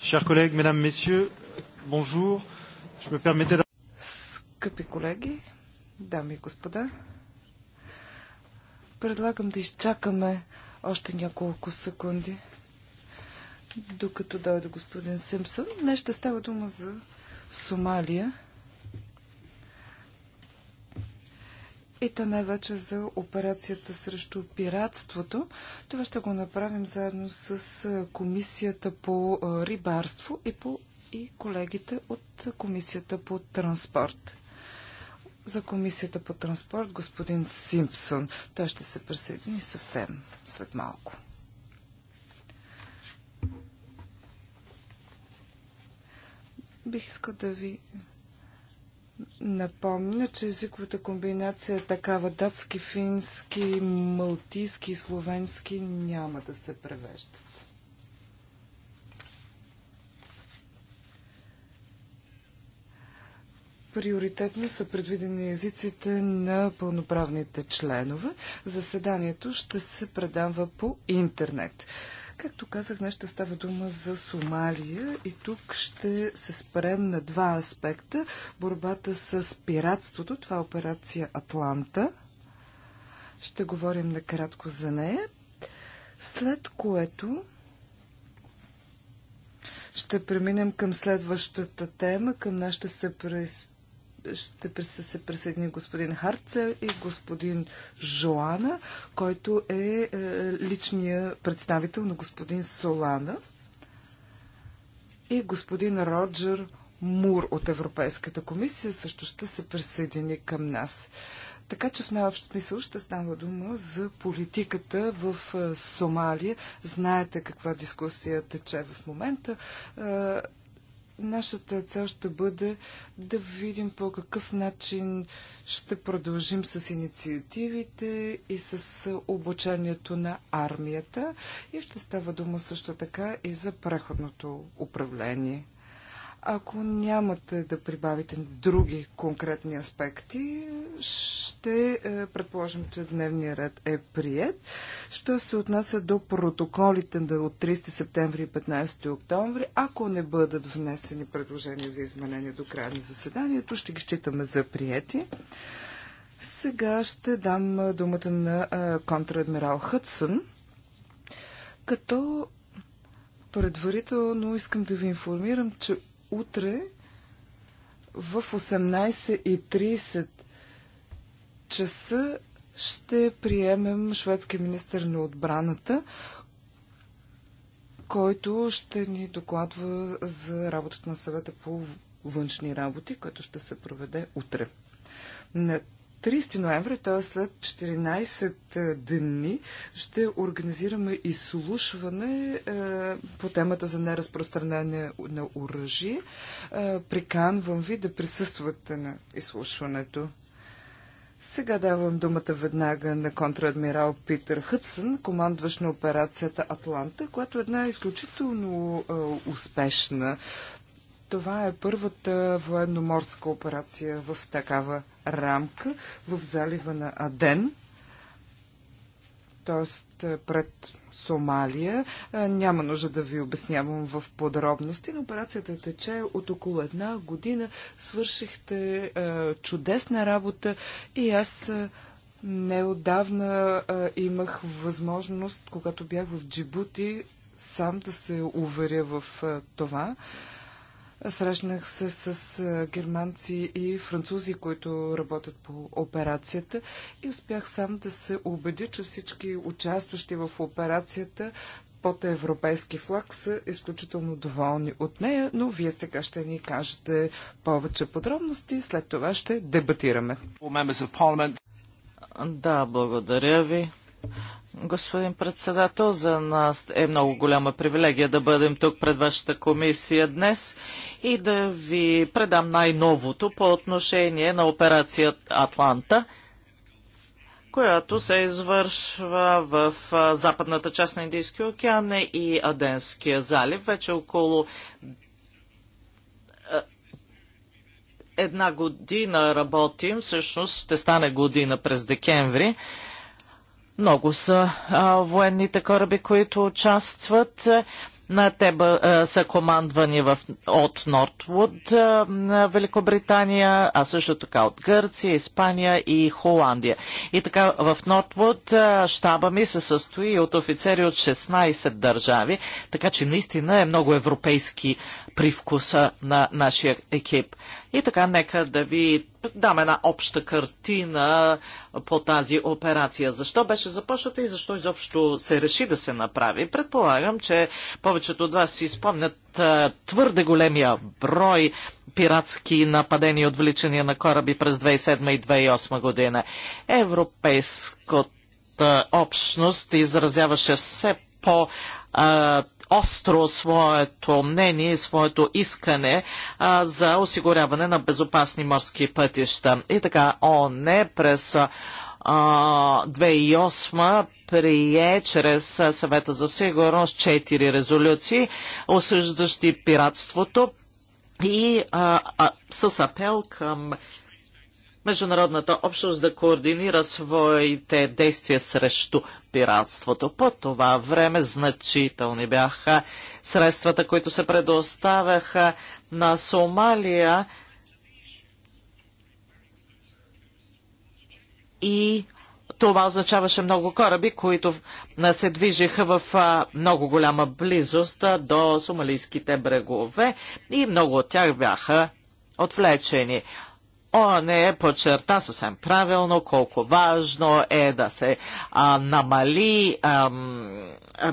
Chers collègues, mesdames, messieurs, bonjour. Je me permettais Скъпи колеги, дами и господа, Предлагам да изчакаме още няколко секунди, докато дойде господин Симпсън. Днес ще става дума за Сомалия. И то най-вече е за операцията срещу пиратството. Това ще го направим заедно с комисията по рибарство и, по, и колегите от комисията по транспорт за комисията по транспорт господин Симпсон. Той ще се присъедини съвсем след малко. Бих искал да ви напомня, че езиковата комбинация е такава датски, фински, малтийски и словенски няма да се превеждат. приоритетно са предвидени езиците на пълноправните членове. Заседанието ще се предава по интернет. Както казах, днес ще става дума за Сомалия и тук ще се спрем на два аспекта. Борбата с пиратството, това е операция Атланта. Ще говорим накратко за нея. След което ще преминем към следващата тема. Към нашите се ще се присъедини господин Харце и господин Жоана, който е, е личният представител на господин Солана и господин Роджер Мур от Европейската комисия също ще се присъедини към нас. Така че в най-общ смисъл ще става дума за политиката в е, Сомалия. Знаете каква дискусия тече в момента. Е, Нашата цел ще бъде да видим по какъв начин ще продължим с инициативите и с обучението на армията и ще става дума също така и за преходното управление. Ако нямате да прибавите други конкретни аспекти, ще е, предположим, че дневния ред е прият. Що се отнася до протоколите от 30 септември и 15 октомври, ако не бъдат внесени предложения за изменение до края на заседанието, ще ги считаме за прияти. Сега ще дам е, думата на е, контрадмирал Хътсън, като предварително искам да ви информирам, че утре в 18.30 часа ще приемем шведския министр на отбраната, който ще ни докладва за работата на съвета по външни работи, който ще се проведе утре. На 30 ноември, т.е. след 14 дни, ще организираме изслушване по темата за неразпространение на оръжие. Приканвам ви да присъствате на изслушването. Сега давам думата веднага на контрадмирал Питър Хътсън, командващ на операцията Атланта, която е една изключително е, успешна това е първата военноморска операция в такава рамка в залива на Аден, т.е. пред Сомалия. Е, няма нужда да ви обяснявам в подробности, но операцията тече от около една година. Свършихте е, чудесна работа и аз е, неодавна имах възможност, когато бях в Джибути, сам да се уверя в това. Срещнах се с германци и французи, които работят по операцията и успях сам да се убедя, че всички участващи в операцията под европейски флаг са изключително доволни от нея, но вие сега ще ни кажете повече подробности, след това ще дебатираме. Да, благодаря ви. Господин председател, за нас е много голяма привилегия да бъдем тук пред вашата комисия днес и да ви предам най-новото по отношение на операция Атланта, която се извършва в западната част на Индийския океан и Аденския залив. Вече около една година работим, всъщност ще стане година през декември. Много са а, военните кораби, които участват. На те а, са командвани в, от Нортвуд, а, на Великобритания, а също така от Гърция, Испания и Холандия. И така в Нортвуд щаба ми се състои от офицери от 16 държави, така че наистина е много европейски привкуса на нашия екип. И така, нека да ви дам една обща картина по тази операция. Защо беше започната и защо изобщо се реши да се направи? Предполагам, че повечето от вас си спомнят твърде големия брой пиратски нападения и отвличания на кораби през 2007 и 2008 година. Европейската общност изразяваше все по- остро своето мнение и своето искане а, за осигуряване на безопасни морски пътища. И така ООН през 2008 прие чрез съвета за сигурност 4 резолюции, осъждащи пиратството и а, а, с апел към международната общност да координира своите действия срещу пиратството. По това време значителни бяха средствата, които се предоставяха на Сомалия и това означаваше много кораби, които се движиха в много голяма близост до сомалийските брегове и много от тях бяха отвлечени. ОНЕ подчерта съвсем правилно колко важно е да се а, намали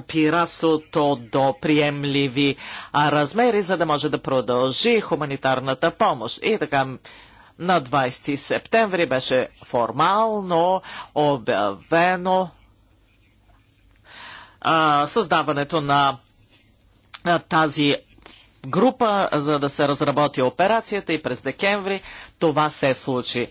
пиратството до приемливи а, размери, за да може да продължи хуманитарната помощ. И така на 20 септември беше формално обявено а, създаването на тази група, за да се разработи операцията и през декември това се случи.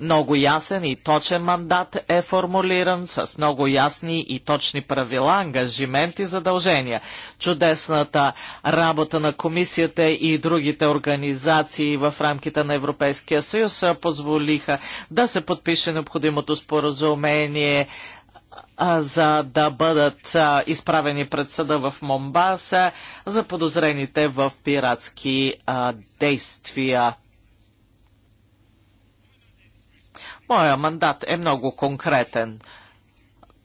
Много ясен и точен мандат е формулиран с много ясни и точни правила, ангажименти, задължения. Чудесната работа на комисията и другите организации в рамките на Европейския съюз позволиха да се подпише необходимото споразумение за да бъдат изправени пред съда в Момбаса за подозрените в пиратски действия. Моя мандат е много конкретен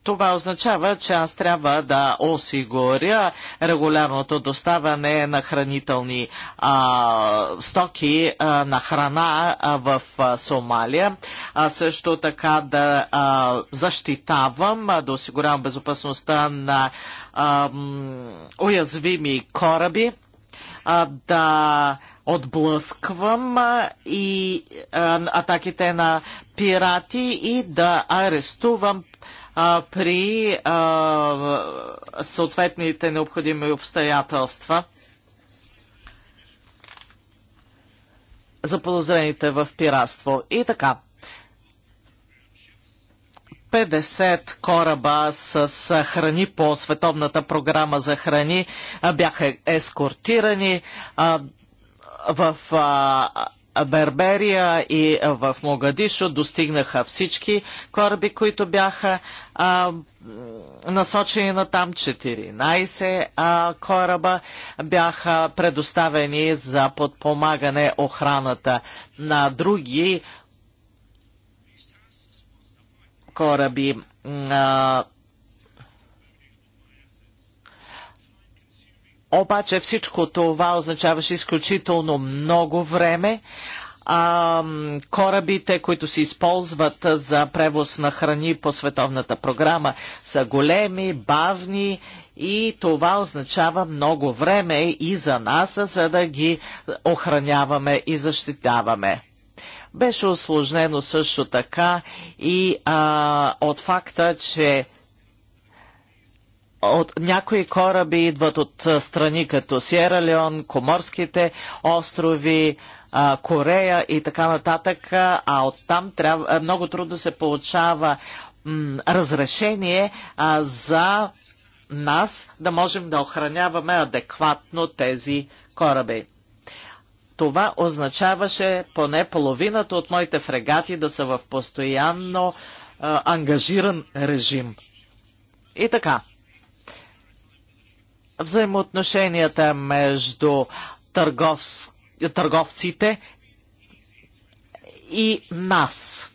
това означава, че аз трябва да осигуря регулярното доставане на хранителни а, стоки а, на храна а, в а, Сомалия, а също така да а, защитавам, а, да осигурявам безопасността на а, уязвими кораби, а, да отблъсквам а, и а, атаките на пирати и да арестувам а, при а, съответните необходими обстоятелства за подозрените в пиратство. И така, 50 кораба с храни по Световната програма за храни бяха ескортирани в Берберия и в Могадишо достигнаха всички кораби, които бяха а, насочени на там. 14 а, кораба бяха предоставени за подпомагане охраната на други кораби. А, Обаче всичко това означаваше изключително много време. А, корабите, които се използват за превоз на храни по световната програма, са големи, бавни и това означава много време и за нас, за да ги охраняваме и защитаваме. Беше осложнено също така и а, от факта, че от някои кораби идват от страни като Сиера Леон, Коморските острови, Корея и така нататък, а оттам трябва, много трудно се получава разрешение за нас да можем да охраняваме адекватно тези кораби. Това означаваше поне половината от моите фрегати да са в постоянно ангажиран режим. И така, взаимоотношенията между търговс... търговците и нас.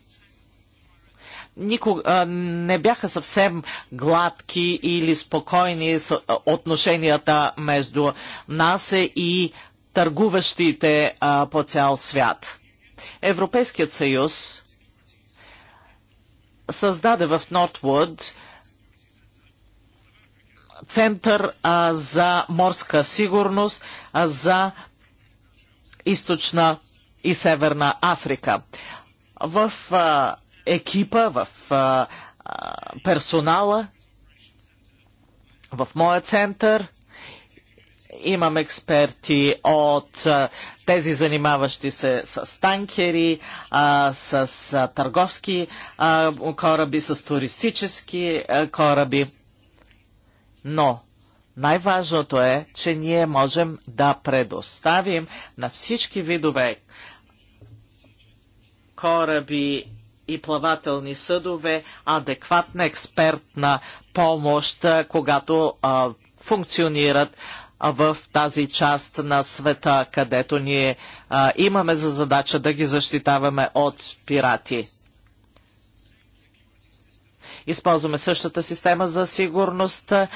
Никога не бяха съвсем гладки или спокойни отношенията между нас и търгуващите по цял свят. Европейският съюз създаде в Нортвуд център а, за морска сигурност а, за източна и северна Африка. В а, екипа, в а, персонала, в моя център имам експерти от тези занимаващи се с танкери, с търговски кораби, с туристически кораби. Но най-важното е, че ние можем да предоставим на всички видове кораби и плавателни съдове адекватна експертна помощ, когато а, функционират в тази част на света, където ние а, имаме за задача да ги защитаваме от пирати. Използваме същата система за сигурност а,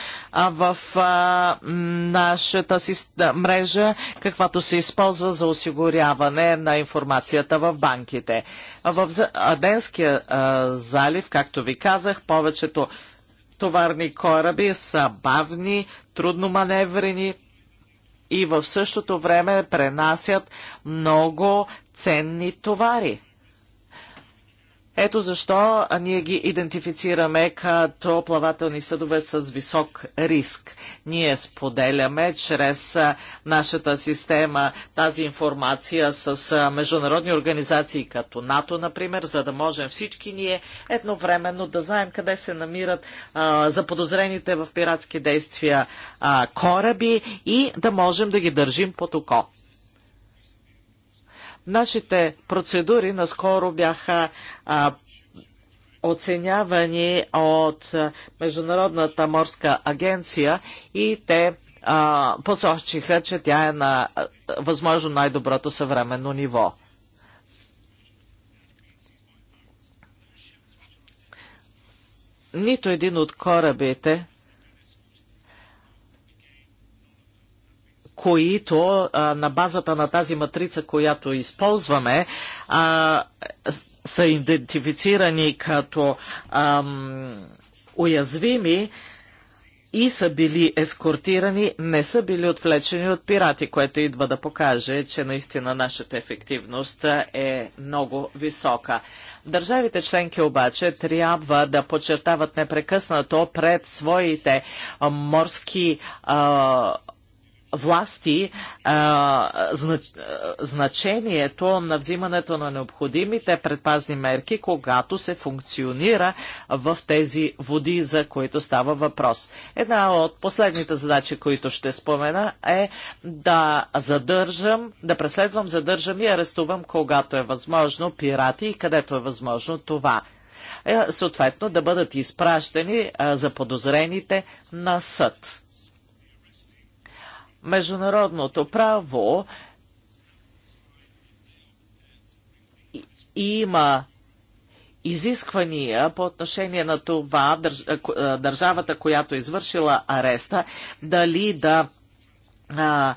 в а, нашата си, а, мрежа, каквато се използва за осигуряване на информацията в банките. В Аденския залив, както ви казах, повечето товарни кораби са бавни, трудно маневрени, и в същото време пренасят много ценни товари. Ето защо ние ги идентифицираме като плавателни съдове с висок риск. Ние споделяме чрез нашата система тази информация с международни организации като НАТО, например, за да можем всички ние едновременно да знаем къде се намират а, заподозрените в пиратски действия а, кораби и да можем да ги държим под око. Нашите процедури наскоро бяха а, оценявани от Международната морска агенция и те а, посочиха, че тя е на а, възможно най-доброто съвременно ниво. Нито един от корабите които а, на базата на тази матрица, която използваме, а, са идентифицирани като ам, уязвими и са били ескортирани, не са били отвлечени от пирати, което идва да покаже, че наистина нашата ефективност е много висока. Държавите членки обаче трябва да подчертават непрекъснато пред своите морски а, власти а, знач, а, значението на взимането на необходимите предпазни мерки, когато се функционира в тези води, за които става въпрос. Една от последните задачи, които ще спомена е да задържам, да преследвам, задържам и арестувам, когато е възможно, пирати и където е възможно това е, съответно да бъдат изпращани а, за подозрените на съд международното право има изисквания по отношение на това държавата, която е извършила ареста, дали да а,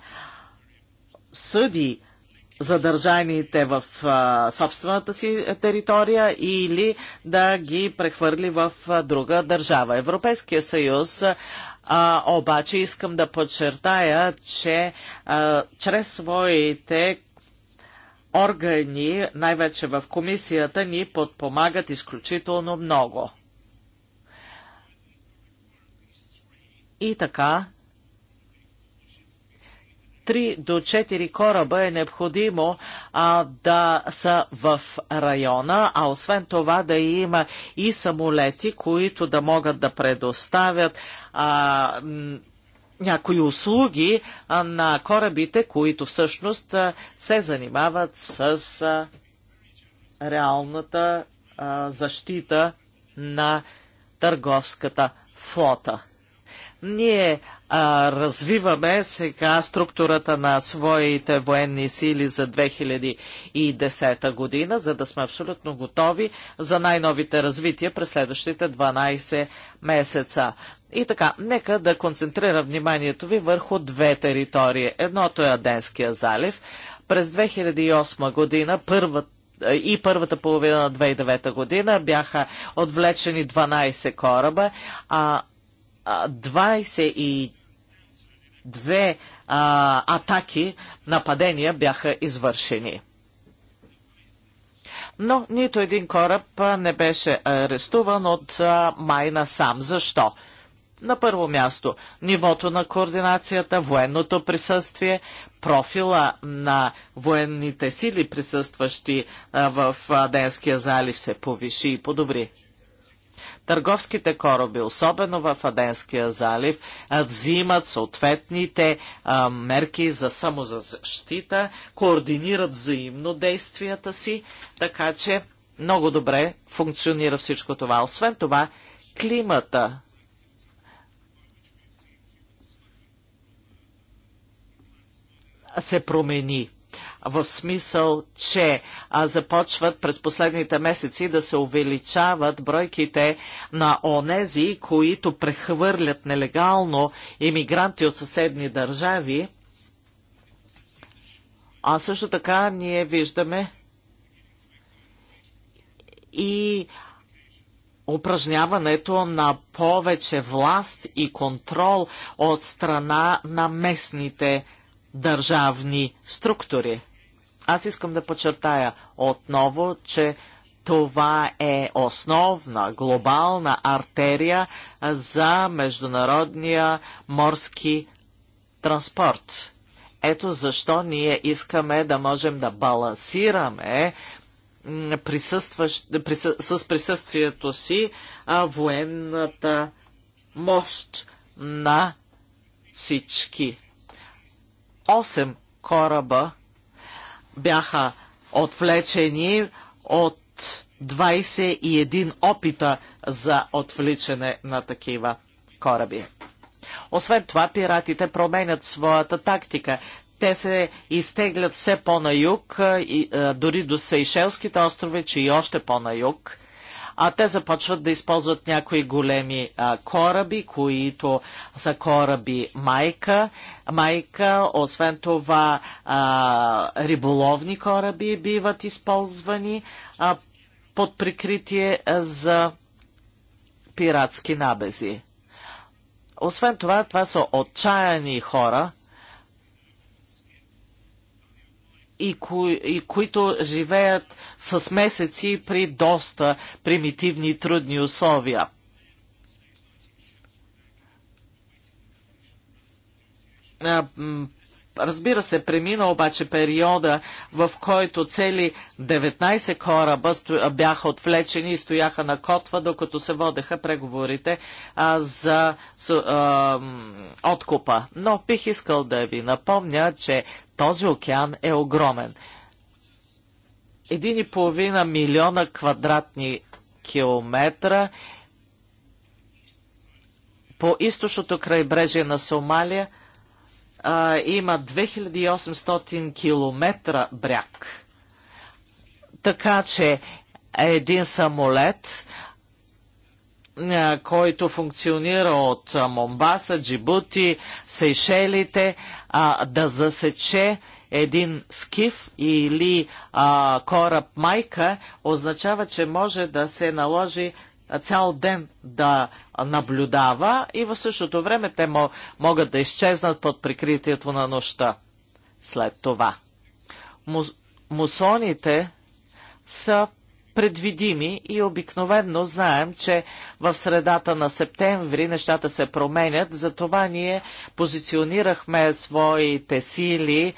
съди задържаните в а, собствената си територия или да ги прехвърли в а, друга държава. Европейския съюз а, обаче искам да подчертая, че а, чрез своите органи, най-вече в комисията, ни подпомагат изключително много. И така, 3 до 4 кораба е необходимо а, да са в района, а освен това да има и самолети, които да могат да предоставят а, някои услуги а, на корабите, които всъщност а, се занимават с а, реалната а, защита на търговската флота. Ние а, развиваме сега структурата на своите военни сили за 2010 година, за да сме абсолютно готови за най-новите развития през следващите 12 месеца. И така, нека да концентрира вниманието ви върху две територии. Едното е Аденския залив. През 2008 година първата и първата половина на 2009 година бяха отвлечени 12 кораба, а 22 атаки, нападения бяха извършени. Но нито един кораб не беше арестуван от май сам. Защо? На първо място, нивото на координацията, военното присъствие, профила на военните сили, присъстващи в Денския залив, се повиши и подобри търговските кораби, особено в Аденския залив, взимат съответните мерки за самозащита, координират взаимно действията си, така че много добре функционира всичко това. Освен това, климата се промени в смисъл, че а, започват през последните месеци да се увеличават бройките на онези, които прехвърлят нелегално иммигранти от съседни държави. А също така ние виждаме и упражняването на повече власт и контрол от страна на местните държавни структури. Аз искам да подчертая отново, че това е основна глобална артерия за международния морски транспорт. Ето защо ние искаме да можем да балансираме присъстващ, присъ, с присъствието си а военната мощ на всички. Осем кораба бяха отвлечени от 21 опита за отвличане на такива кораби. Освен това, пиратите променят своята тактика. Те се изтеглят все по-на юг, дори до Сейшелските острови, че и още по-на юг – а те започват да използват някои големи а, кораби, които са кораби майка, майка, освен това а, риболовни кораби биват използвани а, под прикритие за пиратски набези. Освен това, това са отчаяни хора, и, кои, и които живеят с месеци при доста примитивни и трудни условия. А, Разбира се, премина обаче периода, в който цели 19 кораба бяха отвлечени и стояха на котва, докато се водеха преговорите а, за с, а, откупа. Но бих искал да ви напомня, че този океан е огромен. 1,5 милиона квадратни километра по източното крайбрежие на Сомалия – а, има 2800 км бряг. Така че един самолет, а, който функционира от Момбаса, Джибути, Сейшелите, а, да засече един скиф или а, кораб майка, означава, че може да се наложи цял ден да наблюдава и в същото време те могат да изчезнат под прикритието на нощта. След това. Мусоните са предвидими и обикновенно знаем, че в средата на септември нещата се променят, затова ние позиционирахме своите сили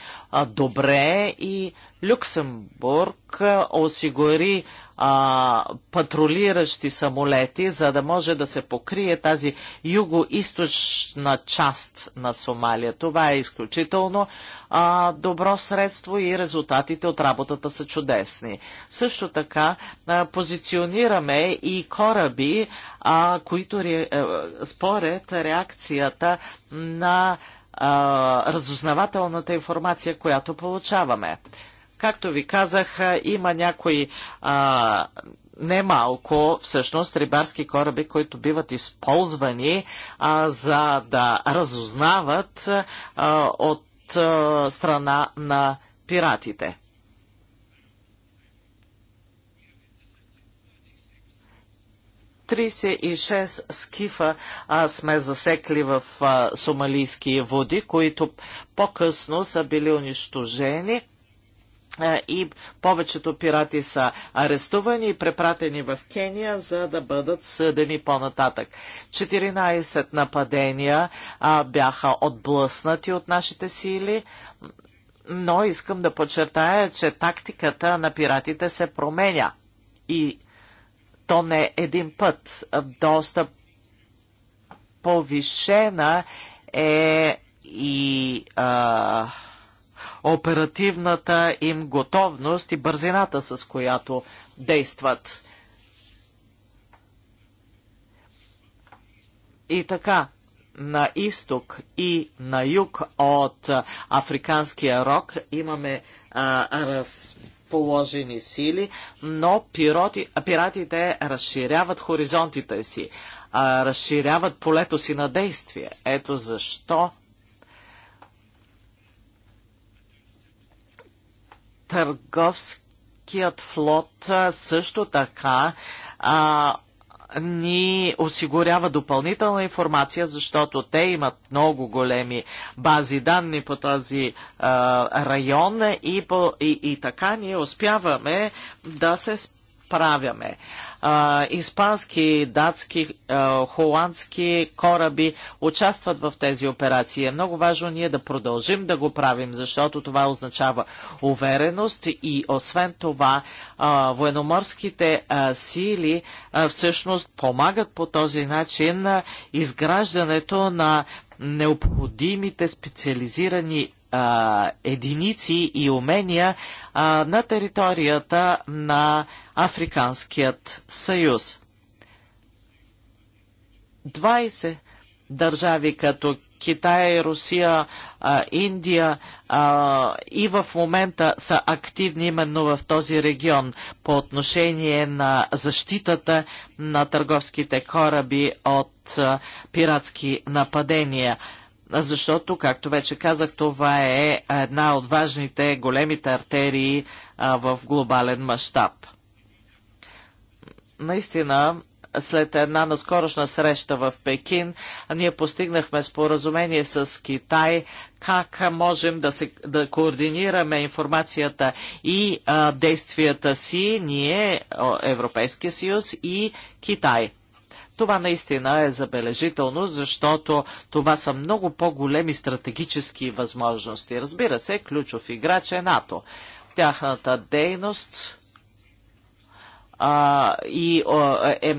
добре и Люксембург осигури а, патрулиращи самолети, за да може да се покрие тази юго-источна част на Сомалия. Това е изключително а, добро средство и резултатите от работата са чудесни. Също така а, позиционираме и кораби, а, които ре, а, е, според реакцията на а, разузнавателната информация, която получаваме. Както ви казах, има някои а, немалко всъщност рибарски кораби, които биват използвани а, за да разузнават а, от а, страна на пиратите. и 36 скифа а, сме засекли в а, сомалийски води, които по-късно са били унищожени и повечето пирати са арестувани и препратени в Кения, за да бъдат съдени по-нататък. 14 нападения а, бяха отблъснати от нашите сили, но искам да подчертая, че тактиката на пиратите се променя. И то не един път. Доста повишена е и а, оперативната им готовност и бързината, с която действат. И така, на изток и на юг от Африканския рок имаме а, разположени сили, но пироти, пиратите разширяват хоризонтите си, а, разширяват полето си на действие. Ето защо търговският флот също така а, ни осигурява допълнителна информация, защото те имат много големи бази данни по този а, район и, по, и, и така ние успяваме да се правяме. А, испански, датски, а, холандски кораби участват в тези операции. Е много важно ние да продължим да го правим, защото това означава увереност и освен това а, военноморските а, сили а, всъщност помагат по този начин а, изграждането на необходимите специализирани а, единици и умения а, на територията на Африканският съюз. 20 държави като Китай, Русия, а, Индия а, и в момента са активни именно в този регион по отношение на защитата на търговските кораби от а, пиратски нападения защото, както вече казах, това е една от важните, големите артерии а, в глобален мащаб. Наистина, след една наскорошна среща в Пекин, ние постигнахме споразумение с Китай как можем да, се, да координираме информацията и а, действията си, ние, Европейския съюз и Китай. Това наистина е забележително, защото това са много по-големи стратегически възможности. Разбира се, ключов играч е НАТО. Тяхната дейност а, и е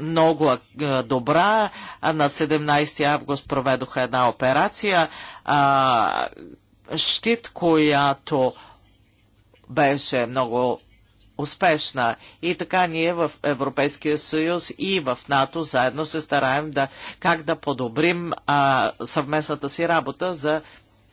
много а, добра. На 17 август проведоха една операция, а, щит, която беше много успешна. И така ние в Европейския съюз и в НАТО заедно се стараем да, как да подобрим а, съвместната си работа за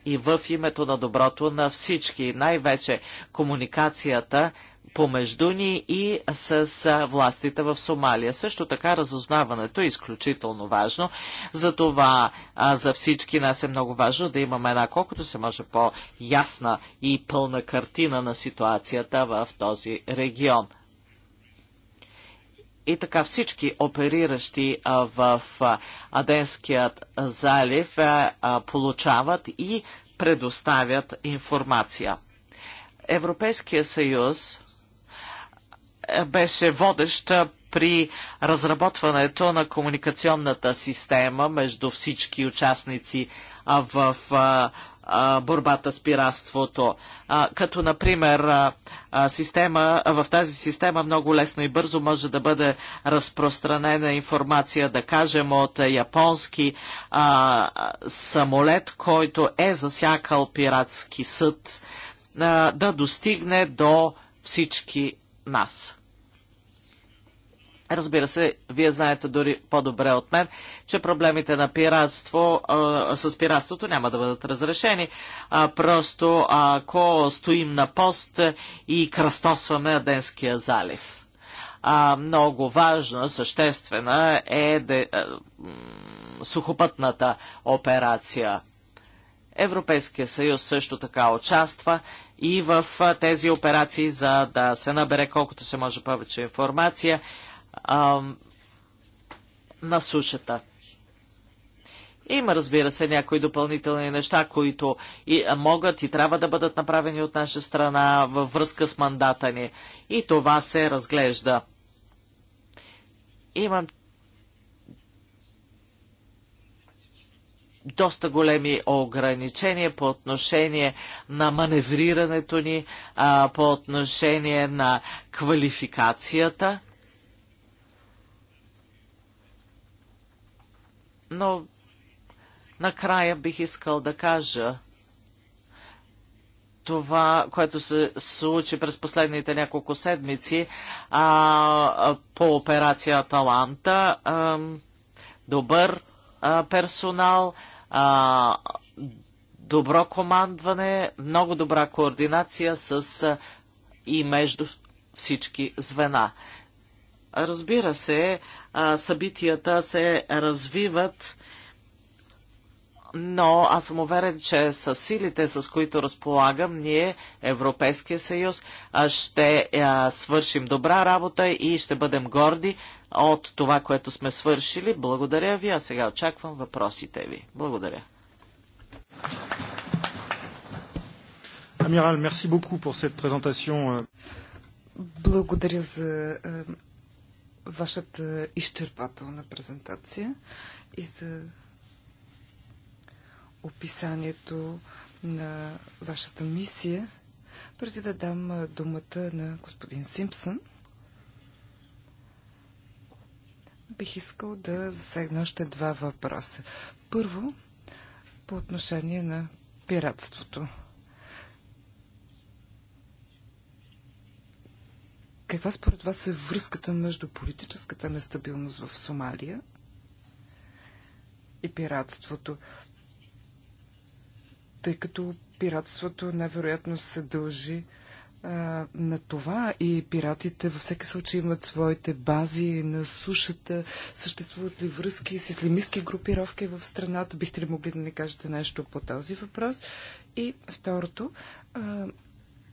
и в името на доброто на всички, най-вече комуникацията помежду ни и с властите в Сомалия. Също така разузнаването е изключително важно. Затова за всички нас е много важно да имаме една колкото се може по-ясна и пълна картина на ситуацията в този регион. И така всички опериращи в Аденският залив получават и предоставят информация. Европейския съюз беше водеща при разработването на комуникационната система между всички участници в борбата с пиратството. Като, например, система, в тази система много лесно и бързо може да бъде разпространена информация, да кажем, от японски а, самолет, който е засякал пиратски съд, а, да достигне до всички нас. Разбира се, вие знаете дори по-добре от мен, че проблемите на пиратство, а, с пиратството няма да бъдат разрешени. А, просто ако стоим на пост и кръстосваме Аденския залив. А, много важна, съществена е де, а, сухопътната операция. Европейския съюз също така участва и в тези операции, за да се набере колкото се може повече информация а, на сушата. Има, разбира се, някои допълнителни неща, които и могат и трябва да бъдат направени от наша страна във връзка с мандата ни. И това се разглежда. Имам доста големи ограничения по отношение на маневрирането ни, а, по отношение на квалификацията – Но накрая бих искал да кажа това, което се случи през последните няколко седмици а, по операция Аталанта. А, добър а, персонал, а, добро командване, много добра координация с а, и между всички звена. Разбира се, а, събитията се развиват, но аз съм уверен, че с силите, с които разполагам, ние, Европейския съюз, ще а, свършим добра работа и ще бъдем горди от това, което сме свършили. Благодаря ви, а сега очаквам въпросите ви. Благодаря. Амирал, мерси beaucoup pour cette présentation. Euh. Благодаря за вашата изчерпателна презентация и за описанието на вашата мисия, преди да дам думата на господин Симпсън. Бих искал да засегна още два въпроса. Първо, по отношение на пиратството. Каква според вас е връзката между политическата нестабилност в Сомалия и пиратството? Тъй като пиратството невероятно се дължи а, на това и пиратите във всеки случай имат своите бази на сушата. Съществуват ли връзки с ислимистски групировки в страната? Бихте ли могли да ни кажете нещо по този въпрос? И второто, а,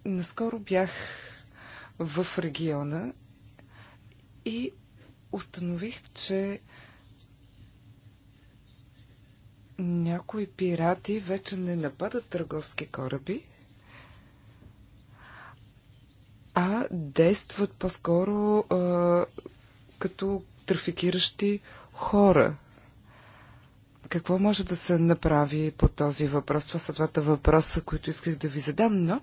наскоро бях в региона и установих, че някои пирати вече не нападат търговски кораби, а действат по-скоро като трафикиращи хора. Какво може да се направи по този въпрос? Това са двата въпроса, които исках да ви задам, но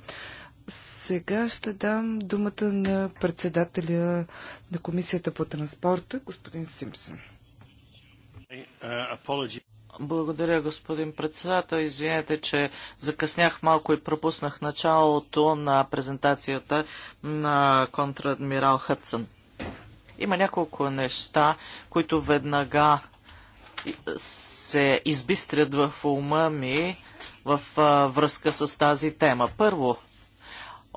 сега ще дам думата на председателя на Комисията по транспорта, господин Симпсън. Е, е, Благодаря, господин председател. Извинете, че закъснях малко и пропуснах началото на презентацията на контрадмирал Хътсън. Има няколко неща, които веднага се избистрят в ума ми в връзка с тази тема. Първо,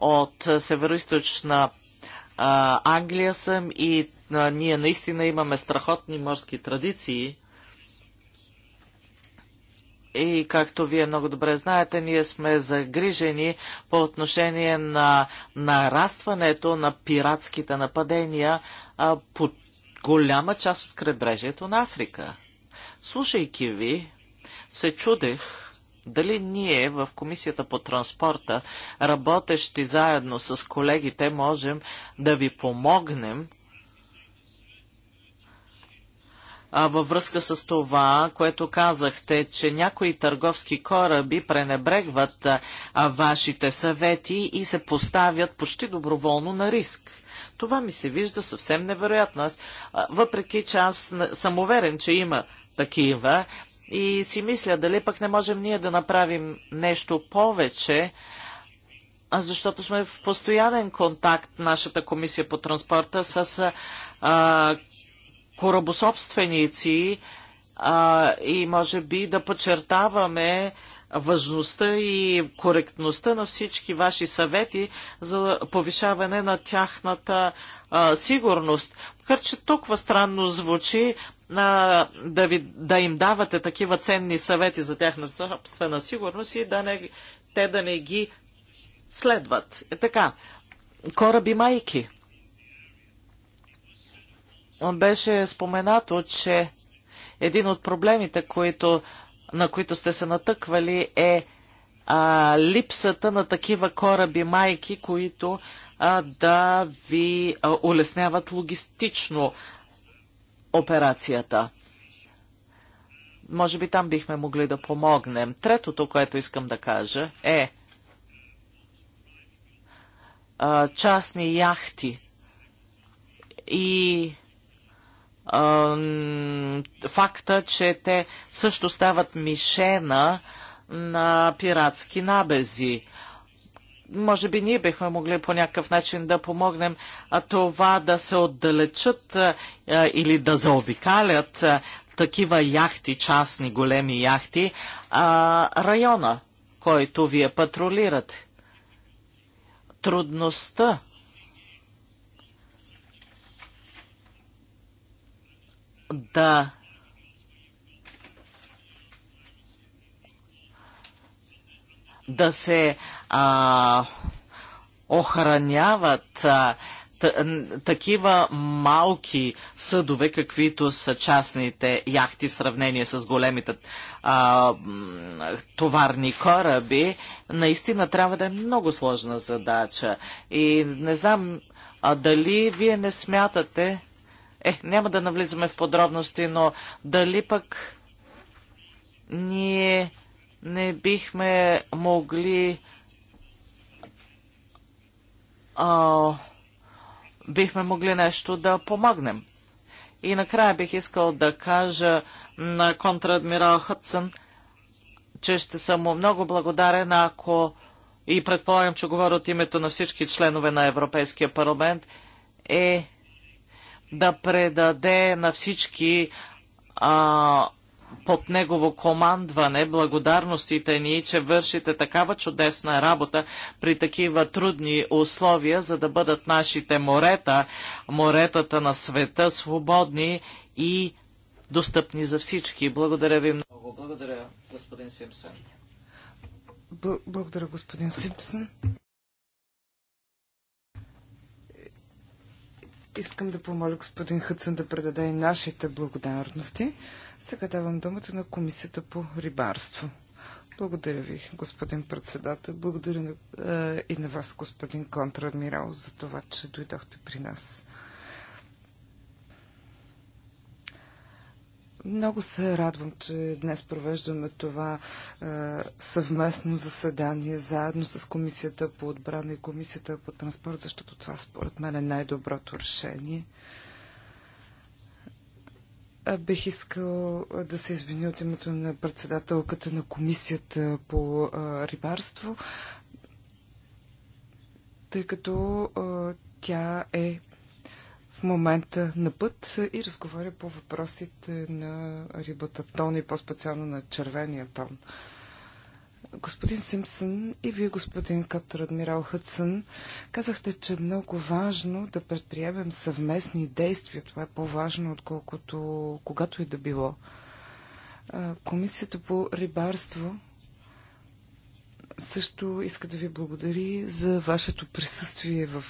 от североизточна Англия съм и а, ние наистина имаме страхотни морски традиции. И както вие много добре знаете, ние сме загрижени по отношение на нарастването на пиратските нападения а, по голяма част от крайбрежието на Африка. Слушайки ви, се чудех, дали ние в Комисията по транспорта, работещи заедно с колегите, можем да ви помогнем а, във връзка с това, което казахте, че някои търговски кораби пренебрегват а, вашите съвети и се поставят почти доброволно на риск. Това ми се вижда съвсем невероятно. Аз, а, въпреки че аз съм уверен, че има такива, и си мисля, дали пък не можем ние да направим нещо повече, защото сме в постоянен контакт, нашата комисия по транспорта, с а, корабособственици а, и може би да подчертаваме важността и коректността на всички ваши съвети за повишаване на тяхната а, сигурност. Макар, че толкова странно звучи, на да, ви, да им давате такива ценни съвети за тяхната собствена сигурност и да не, те да не ги следват. Е така, кораби майки. Беше споменато, че един от проблемите, които, на които сте се натъквали е а, липсата на такива кораби майки, които а, да ви а, улесняват логистично операцията. Може би там бихме могли да помогнем. Третото, което искам да кажа е а, частни яхти и а, факта, че те също стават мишена на пиратски набези може би ние бихме могли по някакъв начин да помогнем това да се отдалечат или да заобикалят такива яхти, частни големи яхти, а района, който вие патрулирате. Трудността да да се а, охраняват а, такива малки съдове, каквито са частните яхти в сравнение с големите а, товарни кораби, наистина трябва да е много сложна задача. И не знам а дали вие не смятате, е, няма да навлизаме в подробности, но дали пък ние не бихме могли а, бихме могли нещо да помогнем. И накрая бих искал да кажа на контрадмирал Хътсън, че ще съм му много благодарен, ако и предполагам, че говоря от името на всички членове на Европейския парламент, е да предаде на всички а, под негово командване. Благодарностите ни, че вършите такава чудесна работа при такива трудни условия, за да бъдат нашите морета, моретата на света, свободни и достъпни за всички. Благодаря ви много. Благодаря, господин Симпсън. Благодаря, господин Симпсън. Искам да помоля господин Хътсън да предаде и нашите благодарности. Сега давам думата на Комисията по рибарство. Благодаря ви, господин председател. Благодаря е, и на вас, господин контрадмирал, за това, че дойдохте при нас. Много се радвам, че днес провеждаме това е, съвместно заседание заедно с Комисията по отбрана и Комисията по транспорт, защото това според мен е най-доброто решение. Е, Бих искал да се извини от името на председателката на комисията по рибарство, тъй като тя е в момента на път и разговаря по въпросите на рибата тон и по-специално на червения тон. Господин Симпсън и вие, господин Катър Адмирал Хътсън, казахте, че е много важно да предприемем съвместни действия. Това е по-важно, отколкото когато и да било. Комисията по рибарство също иска да ви благодари за вашето присъствие в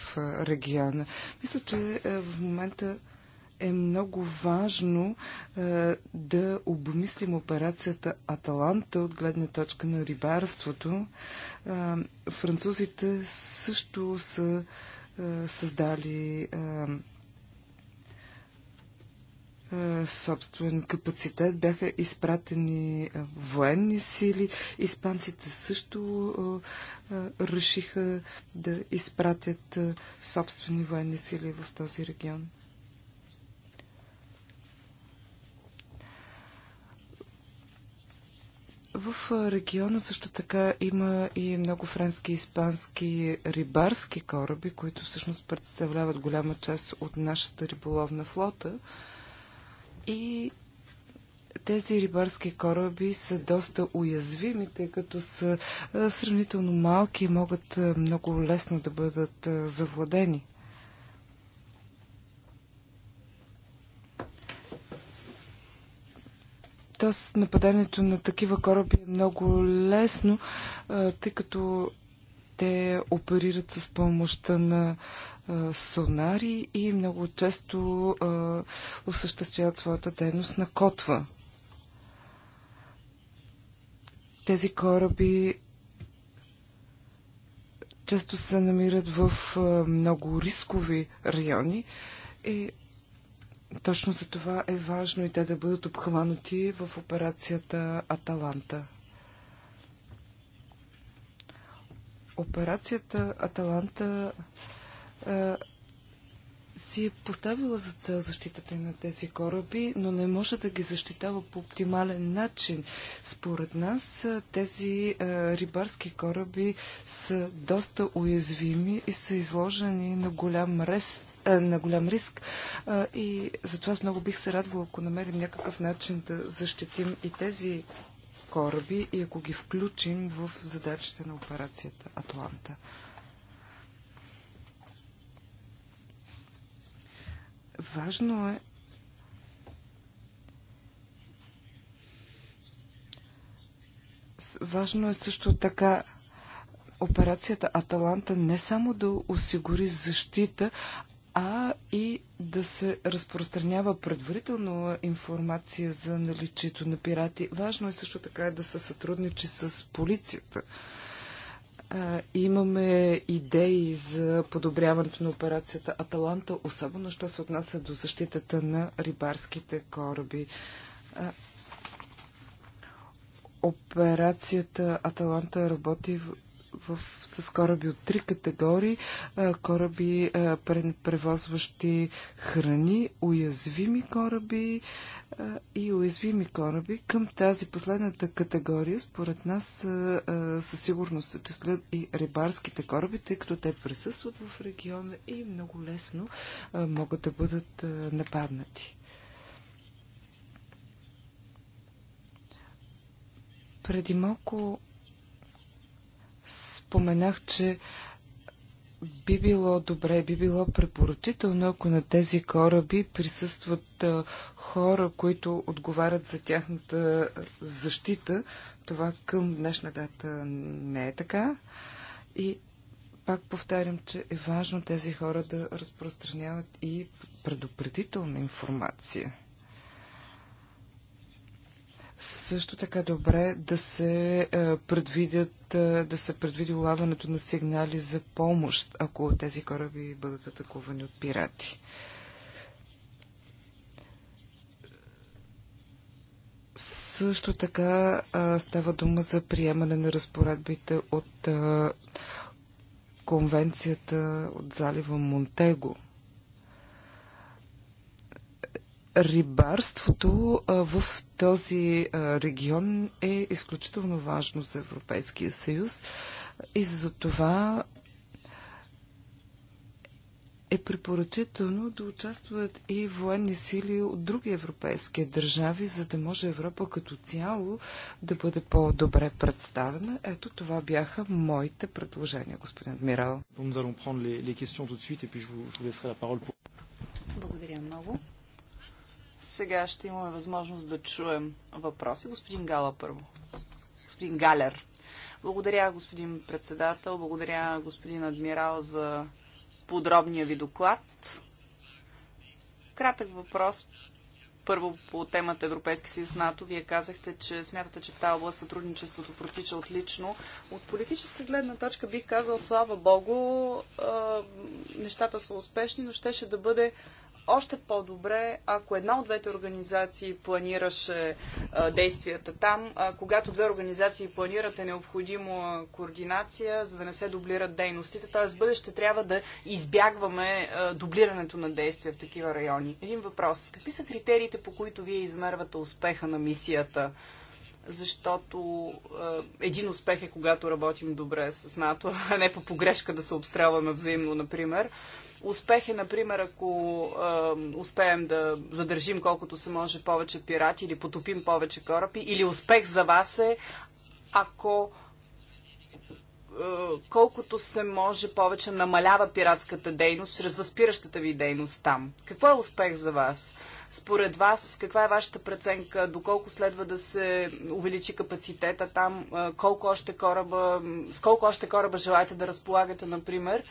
региона. Мисля, че в момента е много важно е, да обмислим операцията Аталанта от гледна точка на рибарството. Е, французите също са е, създали е, е собствен капацитет, бяха изпратени е, военни сили. Испанците също е, решиха да изпратят собствени военни сили в този регион. В региона също така има и много френски и испански рибарски кораби, които всъщност представляват голяма част от нашата риболовна флота. И тези рибарски кораби са доста уязвими, тъй като са сравнително малки и могат много лесно да бъдат завладени. Тоест нападането на такива кораби е много лесно, тъй като те оперират с помощта на сонари и много често осъществяват своята дейност на котва. Тези кораби често се намират в много рискови райони и точно за това е важно и те да бъдат обхванати в операцията Аталанта. Операцията Аталанта е, си е поставила за цел защитата на тези кораби, но не може да ги защитава по оптимален начин. Според нас е, тези е, рибарски кораби са доста уязвими и са изложени на голям рест е, на голям риск е, и затова аз много бих се радвала, ако намерим някакъв начин да защитим и тези кораби и ако ги включим в задачите на операцията Атланта. Важно е важно е също така операцията Аталанта не само да осигури защита, а и да се разпространява предварително информация за наличието на пирати. Важно е също така да се сътрудничи с полицията. А, имаме идеи за подобряването на операцията Аталанта, особено що се отнася до защитата на рибарските кораби. А, операцията Аталанта работи в, с кораби от три категории. А, кораби, а, превозващи храни, уязвими кораби а, и уязвими кораби. Към тази последната категория, според нас, а, а, със сигурност се числят и рибарските кораби, тъй като те присъстват в региона и много лесно а, могат да бъдат а, нападнати. преди малко споменах, че би било добре, би било препоръчително, ако на тези кораби присъстват а, хора, които отговарят за тяхната защита. Това към днешна дата не е така. И пак повтарям, че е важно тези хора да разпространяват и предупредителна информация. Също така добре да се е, предвидят, е, да се предвиди улавянето на сигнали за помощ, ако тези кораби бъдат атакувани от пирати. Също така е, става дума за приемане на разпоредбите от конвенцията от залива Монтего – рибарството в този регион е изключително важно за Европейския съюз и за това е препоръчително да участват и военни сили от други европейски държави, за да може Европа като цяло да бъде по-добре представена. Ето това бяха моите предложения, господин адмирал. Благодаря много. Сега ще имаме възможност да чуем въпроси. Господин Гала първо. Господин Галер. Благодаря, господин председател. Благодаря, господин адмирал, за подробния ви доклад. Кратък въпрос. Първо по темата Европейски съюз НАТО. Вие казахте, че смятате, че тази област сътрудничеството протича отлично. От политическа гледна точка бих казал, слава Богу, нещата са успешни, но щеше да бъде още по-добре, ако една от двете организации планираше а, действията там. А, когато две организации планират е необходимо координация, за да не се дублират дейностите. Т.е. бъдеще трябва да избягваме а, дублирането на действия в такива райони. Един въпрос. Какви са критериите, по които вие измервате успеха на мисията? защото а, един успех е когато работим добре с НАТО, а не по погрешка да се обстрелваме взаимно, например. Успех е, например, ако е, успеем да задържим колкото се може повече пирати или потопим повече кораби, или успех за вас е, ако колкото се може повече намалява пиратската дейност чрез възпиращата ви дейност там. Какво е успех за вас? Според вас, каква е вашата преценка? Доколко следва да се увеличи капацитета там? Колко още кораба, с колко още кораба желаете да разполагате, например?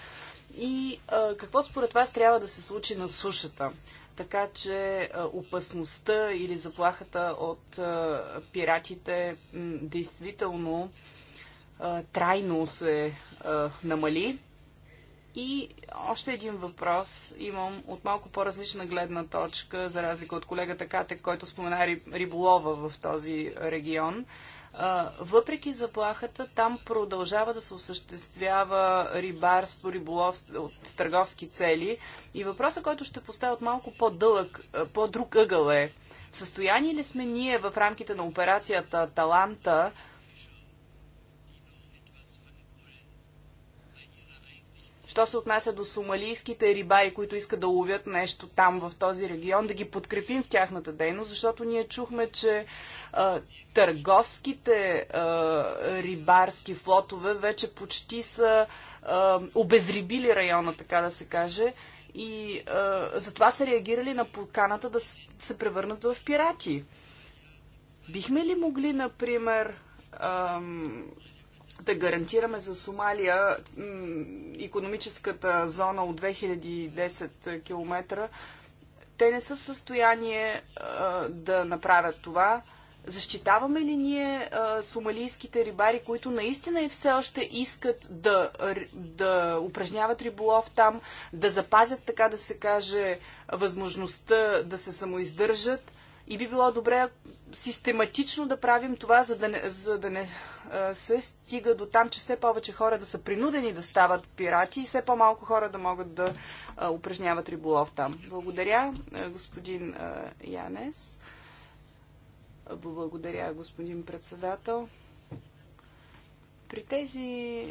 и а, какво според вас трябва да се случи на сушата? Така че а, опасността или заплахата от а, пиратите м, действително а, трайно се а, намали. И още един въпрос имам от малко по-различна гледна точка, за разлика от колегата Катек, който спомена риболова в този регион. А, въпреки заплахата, там продължава да се осъществява рибарство, риболов от търговски цели. И въпросът, който ще поставя от малко по-дълъг, по-друг ъгъл е, в състояние ли сме ние в рамките на операцията Таланта Що се отнася до сомалийските рибари, които искат да ловят нещо там в този регион, да ги подкрепим в тяхната дейност, защото ние чухме, че а, търговските а, рибарски флотове вече почти са а, обезрибили района, така да се каже. И а, затова са реагирали на поканата да се превърнат в пирати. Бихме ли могли, например, да гарантираме за Сомалия економическата зона от 2010 км, те не са в състояние да направят това. Защитаваме ли ние а, сомалийските рибари, които наистина и все още искат да, да упражняват риболов там, да запазят, така да се каже, възможността да се самоиздържат? И би било добре систематично да правим това, за да не, за да не се стига до там, че все повече хора да са принудени да стават пирати и все по-малко хора да могат да упражняват риболов там. Благодаря, господин Янес. Благодаря, господин председател. При тези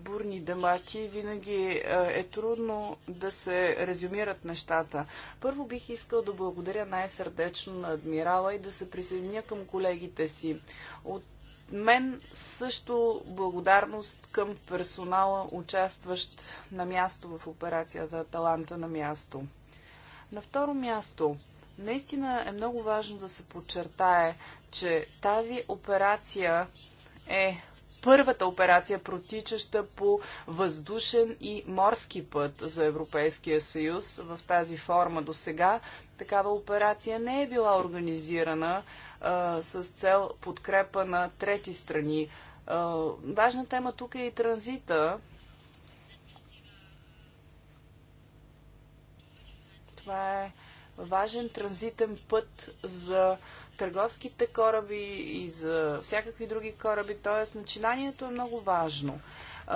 бурни дебати. винаги е, е трудно да се резюмират нещата. Първо бих искал да благодаря най-сърдечно на адмирала и да се присъединя към колегите си. От мен също благодарност към персонала, участващ на място в операцията Таланта на място. На второ място, наистина е много важно да се подчертае, че тази операция е първата операция, протичаща по въздушен и морски път за Европейския съюз в тази форма до сега. Такава операция не е била организирана а, с цел подкрепа на трети страни. А, важна тема тук е и транзита. Това е важен транзитен път за търговските кораби и за всякакви други кораби, т.е. начинанието е много важно.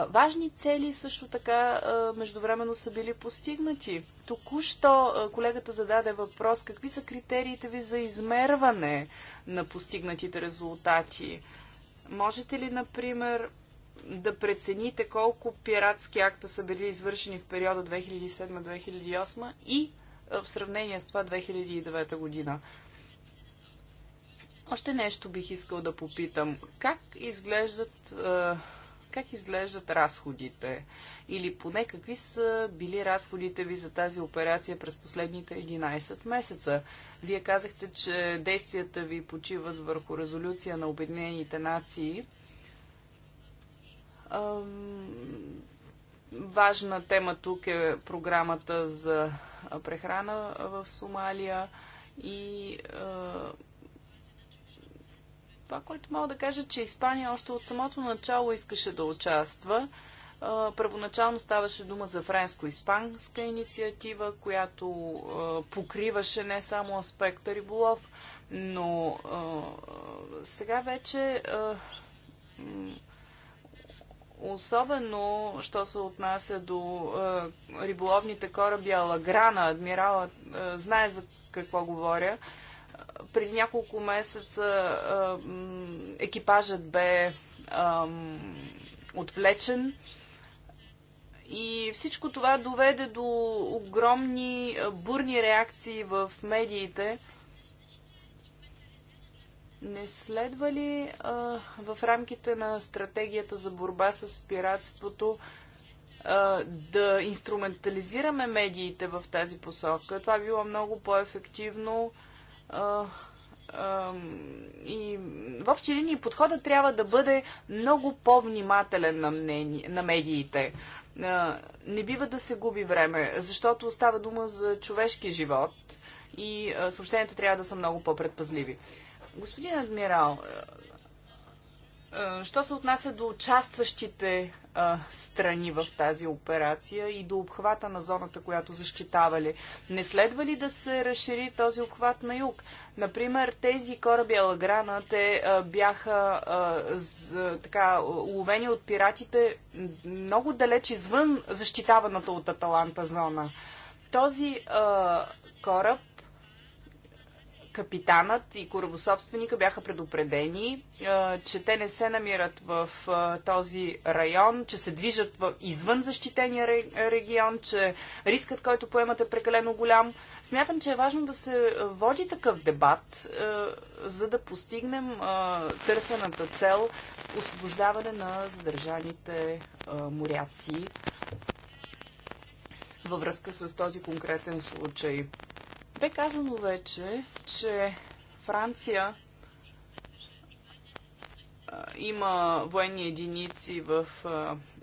Важни цели също така междувременно са били постигнати. Току-що колегата зададе въпрос какви са критериите ви за измерване на постигнатите резултати. Можете ли, например, да прецените колко пиратски акта са били извършени в периода 2007-2008 и в сравнение с това 2009 година? Още нещо бих искал да попитам. Как изглеждат, как изглеждат разходите? Или поне какви са били разходите ви за тази операция през последните 11 месеца? Вие казахте, че действията ви почиват върху резолюция на Обединените нации. Важна тема тук е програмата за прехрана в Сомалия и това, което мога да кажа, че Испания още от самото начало искаше да участва. Първоначално ставаше дума за френско-испанска инициатива, която покриваше не само аспекта риболов, но сега вече особено, що се отнася до риболовните кораби Алаграна, адмирала знае за какво говоря, преди няколко месеца екипажът бе отвлечен. И всичко това доведе до огромни бурни реакции в медиите. Не следва ли а, в рамките на стратегията за борба с пиратството а, да инструментализираме медиите в тази посока? Това било много по-ефективно. А, и в общи линии подходът трябва да бъде много по-внимателен на, мнение, на медиите. Не бива да се губи време, защото става дума за човешки живот и съобщенията трябва да са много по-предпазливи. Господин адмирал, що се отнася до участващите а, страни в тази операция и до обхвата на зоната, която защитавали. Не следва ли да се разшири този обхват на юг? Например, тези кораби Алаграна, те а, бяха а, з, така, уловени от пиратите много далеч извън защитаваната от Аталанта зона. Този а, кораб капитанът и корабособственика бяха предупредени, че те не се намират в този район, че се движат извън защитения регион, че рискът, който поемат е прекалено голям. Смятам, че е важно да се води такъв дебат, за да постигнем търсената цел освобождаване на задържаните моряци във връзка с този конкретен случай. Бе казано вече, че Франция има военни единици в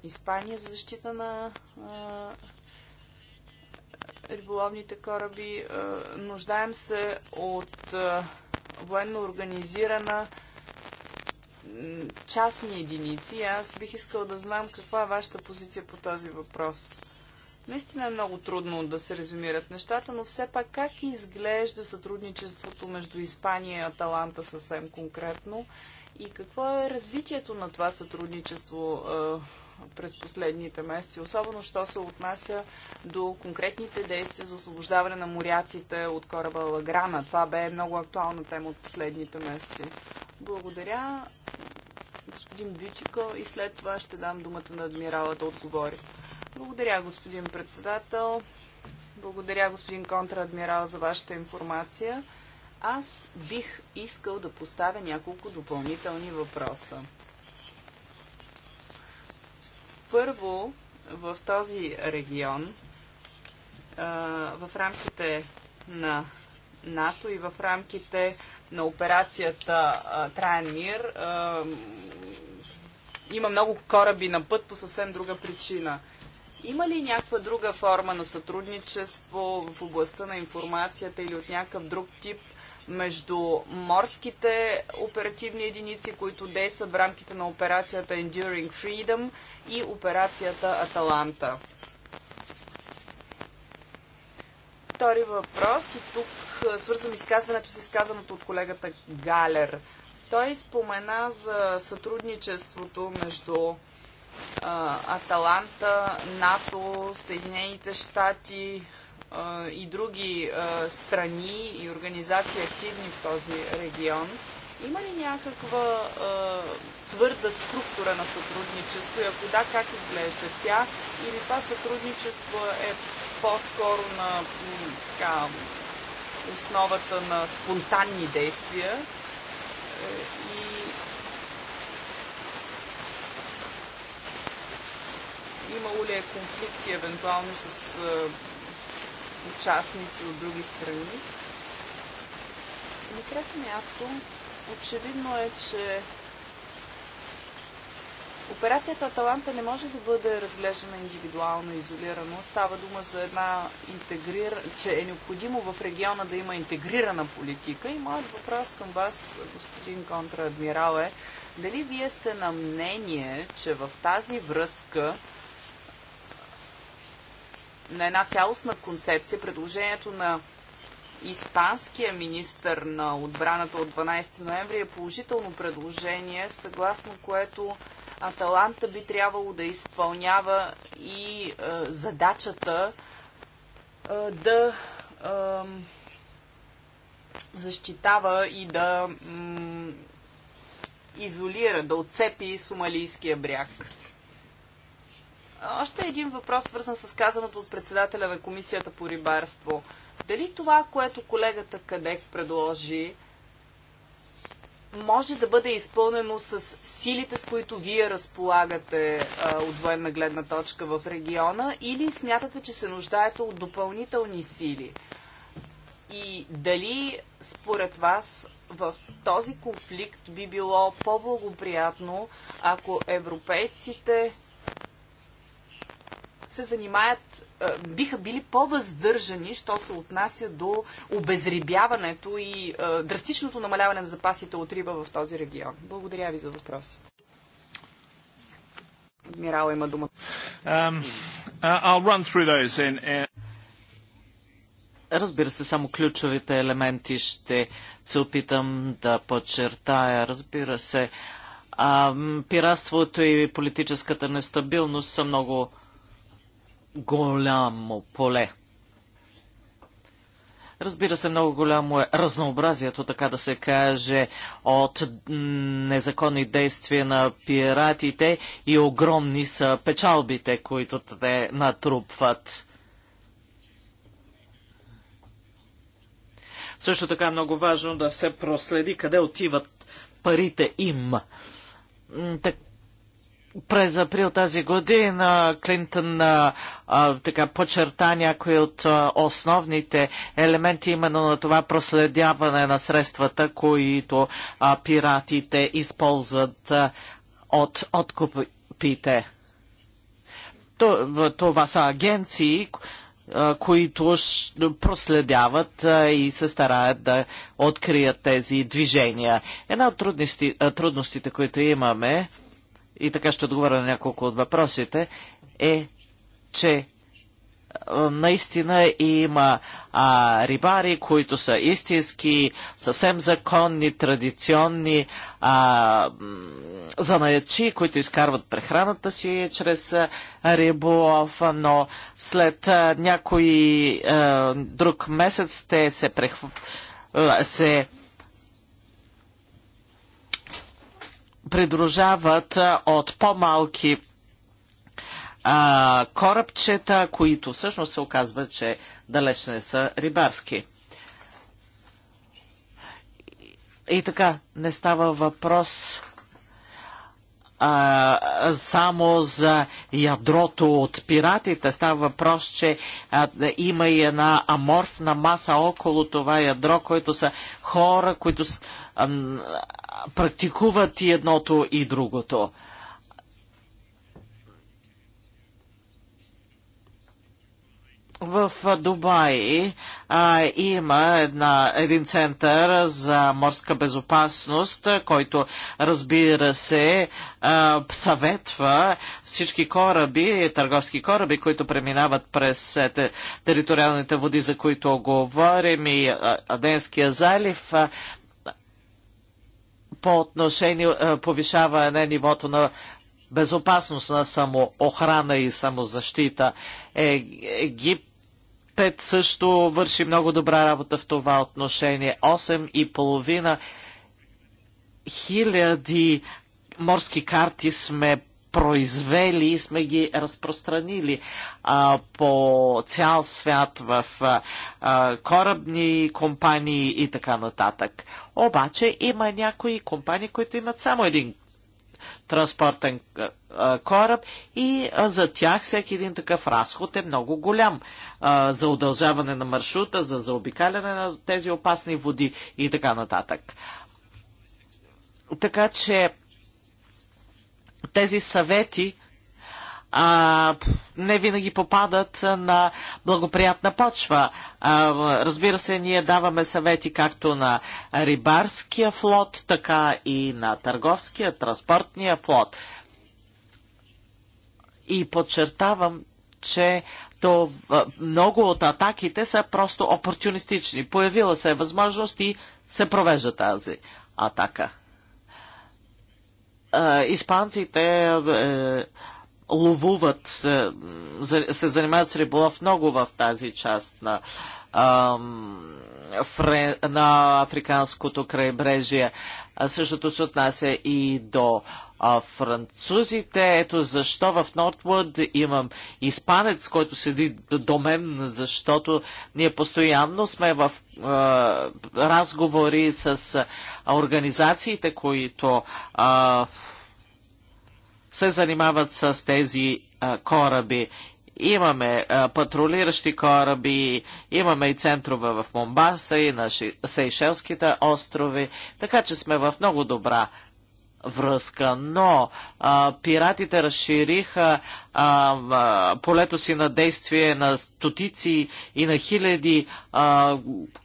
Испания за защита на риболовните кораби. Нуждаем се от военно организирана частни единици. Аз бих искал да знам каква е вашата позиция по този въпрос. Наистина е много трудно да се резюмират нещата, но все пак как изглежда сътрудничеството между Испания и Аталанта съвсем конкретно и какво е развитието на това сътрудничество е, през последните месеци, особено що се отнася до конкретните действия за освобождаване на моряците от кораба Лаграна. Това бе много актуална тема от последните месеци. Благодаря, господин Бютико, и след това ще дам думата на адмирала да отговори. Благодаря, господин председател. Благодаря, господин контрадмирал, за вашата информация. Аз бих искал да поставя няколко допълнителни въпроса. Първо, в този регион, в рамките на НАТО и в рамките на операцията Траен мир, има много кораби на път по съвсем друга причина – има ли някаква друга форма на сътрудничество в областта на информацията или от някакъв друг тип между морските оперативни единици, които действат в рамките на операцията Enduring Freedom и операцията Аталанта? Втори въпрос и тук свързвам изказването с изказаното от колегата Галер. Той спомена за сътрудничеството между Аталанта, НАТО, Съединените щати и други страни и организации активни в този регион. Има ли някаква твърда структура на сътрудничество и ако да, как изглежда тя? Или това сътрудничество е по-скоро на така, основата на спонтанни действия е, имало ли е конфликти евентуално с а, участници от други страни. На трето място, очевидно е, че операцията Аталанта не може да бъде разглеждана индивидуално, изолирано. Става дума за една интегрир... че е необходимо в региона да има интегрирана политика. И моят въпрос към вас, господин контрадмирал, е дали вие сте на мнение, че в тази връзка на една цялостна концепция, предложението на испанския министр на отбраната от 12 ноември е положително предложение, съгласно което Аталанта би трябвало да изпълнява и е, задачата е, да е, защитава и да изолира, да отцепи сумалийския бряг. Още един въпрос, свързан с казаното от председателя на Комисията по рибарство. Дали това, което колегата Кадек предложи, може да бъде изпълнено с силите, с които вие разполагате а, от военна гледна точка в региона, или смятате, че се нуждаете от допълнителни сили? И дали според вас в този конфликт би било по-благоприятно, ако европейците се занимаят, биха били по-въздържани, що се отнася до обезрибяването и драстичното намаляване на запасите от риба в този регион. Благодаря ви за въпрос. Адмирал има думата. Um, Разбира се, само ключовите елементи ще се опитам да подчертая. Разбира се, пиратството и политическата нестабилност са много голямо поле. Разбира се, много голямо е разнообразието, така да се каже, от незаконни действия на пиратите и огромни са печалбите, които те натрупват. Също така е много важно да се проследи къде отиват парите им. Так, през април тази година Клинтън а, така подчерта някои от а, основните елементи именно на това проследяване на средствата, които а, пиратите използват а, от откупите. Това са агенции, които проследяват и се стараят да открият тези движения. Една от трудности, трудностите, които имаме, и така ще отговоря на няколко от въпросите, е, че е, наистина има а, рибари, които са истински, съвсем законни, традиционни а, занаячи, които изкарват прехраната си чрез е, риболов, но след а, е, някой а, друг месец те се, прехв... се придружават от по-малки корабчета, които всъщност се оказва, че далеч не са рибарски. И така, не става въпрос а, само за ядрото от пиратите. Става въпрос, че а, има и една аморфна маса около това ядро, които са хора, които са практикуват и едното и другото. В Дубай а, има една, един център за морска безопасност, който разбира се а, съветва всички кораби, търговски кораби, които преминават през е, те, териториалните води, за които говорим и Аденския залив, а, по отношение е, повишаване нивото на безопасност на самоохрана и самозащита. Е, Египет също върши много добра работа в това отношение. 8,5 хиляди морски карти сме произвели и сме ги разпространили а, по цял свят в а, корабни компании и така нататък. Обаче има някои компании, които имат само един транспортен кораб и за тях всеки един такъв разход е много голям за удължаване на маршрута, за заобикаляне на тези опасни води и така нататък. Така че тези съвети а, не винаги попадат на благоприятна почва. А, разбира се, ние даваме съвети както на рибарския флот, така и на търговския, транспортния флот. И подчертавам, че то много от атаките са просто опортунистични. Появила се възможност и се провежда тази атака испанците е, ловуват, се, се занимават с риболов много в тази част на ам, фре, на Африканското крайбрежие. А същото се отнася и до а, французите. Ето защо в Нортвуд имам испанец, който седи до мен, защото ние постоянно сме в а, разговори с а, организациите, които а, се занимават с тези а, кораби Имаме а, патрулиращи кораби, имаме и центрове в Момбаса и на Ши... Сейшелските острови, така че сме в много добра връзка, но а, пиратите разшириха а, а, полето си на действие на стотици и на хиляди а,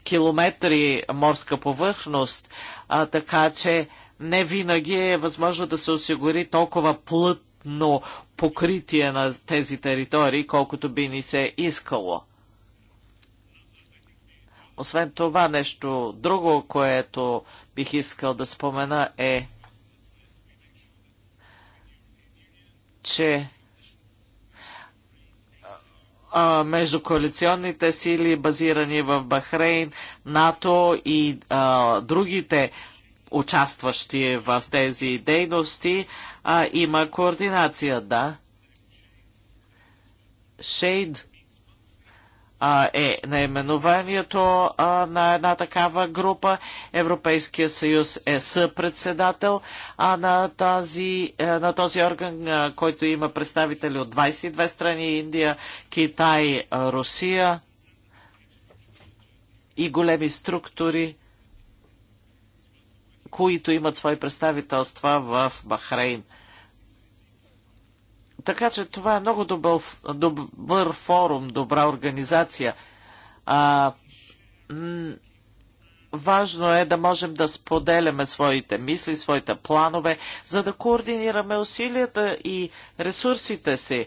километри морска повърхност, а, така че не винаги е възможно да се осигури толкова плът адекватно покритие на тези територии, колкото би ни се искало. Освен това, нещо друго, което бих искал да спомена е, че между коалиционните сили, базирани в Бахрейн, НАТО и а, другите участващи в тези дейности, а има координация, да. Шейд а, е наименованието а, на една такава група. Европейския съюз е съпредседател а на, тази, а, е, на този орган, а, който има представители от 22 страни Индия, Китай, а, Русия и големи структури които имат свои представителства в Бахрейн. Така че това е много добър, добър форум, добра организация. А, Важно е да можем да споделяме своите мисли, своите планове, за да координираме усилията и ресурсите си,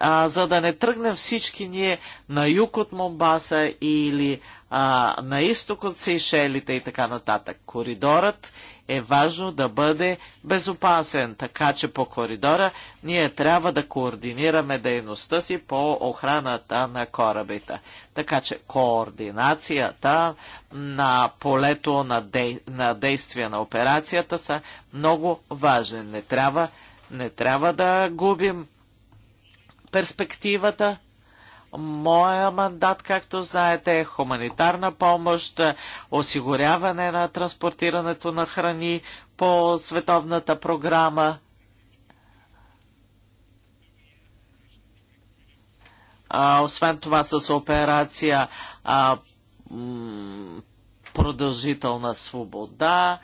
а, за да не тръгнем всички ние на юг от Момбаса или а, на изток от Сейшелите и така нататък. Коридорът е важно да бъде безопасен, така че по коридора ние трябва да координираме дейността си по охраната на корабите. Така че координацията на полето на, дей, на действие на операцията са много важни. Не трябва, не трябва да губим перспективата моя мандат, както знаете, е хуманитарна помощ, осигуряване на транспортирането на храни по световната програма. А, освен това с операция а, продължителна свобода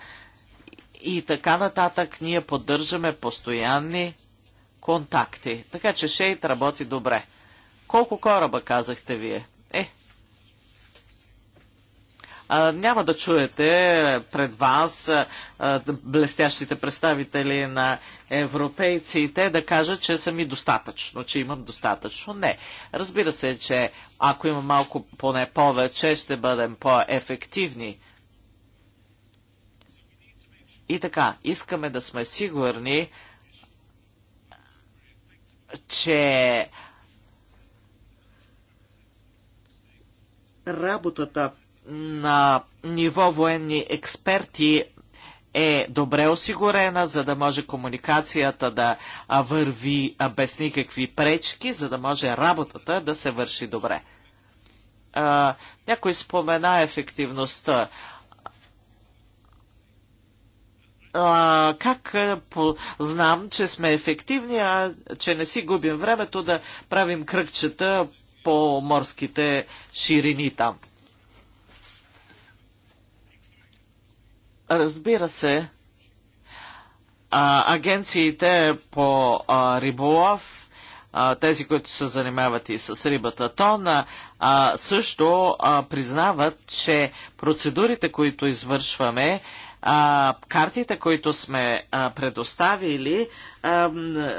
и така нататък ние поддържаме постоянни контакти. Така че Шейт работи добре. Колко кораба казахте вие? Е, а, няма да чуете пред вас а, блестящите представители на европейците да кажат, че са ми достатъчно, че имам достатъчно. Не. Разбира се, че ако има малко поне повече, ще бъдем по-ефективни. И така, искаме да сме сигурни, че работата на ниво военни експерти е добре осигурена, за да може комуникацията да върви без никакви пречки, за да може работата да се върши добре. А, някой спомена ефективността. А, как знам, че сме ефективни, а че не си губим времето да правим кръгчета по морските ширини там. Разбира се, агенциите по риболов, тези, които се занимават и с рибата тона, също признават, че процедурите, които извършваме, а, картите, които сме а, предоставили, а,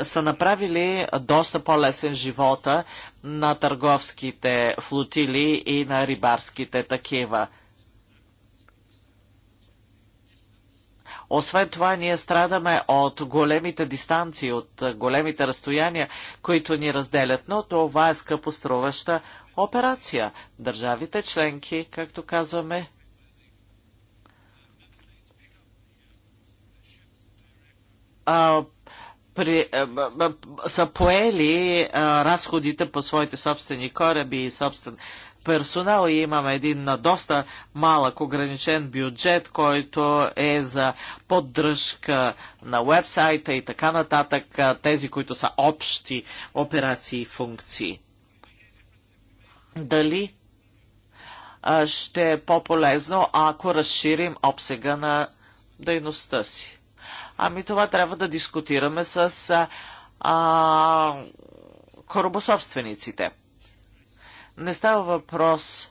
са направили доста по-лесен живота на търговските флотили и на рибарските такива. Освен това, ние страдаме от големите дистанции, от големите разстояния, които ни разделят, но това е скъпоструваща операция. Държавите членки, както казваме, а, при, а, са поели а, разходите по своите собствени кораби и собствен персонал и имаме един доста малък ограничен бюджет, който е за поддръжка на вебсайта и така нататък, тези, които са общи операции и функции. Дали ще е по-полезно, ако разширим обсега на дейността си? Ами това трябва да дискутираме с а, а, корабособствениците. Не става въпрос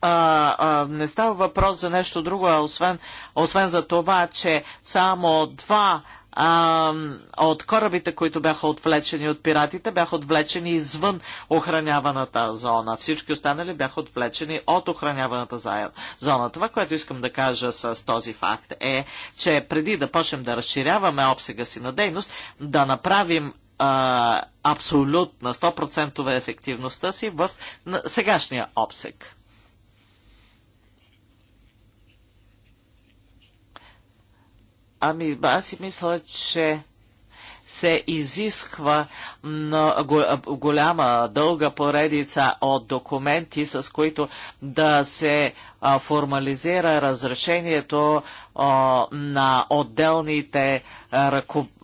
а, а, не става въпрос за нещо друго, а освен, освен за това, че само два а, от корабите, които бяха отвлечени от пиратите, бяха отвлечени извън охраняваната зона. Всички останали бяха отвлечени от охраняваната зона. Това, което искам да кажа с този факт е, че преди да почнем да разширяваме обсега си на дейност, да направим а, абсолютна 100% ефективността си в сегашния обсек. Ами, аз си мисля, че се изисква голяма, дълга поредица от документи, с които да се формализира разрешението на отделните ръководители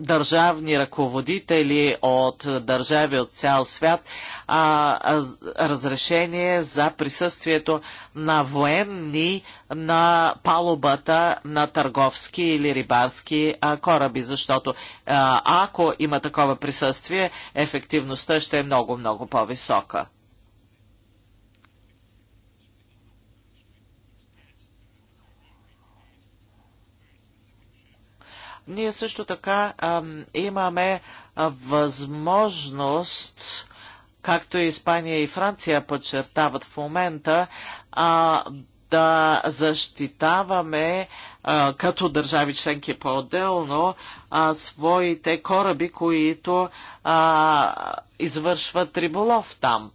държавни ръководители от държави от цял свят а, а, разрешение за присъствието на военни на палубата на търговски или рибарски а, кораби, защото а, ако има такова присъствие, ефективността ще е много-много по-висока. Ние също така а, имаме а, възможност, както и Испания и Франция подчертават в момента, а, да защитаваме а, като държави членки по-отделно своите кораби, които а, извършват риболов там.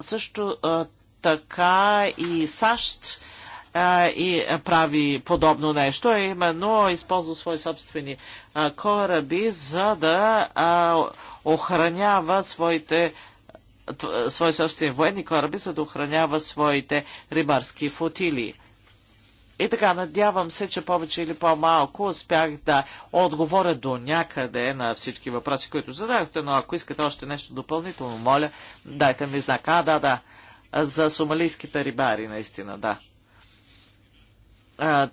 Също а, така и САЩ а, и прави подобно нещо, а именно използва свои собствени а, кораби, за да а, охранява своите свои собствени военни кораби, за да охранява своите рибарски флотилии. И така, надявам се, че повече или по-малко успях да отговоря до някъде на всички въпроси, които зададохте, но ако искате още нещо допълнително, моля, дайте ми знак. А, да, да, за сомалийските рибари, наистина, да. А,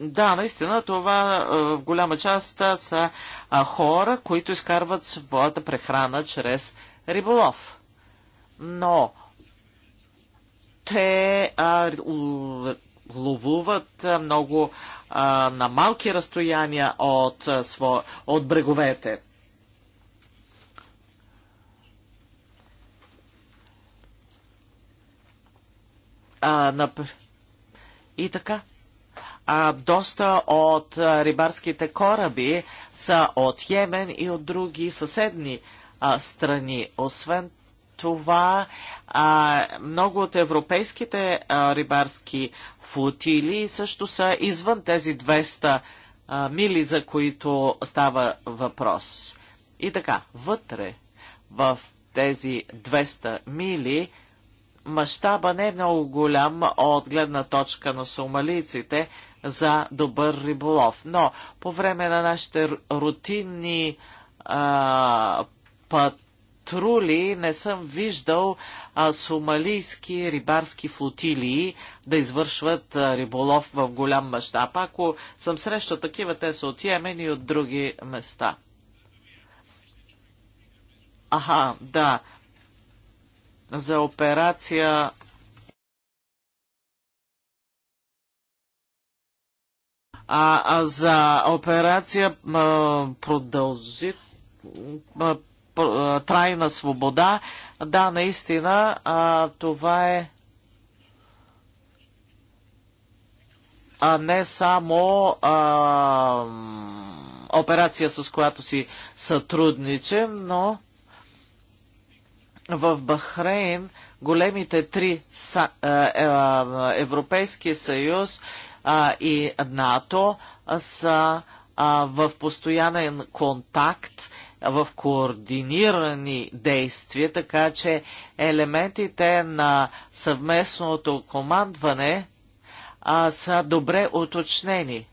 да, наистина това а, в голяма част а, са а, хора, които изкарват своята прехрана чрез риболов. Но те а, ловуват много а, на малки разстояния от, а, сво, от бреговете. А, например, и така, а, доста от рибарските кораби са от Йемен и от други съседни а, страни. Освен това, а, много от европейските а, рибарски флотили също са извън тези 200 а, мили, за които става въпрос. И така, вътре в тези 200 мили мащаба не е много голям от гледна точка на сомалийците за добър риболов. Но по време на нашите рутинни а, патрули не съм виждал а, сомалийски рибарски флотилии да извършват а, риболов в голям мащаб. Ако съм срещал такива, те са от Йемен и от други места. Аха, да за операция а, а за операция а, продължи а, трайна свобода. Да, наистина, а, това е а не само а, операция, с която си сътрудничим, но в Бахрейн големите три са, е, е, Европейски съюз а, и НАТО са а, в постоянен контакт, в координирани действия, така че елементите на съвместното командване а, са добре уточнени.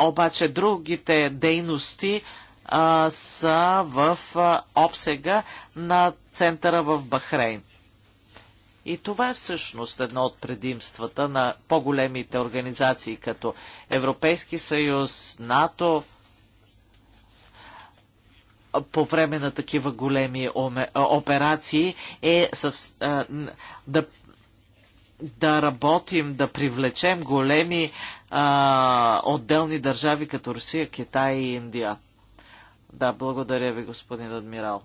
Обаче другите дейности а, са в а, обсега на центъра в Бахрейн. И това е всъщност едно от предимствата на по-големите организации, като Европейски съюз, НАТО, по време на такива големи операции е да, да работим, да привлечем големи а, отделни държави като Русия, Китай и Индия. Да, благодаря ви, господин адмирал.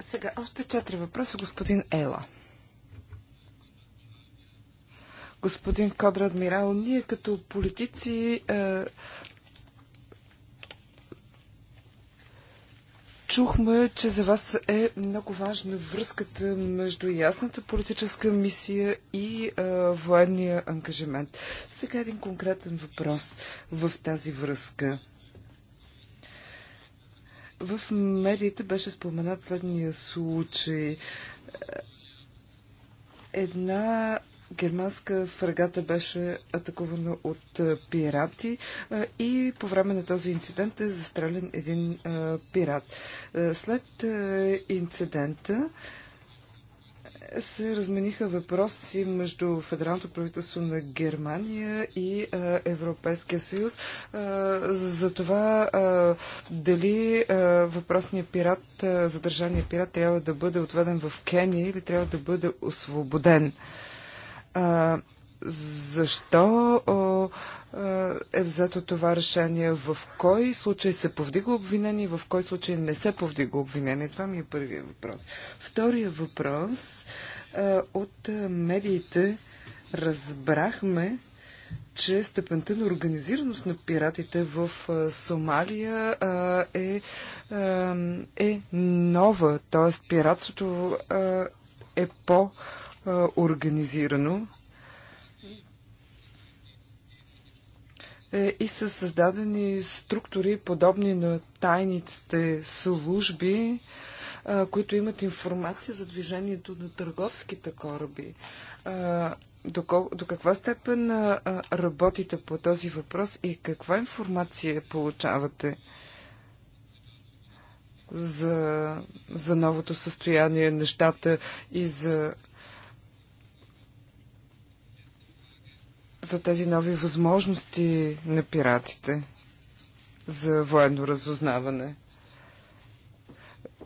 Сега още четири въпроса, господин Ела. Господин Адмирал, ние като политици е, чухме, че за вас е много важна връзката между ясната политическа мисия и е, военния ангажимент. Сега един конкретен въпрос в тази връзка. В медиите беше споменат следния случай. Една германска фрегата беше атакувана от пирати и по време на този инцидент е застрелен един пират. След инцидента се размениха въпроси между Федералното правителство на Германия и а, Европейския съюз а, за това а, дали а, въпросният пират, а, задържания пират трябва да бъде отведен в Кения или трябва да бъде освободен. А, защо е взето това решение? В кой случай се повдига обвинение? В кой случай не се повдига обвинение? Това ми е първият въпрос. Втория въпрос. От медиите разбрахме, че степента на организираност на пиратите в Сомалия е, е нова, т.е. пиратството е по-организирано Е, и са създадени структури, подобни на тайниците служби, е, които имат информация за движението на търговските кораби. Е, до, до каква степен работите по този въпрос и каква информация получавате за, за новото състояние нещата и за за тези нови възможности на пиратите за военно разузнаване.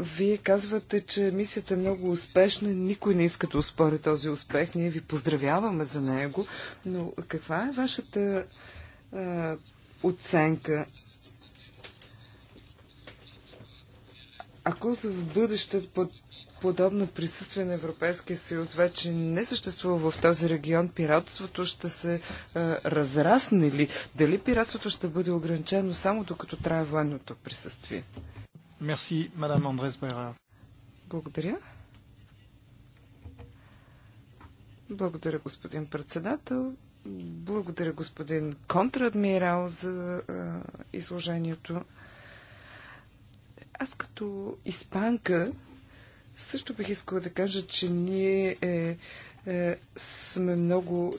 Вие казвате, че мисията е много успешна. Никой не иска да успори този успех. Ние ви поздравяваме за него. Но каква е вашата е, оценка? Ако за в бъдеще под подобно присъствие на Европейския съюз вече не съществува в този регион, пиратството ще се а, е, разрасне ли? Дали пиратството ще бъде ограничено само докато трябва военното присъствие? Мерси, мадам Андрес Байра. Благодаря. Благодаря, господин председател. Благодаря, господин контрадмирал, за а, е, изложението. Аз като испанка също бих искала да кажа, че ние е, е, сме много е,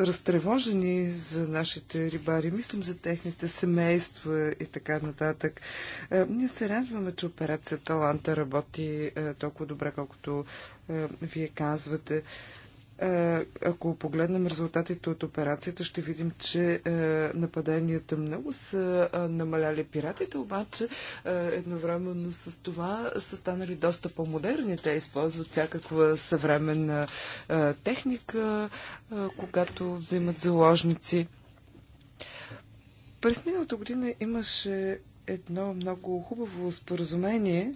разтревожени за нашите рибари, мислим за техните семейства и така нататък. Е, ние се радваме, че операция Таланта работи е, толкова добре, колкото е, вие казвате. Е, е, ако погледнем резултатите от операцията, ще видим, че е, нападенията много са е, намаляли пиратите, обаче едновременно с това са станали доста по-модерни. Те използват всякаква съвременна техника, когато взимат заложници. През миналата година имаше едно много хубаво споразумение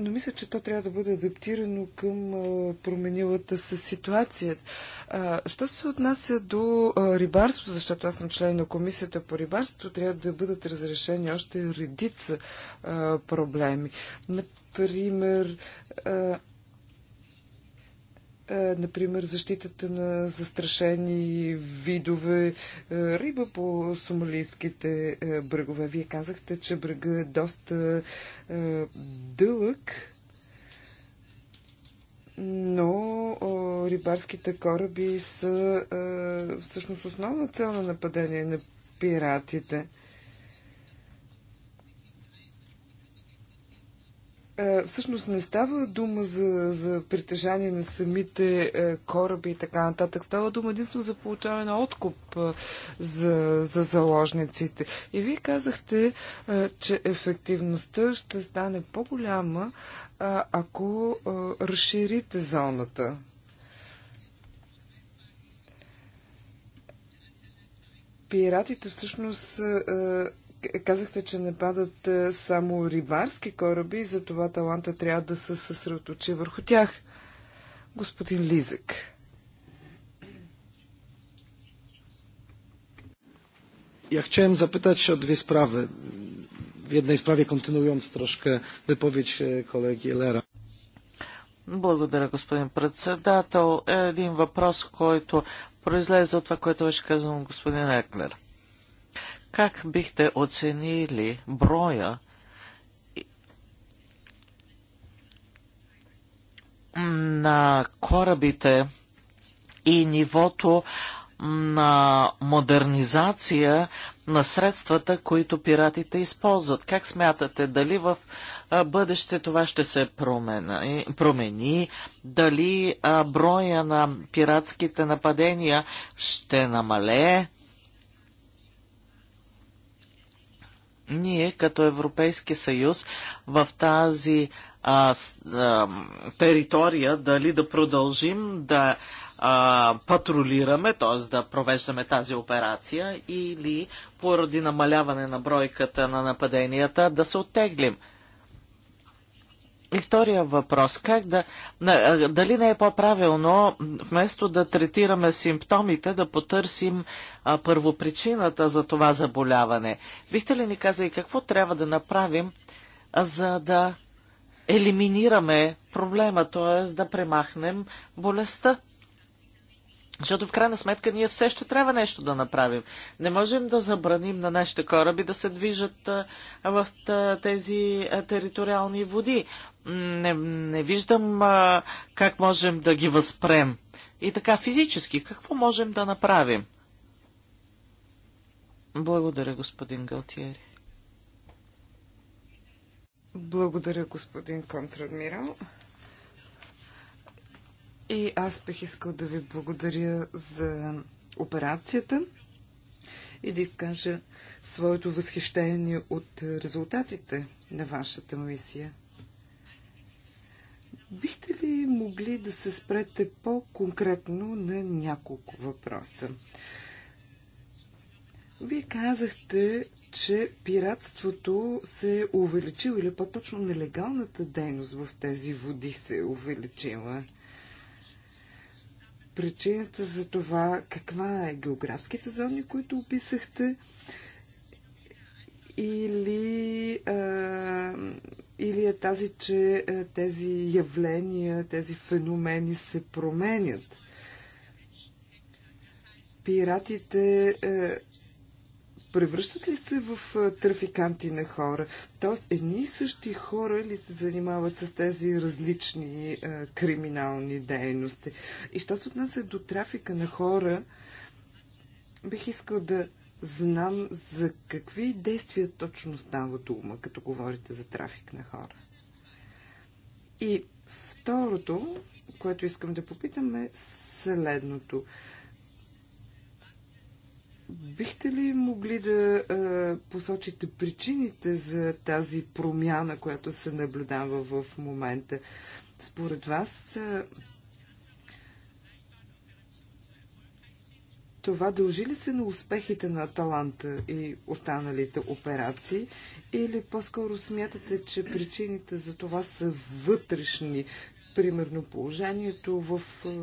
но мисля, че то трябва да бъде адаптирано към променилата се ситуация. Що се отнася до рибарство, защото аз съм член на комисията по рибарство, трябва да бъдат разрешени още редица проблеми. Например, е, например, защитата на застрашени видове е, риба по сомалийските е, брегове. Вие казахте, че брега е доста дълъг, но рибарските кораби са всъщност основна цел на нападение на пиратите. Е, всъщност не става дума за, за притежание на самите е, кораби и така нататък. Става дума единствено за получаване на откуп е, за, за заложниците. И вие казахте, че ефективността ще стане по-голяма, ако разширите зоната. пиратите всъщност е, казахте, че не падат е, само рибарски кораби, затова таланта трябва да се съсредоточи върху тях. Господин Лизък. Ja chciałem zapytać o dwie sprawy. W jednej sprawie kontynuując troszkę wypowiedź e, kolegi Lera. Благодаря, господин председател. Е, един въпрос, който произлезе от това, което беше казано господин Еклер. Как бихте оценили броя на корабите и нивото на модернизация на средствата, които пиратите използват. Как смятате, дали в бъдеще това ще се промени, промени дали броя на пиратските нападения ще намалее? ние като Европейски съюз в тази а, с, а, територия дали да продължим да а, патрулираме, т.е. да провеждаме тази операция или поради намаляване на бройката на нападенията да се оттеглим. И втория въпрос, как да, дали не е по-правилно, вместо да третираме симптомите, да потърсим а, първопричината за това заболяване? Бихте ли ни казали какво трябва да направим, а, за да елиминираме проблема, т.е. да премахнем болестта? Защото в крайна сметка ние все ще трябва нещо да направим. Не можем да забраним на нашите кораби да се движат в тези териториални води не, не виждам а, как можем да ги възпрем. И така, физически, какво можем да направим? Благодаря, господин Галтиери. Благодаря, господин контрадмирал. И аз бих искал да ви благодаря за операцията и да изкажа своето възхищение от резултатите на вашата мисия. Бихте ли могли да се спрете по-конкретно на няколко въпроса? Вие казахте, че пиратството се е увеличило или по-точно нелегалната дейност в тези води се е увеличила. Причината за това каква е географските зони, които описахте, или а, или е тази, че е, тези явления, тези феномени се променят? Пиратите е, превръщат ли се в е, трафиканти на хора? Тоест, едни и същи хора ли се занимават с тези различни криминални дейности? И що се отнася до трафика на хора, бих искал да знам за какви действия точно става дума, като говорите за трафик на хора. И второто, което искам да попитам е следното. Бихте ли могли да е, посочите причините за тази промяна, която се наблюдава в момента? Според вас Е, Това дължи ли се на успехите на Аталанта и останалите операции? Или по-скоро смятате, че причините за това са вътрешни? Примерно положението в е,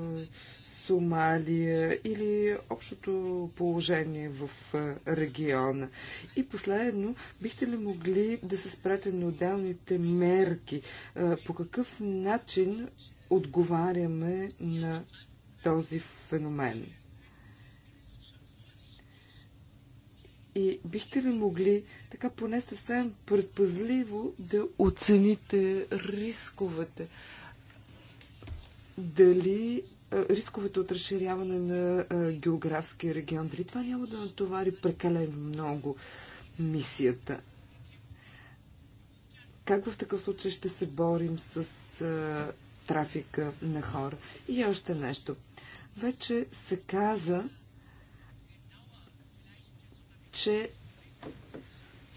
Сомалия или общото положение в е, региона. И последно, бихте ли могли да се спрете на отделните мерки? Е, по какъв начин отговаряме на този феномен? И бихте ли могли така поне съвсем предпазливо да оцените рисковете? Дали рисковете от разширяване на географския регион, дали това няма да натовари прекалено много мисията? Как в такъв случай ще се борим с трафика на хора? И още нещо. Вече се каза, че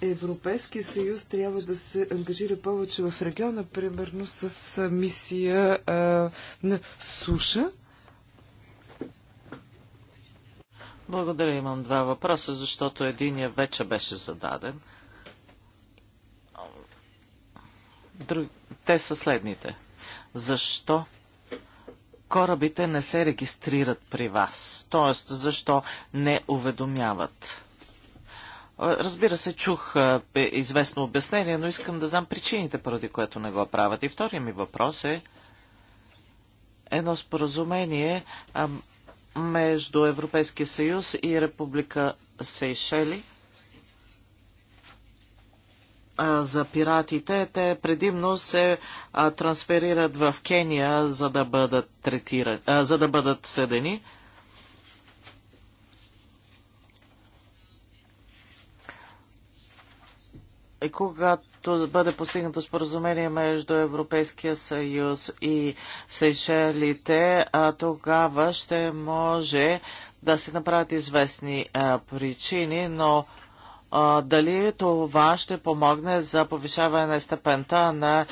Европейския съюз трябва да се ангажира повече в региона, примерно с мисия а, на суша. Благодаря, имам два въпроса, защото единия вече беше зададен. Друг... Те са следните. Защо корабите не се регистрират при вас? Тоест, защо не уведомяват? Разбира се, чух е, известно обяснение, но искам да знам причините, поради което не го правят. И втория ми въпрос е едно споразумение между Европейския съюз и Република Сейшели за пиратите. Те предимно се трансферират в Кения, за да бъдат, третират, за да бъдат съдени. когато бъде постигнато споразумение между Европейския съюз и Сейшелите, тогава ще може да се направят известни причини, но дали това ще помогне за повишаване на степента на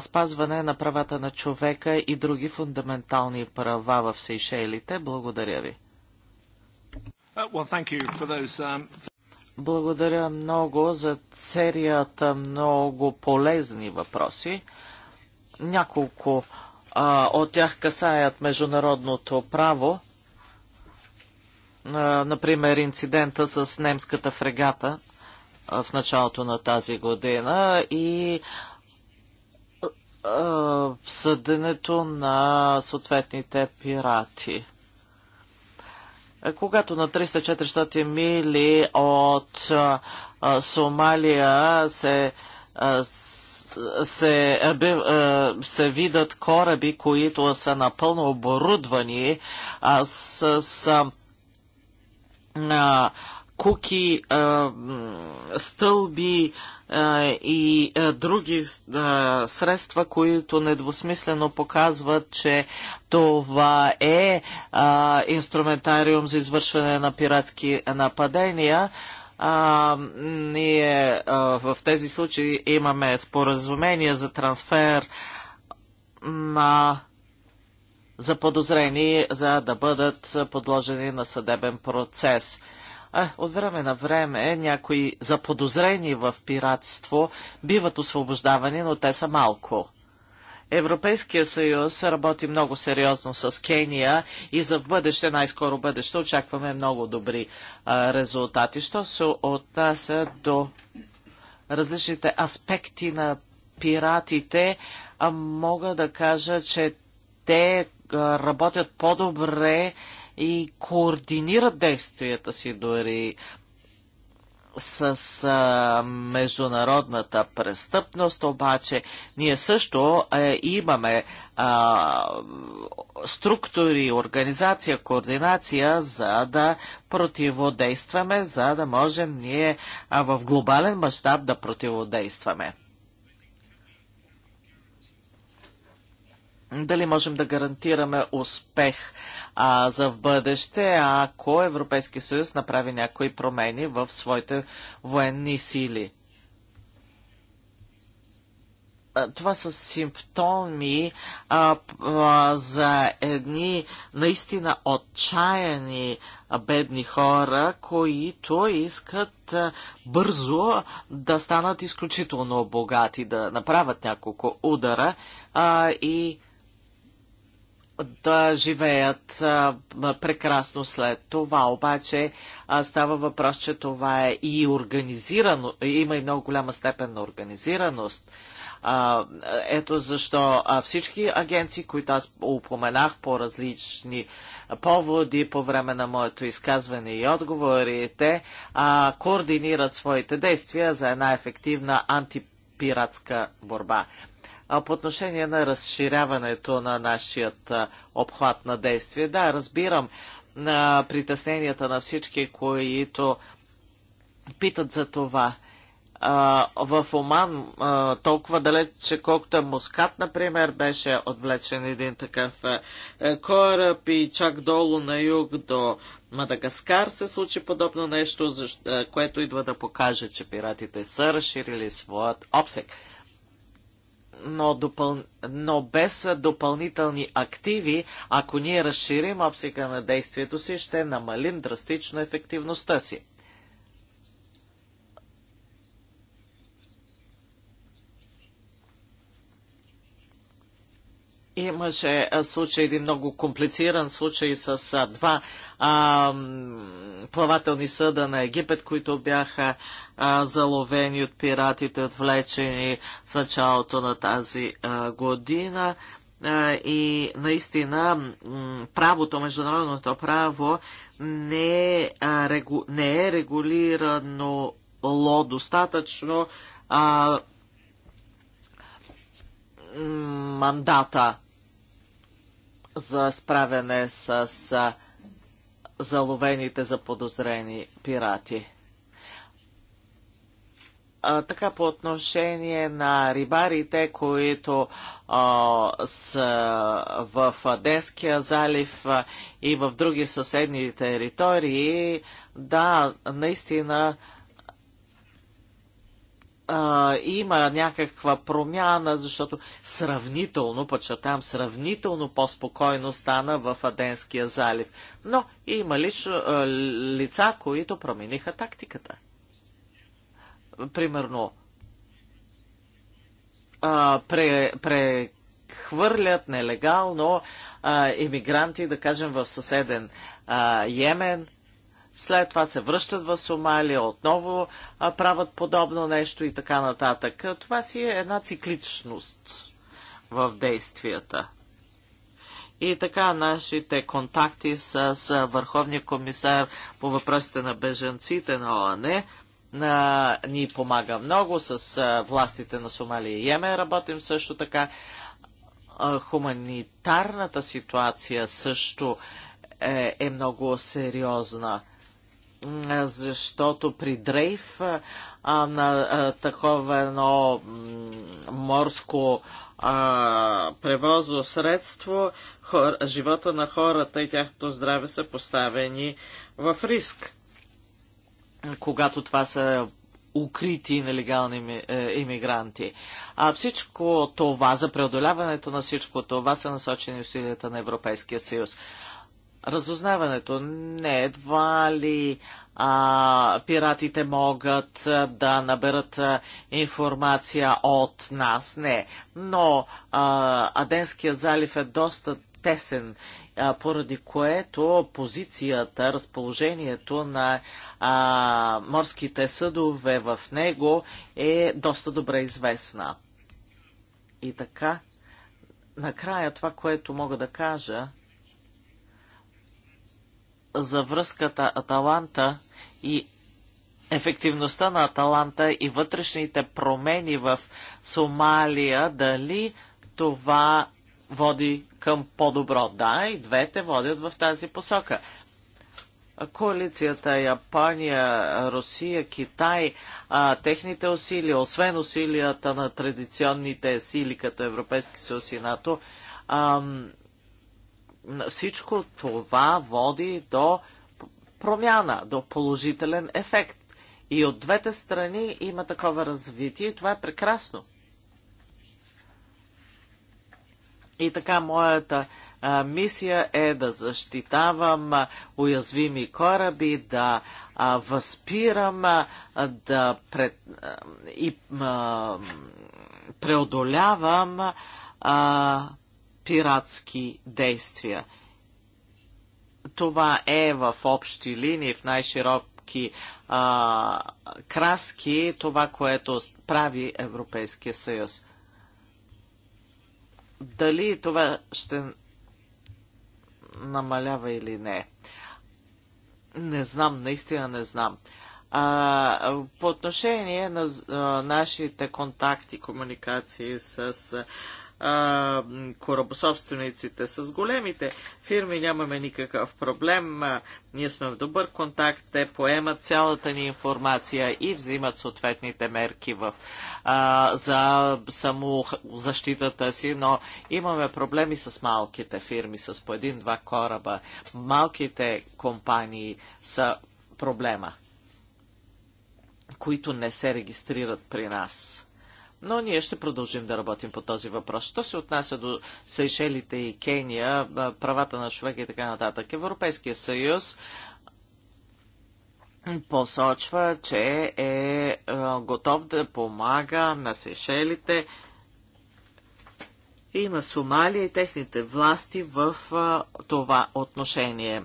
спазване на правата на човека и други фундаментални права в Сейшелите. Благодаря ви. Uh, well, those, um... Благодаря много за серията много полезни въпроси. Няколко а, от тях касаят международното право. А, например, инцидента с немската фрегата а, в началото на тази година и а, съденето на съответните пирати. Когато на 300-400 мили от а, Сомалия се, а, се, а, се видят кораби, които са напълно оборудвани а, с, с а, куки, а, стълби, и други средства, които недвусмислено показват, че това е инструментариум за извършване на пиратски нападения. А, ние а, в тези случаи имаме споразумение за трансфер на заподозрени, за да бъдат подложени на съдебен процес а, е, от време на време някои заподозрени в пиратство биват освобождавани, но те са малко. Европейския съюз работи много сериозно с Кения и за в бъдеще, най-скоро бъдеще, очакваме много добри а, резултати. Що се отнася до различните аспекти на пиратите, а мога да кажа, че те а, работят по-добре и координират действията си дори с а, международната престъпност, обаче ние също а, имаме а, структури, организация, координация, за да противодействаме, за да можем ние а, в глобален мащаб да противодействаме. Дали можем да гарантираме успех? а, за в бъдеще, ако Европейски съюз направи някои промени в своите военни сили. Това са симптоми а, а, за едни наистина отчаяни бедни хора, които искат бързо да станат изключително богати, да направят няколко удара а, и да живеят а, прекрасно след това. Обаче а, става въпрос, че това е и организирано, има и много голяма степен на организираност. А, ето защо а, всички агенции, които аз упоменах по различни поводи по време на моето изказване и отговорите, а, координират своите действия за една ефективна антипиратска борба по отношение на разширяването на нашият обхват на действие. Да, разбирам на притесненията на всички, които питат за това. в Оман, толкова далече, колкото е Мускат, Москат, например, беше отвлечен един такъв кораб и чак долу на юг до Мадагаскар се случи подобно нещо, което идва да покаже, че пиратите са разширили своят обсек но, допъл... но без допълнителни активи, ако ние разширим обсега на действието си, ще намалим драстично ефективността си. Имаше случай, един много комплициран случай с два а, плавателни съда на Египет, които бяха а, заловени от пиратите, отвлечени в началото на тази а, година. А, и наистина правото, международното право не е, а, регу, не е регулирано достатъчно а, мандата за справяне с заловените за подозрени пирати. А, така по отношение на рибарите, които а, са в Денския залив а, и в други съседни територии, да, наистина а, има някаква промяна, защото сравнително, подчертавам, сравнително по-спокойно стана в Аденския залив. Но има лично, а, лица, които промениха тактиката. Примерно, а, пре, пре, хвърлят нелегално а, иммигранти, да кажем, в съседен а, Йемен – след това се връщат в Сомалия, отново а, правят подобно нещо и така нататък. Това си е една цикличност в действията. И така нашите контакти с, с Върховния комисар по въпросите на беженците на ОАН ни помага много. С а, властите на Сомалия и Йемен работим също така. А, хуманитарната ситуация също е, е много сериозна защото при дрейф а, на а, такова едно морско а, превозно средство хор, живота на хората и тяхното здраве са поставени в риск. Когато това са укрити нелегални е, иммигранти. А всичко това, за преодоляването на всичко това са насочени усилията на Европейския съюз разузнаването. Не едва ли а, пиратите могат да наберат информация от нас, не. Но а, Аденския залив е доста тесен, а, поради което позицията, разположението на а, морските съдове в него е доста добре известна. И така, накрая това, което мога да кажа, за връзката Аталанта и ефективността на Аталанта и вътрешните промени в Сомалия, дали това води към по-добро? Да, и двете водят в тази посока. Коалицията Япония, Русия, Китай, а, техните усилия, освен усилията на традиционните сили като Европейски съюз и НАТО, ам, всичко това води до промяна, до положителен ефект. И от двете страни има такова развитие и това е прекрасно. И така моята а, мисия е да защитавам а, уязвими кораби, да а, възпирам, а, да пред, а, и а, преодолявам а, пиратски действия. Това е в общи линии, в най-широки краски, това, което прави Европейския съюз. Дали това ще намалява или не? Не знам, наистина не знам. А, по отношение на а, нашите контакти, комуникации с корабособствениците. С големите фирми нямаме никакъв проблем. Ние сме в добър контакт. Те поемат цялата ни информация и взимат съответните мерки в, а, за само защитата си, но имаме проблеми с малките фирми, с по един-два кораба. Малките компании са проблема които не се регистрират при нас но ние ще продължим да работим по този въпрос. Що се отнася до Сейшелите и Кения, правата на човека и така нататък, Европейския съюз посочва, че е готов да помага на Сейшелите и на Сомалия и техните власти в това отношение.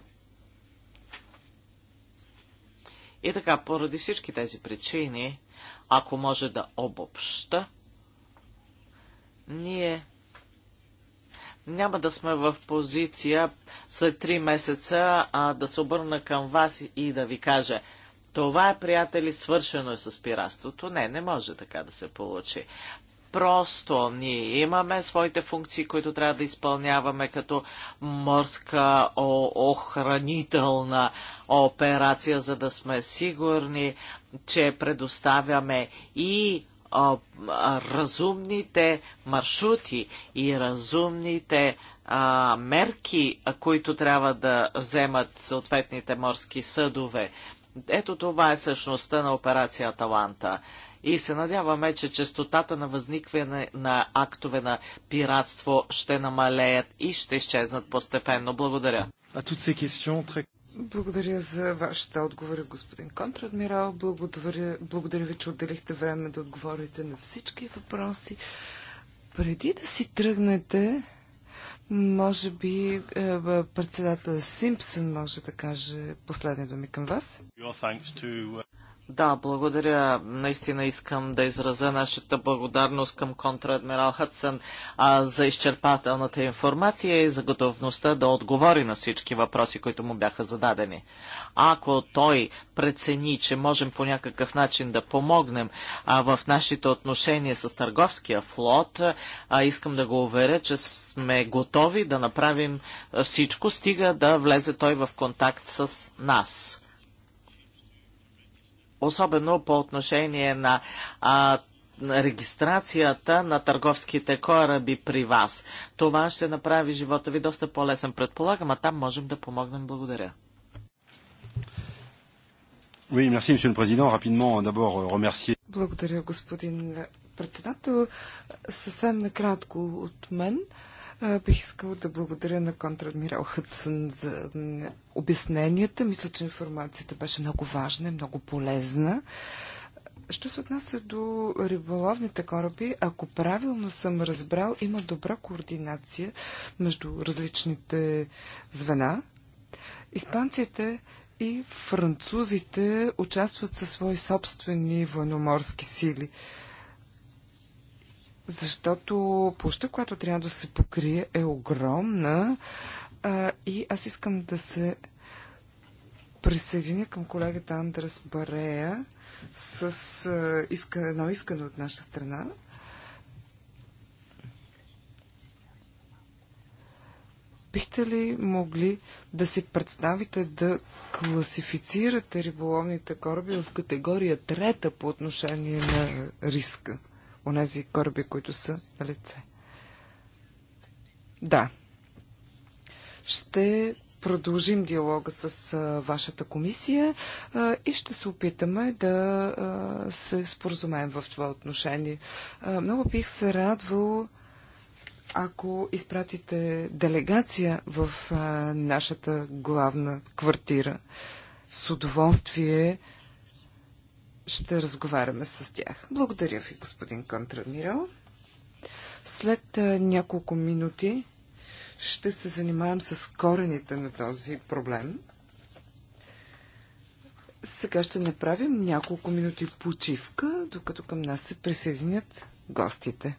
И така, поради всички тези причини, ако може да обобща, ние няма да сме в позиция след три месеца а, да се обърна към вас и да ви кажа това е, приятели, свършено е с пиратството. Не, не може така да се получи. Просто ние имаме своите функции, които трябва да изпълняваме като морска охранителна операция, за да сме сигурни, че предоставяме и разумните маршрути и разумните а, мерки, които трябва да вземат съответните морски съдове. Ето това е същността на операция Таланта и се надяваме, че частотата на възникване на актове на пиратство ще намалеят и ще изчезнат постепенно. Благодаря. Благодаря за вашите отговори, господин контрадмирал. Благодаря, благодаря ви, че отделихте време да отговорите на всички въпроси. Преди да си тръгнете, може би е, председател Симпсън може да каже последни думи към вас. Да, благодаря. Наистина искам да изразя нашата благодарност към контрадмирал Хътсън а, за изчерпателната информация и за готовността да отговори на всички въпроси, които му бяха зададени. Ако той прецени, че можем по някакъв начин да помогнем а, в нашите отношения с търговския флот, а, искам да го уверя, че сме готови да направим всичко, стига да влезе той в контакт с нас особено по отношение на а, регистрацията на търговските кораби при вас. Това ще направи живота ви доста по-лесен, предполагам, а там можем да помогнем. Благодаря. Oui, merci, Monsieur le Président. Rapidement, d'abord, euh, remercier. Благодаря, господин председател. Съвсем накратко от мен. Uh, Бих искала да благодаря на контрадмирал Хътсън за обясненията. Мисля, че информацията беше много важна и много полезна. Що се отнася до риболовните кораби, ако правилно съм разбрал, има добра координация между различните звена. Испанците и французите участват със свои собствени военноморски сили защото площа, която трябва да се покрие, е огромна а, и аз искам да се присъединя към колегата Андрес Барея с а, иска, едно искане от наша страна. Бихте ли могли да си представите да класифицирате риболовните кораби в категория трета по отношение на риска? онези кораби, които са на лице. Да. Ще продължим диалога с вашата комисия и ще се опитаме да се споразумеем в това отношение. много бих се радвал ако изпратите делегация в а, нашата главна квартира. С удоволствие ще разговаряме с тях. Благодаря ви, господин контрадмирал. След няколко минути ще се занимаем с корените на този проблем. Сега ще направим няколко минути почивка, докато към нас се присъединят гостите.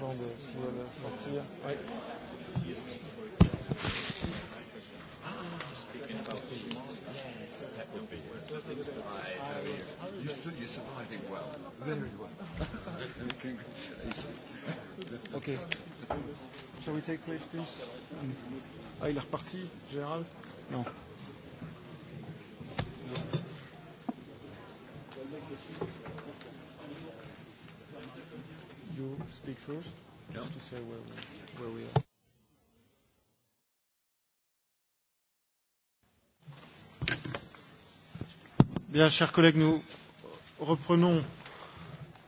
urgent de sortir. Oui. Okay. Shall we take place, please? Ah, il est reparti, Gérald Non. non. you speak first? Yeah. Just to say where we, are. Bien, chers collègues, nous reprenons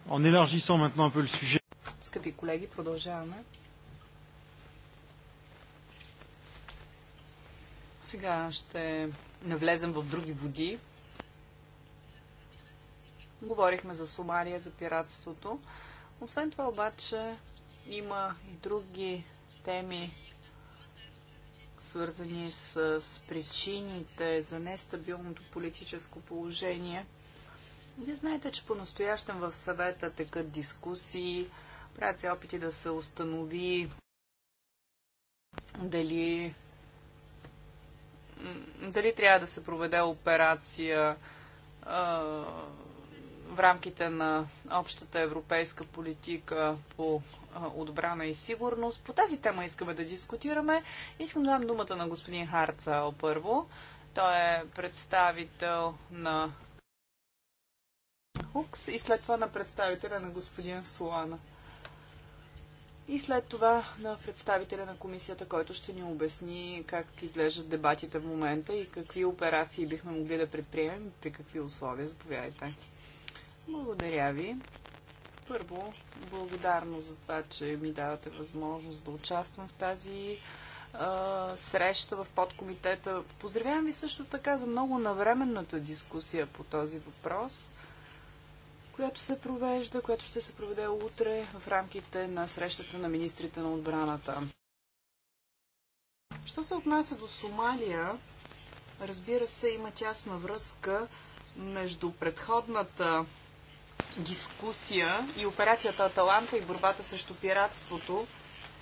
en élargissant maintenant un peu le sujet. Скъпи колеги, продължаваме. Сега ще навлезем в други води. Говорихме за Сомалия, за пиратството. Освен това обаче има и други теми, свързани с причините за нестабилното политическо положение. Вие знаете, че по-настоящем в съвета текат дискусии, правят се опити да се установи дали, дали трябва да се проведе операция а, в рамките на общата европейска политика по отбрана и сигурност. По тази тема искаме да дискутираме. Искам да дам думата на господин Харцал първо. Той е представител на Хукс и след това на представителя на господин Солана. И след това на представителя на комисията, който ще ни обясни как изглеждат дебатите в момента и какви операции бихме могли да предприемем и при какви условия. Заповядайте. Благодаря ви. Първо, благодарно за това, че ми давате възможност да участвам в тази а, среща в подкомитета. Поздравявам ви също така за много навременната дискусия по този въпрос, която се провежда, която ще се проведе утре в рамките на срещата на министрите на отбраната. Що се отнася до Сомалия, разбира се, има тясна връзка между предходната дискусия и операцията Аталанта и борбата срещу пиратството.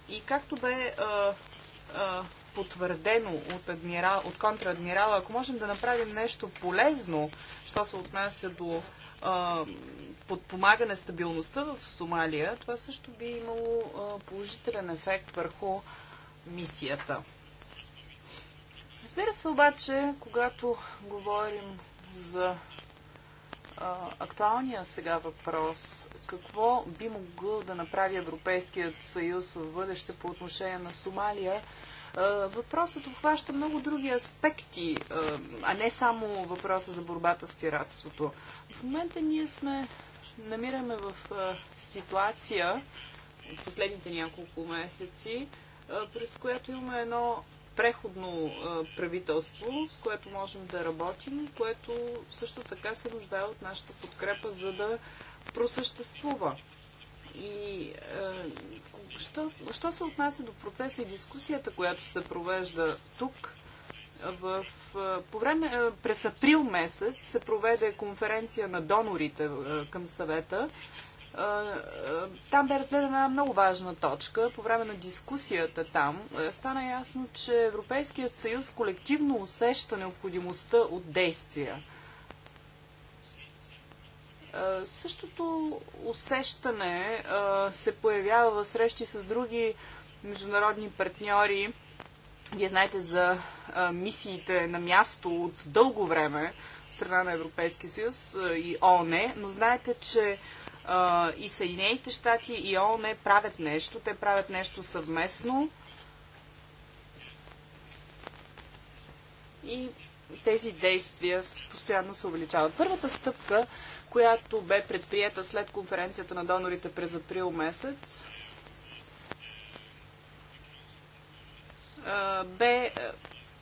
И както бе а, е, а, е, потвърдено от, адмирал, от контрадмирала, ако можем да направим нещо полезно, що се отнася до а, е, подпомагане стабилността в Сомалия, това също би имало а, положителен ефект върху мисията. Разбира се обаче, когато говорим за актуалният сега въпрос. Какво би могло да направи Европейският съюз в бъдеще по отношение на Сомалия? Въпросът обхваща много други аспекти, а не само въпроса за борбата с пиратството. В момента ние сме, намираме в ситуация в последните няколко месеци, през която имаме едно преходно правителство, с което можем да работим, което също така се нуждае от нашата подкрепа, за да просъществува. И е, що, що се отнася до процеса и дискусията, която се провежда тук, в, по време, през април месец се проведе конференция на донорите към съвета там бе разгледана много важна точка. По време на дискусията там е, стана ясно, че Европейският съюз колективно усеща необходимостта от действия. Същото усещане се появява в срещи с други международни партньори. Вие знаете за мисиите на място от дълго време в страна на Европейския съюз и ООН, но знаете, че а, и Съединените щати и ООН правят нещо. Те правят нещо съвместно. И тези действия постоянно се увеличават. Първата стъпка, която бе предприета след конференцията на донорите през април месец, бе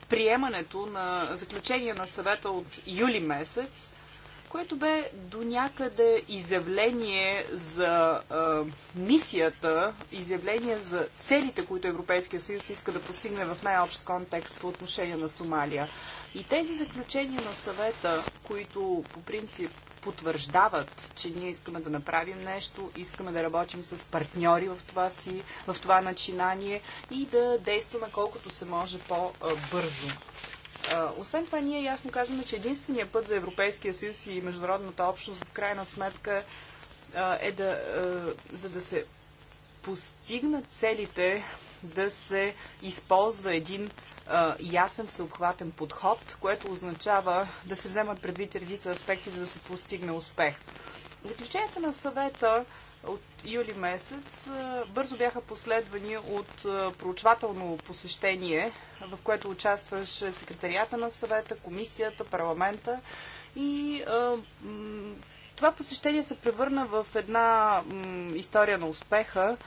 приемането на заключение на съвета от юли месец, което бе до някъде изявление за а, мисията, изявление за целите, които Европейския съюз иска да постигне в най-общ контекст по отношение на Сомалия. И тези заключения на съвета, които по принцип потвърждават, че ние искаме да направим нещо, искаме да работим с партньори в това, си, в това начинание и да действаме колкото се може по-бързо. Освен това, ние ясно казваме, че единствения път за Европейския съюз и международната общност в крайна сметка е да, за да се постигнат целите, да се използва един ясен всеобхватен подход, което означава да се вземат предвид редица аспекти, за да се постигне успех. Заключенията на съвета от юли месец, бързо бяха последвани от проучвателно посещение, в което участваше секретарията на съвета, комисията, парламента и това посещение се превърна в една история на успеха.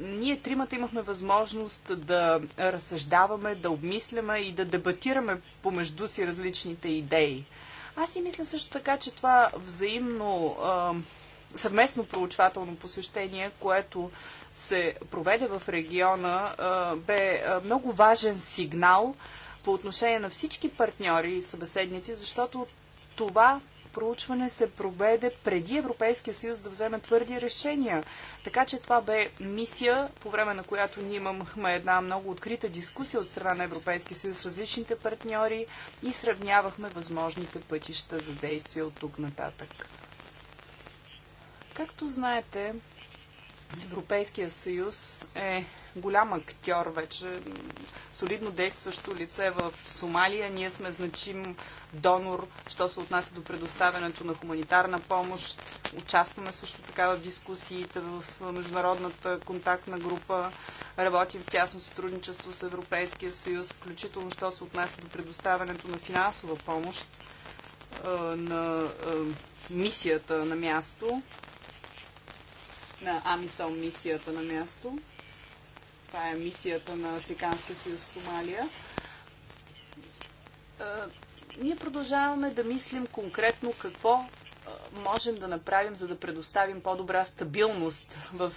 Ние тримата имахме възможност да разсъждаваме, да обмисляме и да дебатираме помежду си различните идеи. Аз и мисля също така, че това взаимно съвместно проучвателно посещение, което се проведе в региона, бе много важен сигнал по отношение на всички партньори и събеседници, защото това проучване се проведе преди Европейския съюз да вземе твърди решения. Така че това бе мисия, по време на която ние имахме една много открита дискусия от страна на Европейския съюз с различните партньори и сравнявахме възможните пътища за действие от тук нататък. Както знаете, Европейския съюз е голям актьор вече, солидно действащо лице в Сомалия. Ние сме значим донор, що се отнася до предоставянето на хуманитарна помощ. Участваме също така в дискусиите в международната контактна група. Работим в тясно сътрудничество с Европейския съюз, включително що се отнася до предоставянето на финансова помощ на мисията на място на Амисъл мисията на място. Това е мисията на Африканския съюз Сомалия. Ние продължаваме да мислим конкретно какво можем да направим, за да предоставим по-добра стабилност в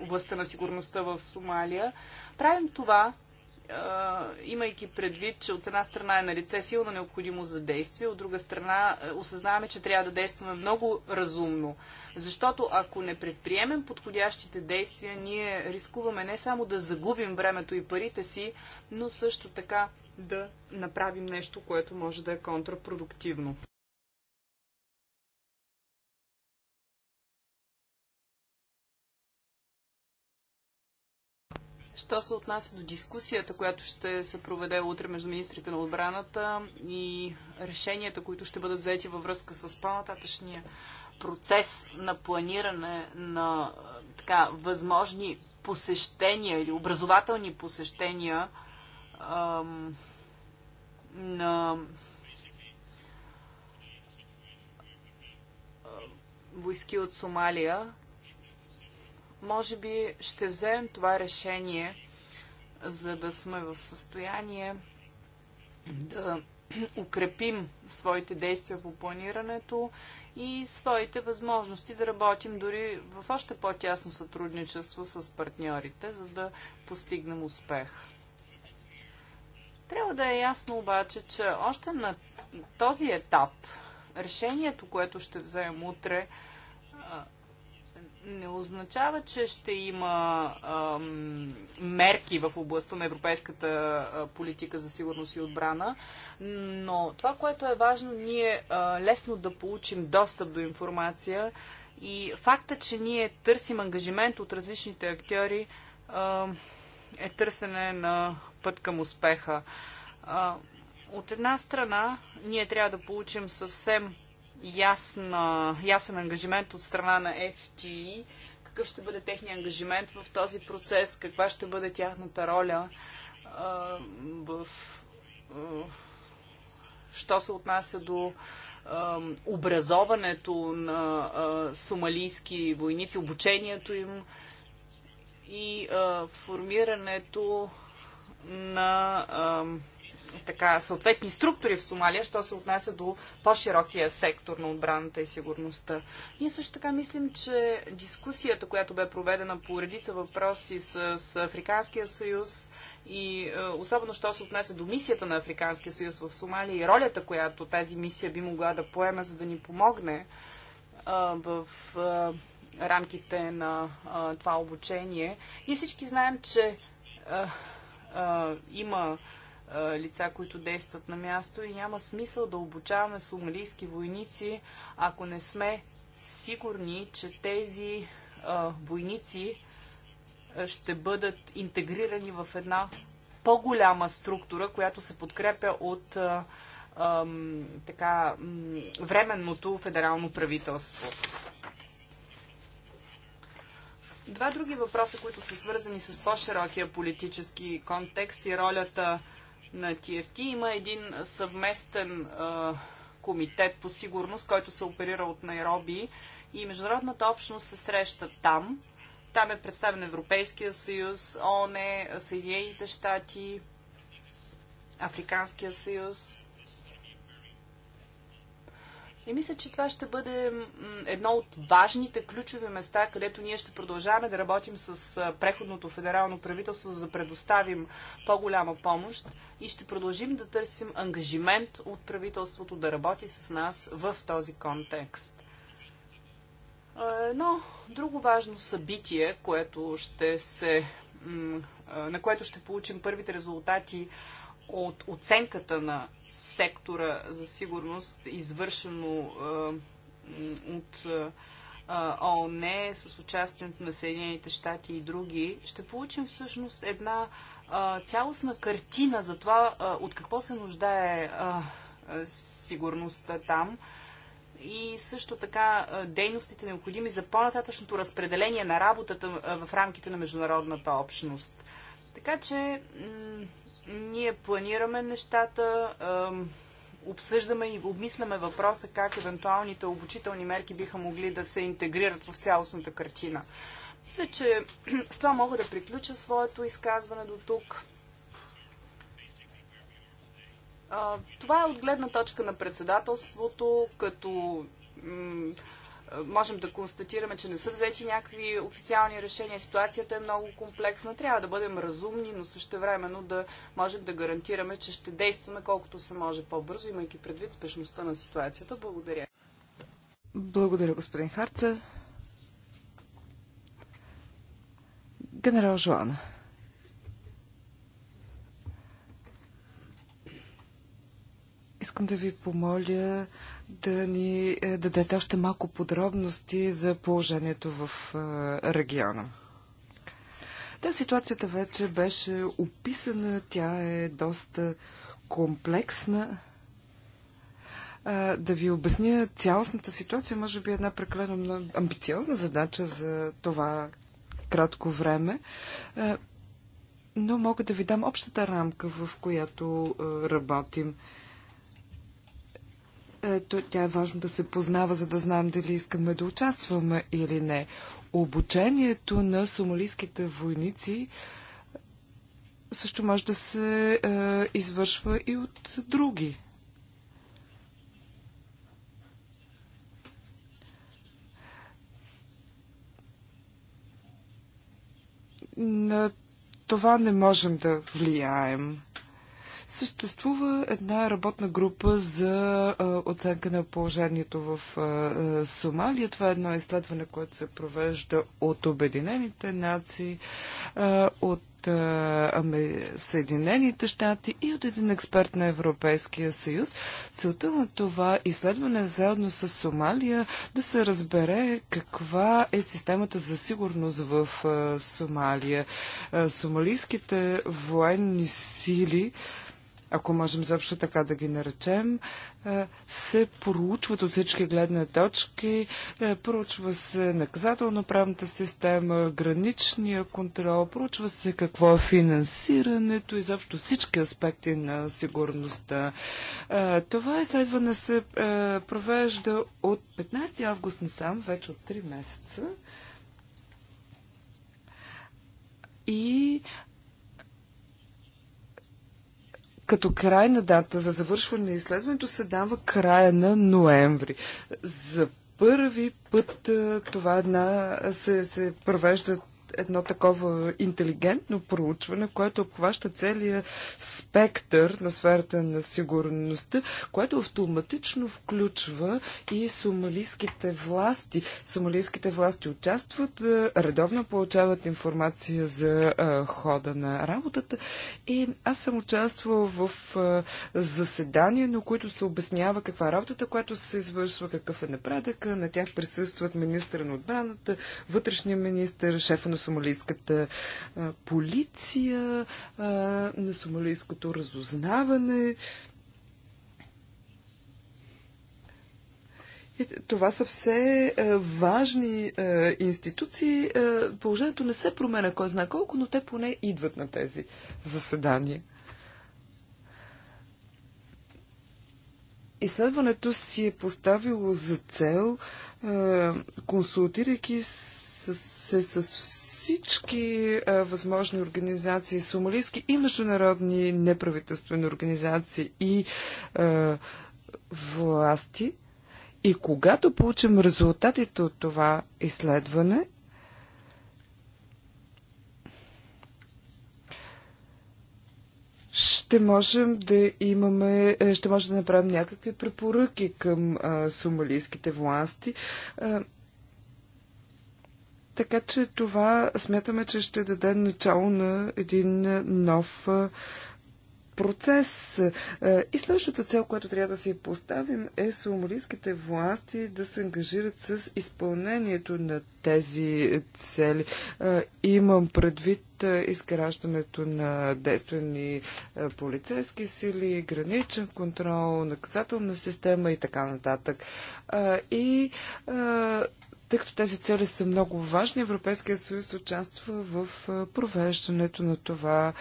областта на сигурността в Сомалия. Правим това имайки предвид, че от една страна е на лице силна необходимост за действие, от друга страна е, осъзнаваме, че трябва да действаме много разумно. Защото ако не предприемем подходящите действия, ние рискуваме не само да загубим времето и парите си, но също така да направим нещо, което може да е контрапродуктивно. Що се отнася до дискусията, която ще се проведе утре между министрите на отбраната и решенията, които ще бъдат взети във връзка с по-нататъчния процес на планиране на така, възможни посещения или образователни посещения ам, на войски от Сомалия, може би ще вземем това решение, за да сме в състояние да укрепим своите действия по планирането и своите възможности да работим дори в още по-тясно сътрудничество с партньорите, за да постигнем успех. Трябва да е ясно обаче, че още на този етап решението, което ще вземем утре, не означава, че ще има ам, мерки в областта на европейската политика за сигурност и отбрана, но това, което е важно, ние а, лесно да получим достъп до информация и факта, че ние търсим ангажимент от различните актьори, а, е търсене на път към успеха. А, от една страна, ние трябва да получим съвсем ясна, ясен ангажимент от страна на FTI, e. какъв ще бъде техния ангажимент в този процес, каква ще бъде тяхната роля в що се отнася до образоването на сомалийски войници, обучението им и формирането на така, съответни структури в Сомалия, що се отнася до по-широкия сектор на отбраната и сигурността. Ние също така мислим, че дискусията, която бе проведена по редица въпроси с, с Африканския съюз и е, особено, що се отнася до мисията на Африканския съюз в Сомалия и ролята, която тази мисия би могла да поеме, за да ни помогне е, в. Е, рамките на а, това обучение. Ние всички знаем, че а, а, има лица, които действат на място и няма смисъл да обучаваме сомалийски войници, ако не сме сигурни, че тези а, войници ще бъдат интегрирани в една по-голяма структура, която се подкрепя от а, а, така, временното федерално правителство. Два други въпроса, които са свързани с по-широкия политически контекст и ролята на TFT. Има един съвместен а, комитет по сигурност, който се оперира от Найроби и международната общност се среща там. Там е представен Европейския съюз, ОНЕ, Съединените щати, Африканския съюз, и мисля, че това ще бъде едно от важните ключови места, където ние ще продължаваме да работим с преходното федерално правителство, за да предоставим по-голяма помощ и ще продължим да търсим ангажимент от правителството да работи с нас в този контекст. Едно друго важно събитие, което ще се, на което ще получим първите резултати от оценката на сектора за сигурност, извършено от ООН с участието на Съединените щати и други, ще получим всъщност една цялостна картина за това от какво се нуждае сигурността там и също така дейностите необходими за по-нататъчното разпределение на работата в рамките на международната общност. Така че ние планираме нещата, обсъждаме и обмисляме въпроса как евентуалните обучителни мерки биха могли да се интегрират в цялостната картина. Мисля, че с това мога да приключа своето изказване до тук. Това е от гледна точка на председателството, като можем да констатираме, че не са взети някакви официални решения. Ситуацията е много комплексна. Трябва да бъдем разумни, но също времено да можем да гарантираме, че ще действаме колкото се може по-бързо, имайки предвид спешността на ситуацията. Благодаря. Благодаря, господин Харца. Генерал Жоана. Искам да ви помоля да ни е, дадете още малко подробности за положението в е, региона. Да, ситуацията вече беше описана, тя е доста комплексна. Е, да ви обясня цялостната ситуация, може би е една прекалено амбициозна задача за това кратко време, но мога да ви дам общата рамка, в която работим. Е, тя е важно да се познава, за да знаем дали искаме да участваме или не. Обучението на сомалийските войници е, също може да се е, извършва и от други. На това не можем да влияем. Съществува една работна група за оценка на положението в Сомалия. Това е едно изследване, което се провежда от Обединените нации, от ами, Съединените щати и от един експерт на Европейския съюз. Целта на това изследване заедно с Сомалия да се разбере каква е системата за сигурност в Сомалия. Сомалийските военни сили ако можем заобщо така да ги наречем, е, се проучват от всички гледни точки. Е, проучва се наказателно-правната система, граничния контрол, проучва се какво е финансирането и заобщо всички аспекти на сигурността. Е, това изследване се провежда от 15 август насам, вече от 3 месеца. И като крайна дата за завършване на изследването се дава края на ноември. За първи път това една, се, се провеждат едно такова интелигентно проучване, което обхваща целия спектър на сферата на сигурността, което автоматично включва и сомалийските власти. Сомалийските власти участват, редовно получават информация за хода на работата и аз съм участвал в заседания, на които се обяснява каква е работата, която се извършва, какъв е напредъка. На тях присъстват министра на отбраната, вътрешния министър, шефа на сомалийската полиция, на сомалийското разузнаване. Това са все е, важни е, институции. Е, положението не се променя кой знае колко, но те поне идват на тези заседания. Изследването си е поставило за цел, е, консултирайки се с, с, с всички а, възможни организации, сумалийски и международни неправителствени организации и а, власти. И когато получим резултатите от това изследване, ще можем да имаме, е, ще можем да направим някакви препоръки към а, сомалийските власти. А, така че това смятаме, че ще даде начало на един нов процес. И следващата цел, която трябва да си поставим е сумалийските власти да се ангажират с изпълнението на тези цели. Имам предвид изграждането на действени полицейски сили, граничен контрол, наказателна система и така нататък. И тъй като тези цели са много важни, Европейския съюз участва в провеждането на това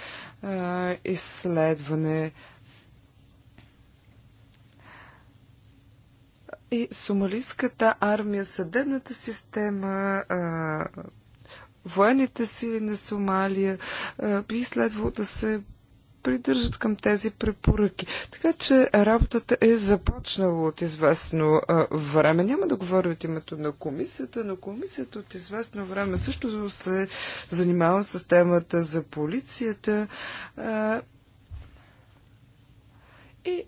изследване. И сомалийската армия, съдебната система, военните сили на Сомалия би следвало да се придържат към тези препоръки. Така че работата е започнала от известно а, време. Няма да говоря от името на комисията, но комисията от известно време също се занимава с темата за полицията. А, и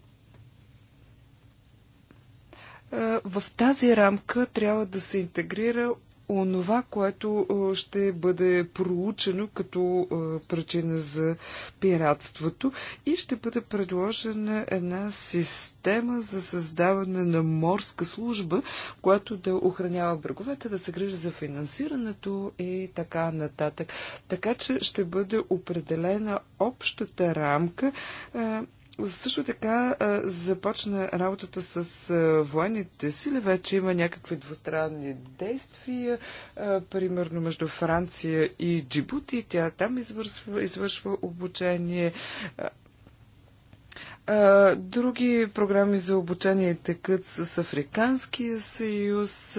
в тази рамка трябва да се интегрира онова, което ще бъде проучено като причина за пиратството и ще бъде предложена една система за създаване на морска служба, която да охранява бреговете, да се грижи за финансирането и така нататък. Така че ще бъде определена общата рамка също така започна работата с военните сили. Вече има някакви двустранни действия, примерно между Франция и Джибути. Тя там извършва, извършва обучение. Други програми за обучение текат с Африканския съюз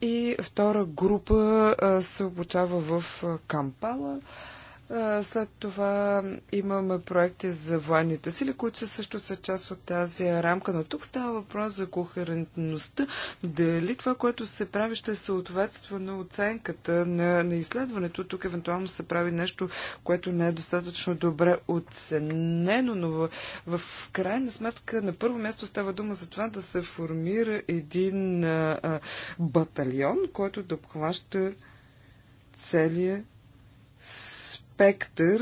и втора група се обучава в Кампала. След това имаме проекти за военните сили, които са също са част от тази рамка, но тук става въпрос за кохерентността. Дали това, което се прави, ще е съответства на оценката на, на изследването? Тук евентуално се прави нещо, което не е достатъчно добре оценено, но в, в крайна сметка на първо място става дума за това да се формира един а, а, батальон, който да обхваща целия спектър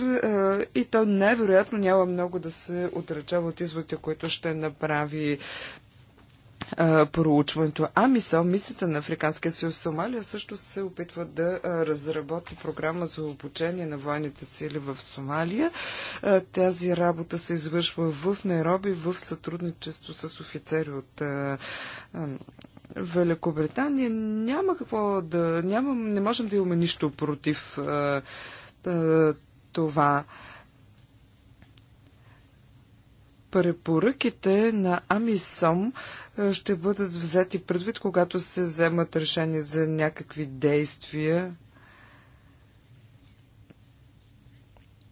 и то невероятно няма много да се отречава от изводите, които ще направи проучването. А мисъл, мислите на Африканския съюз Сомалия също се опитва да разработи програма за обучение на военните сили в Сомалия. Тази работа се извършва в Найроби в сътрудничество с офицери от Великобритания. Няма какво да... Няма, не можем да имаме нищо против е, това. Препоръките на Амисом е, ще бъдат взети предвид, когато се вземат решения за някакви действия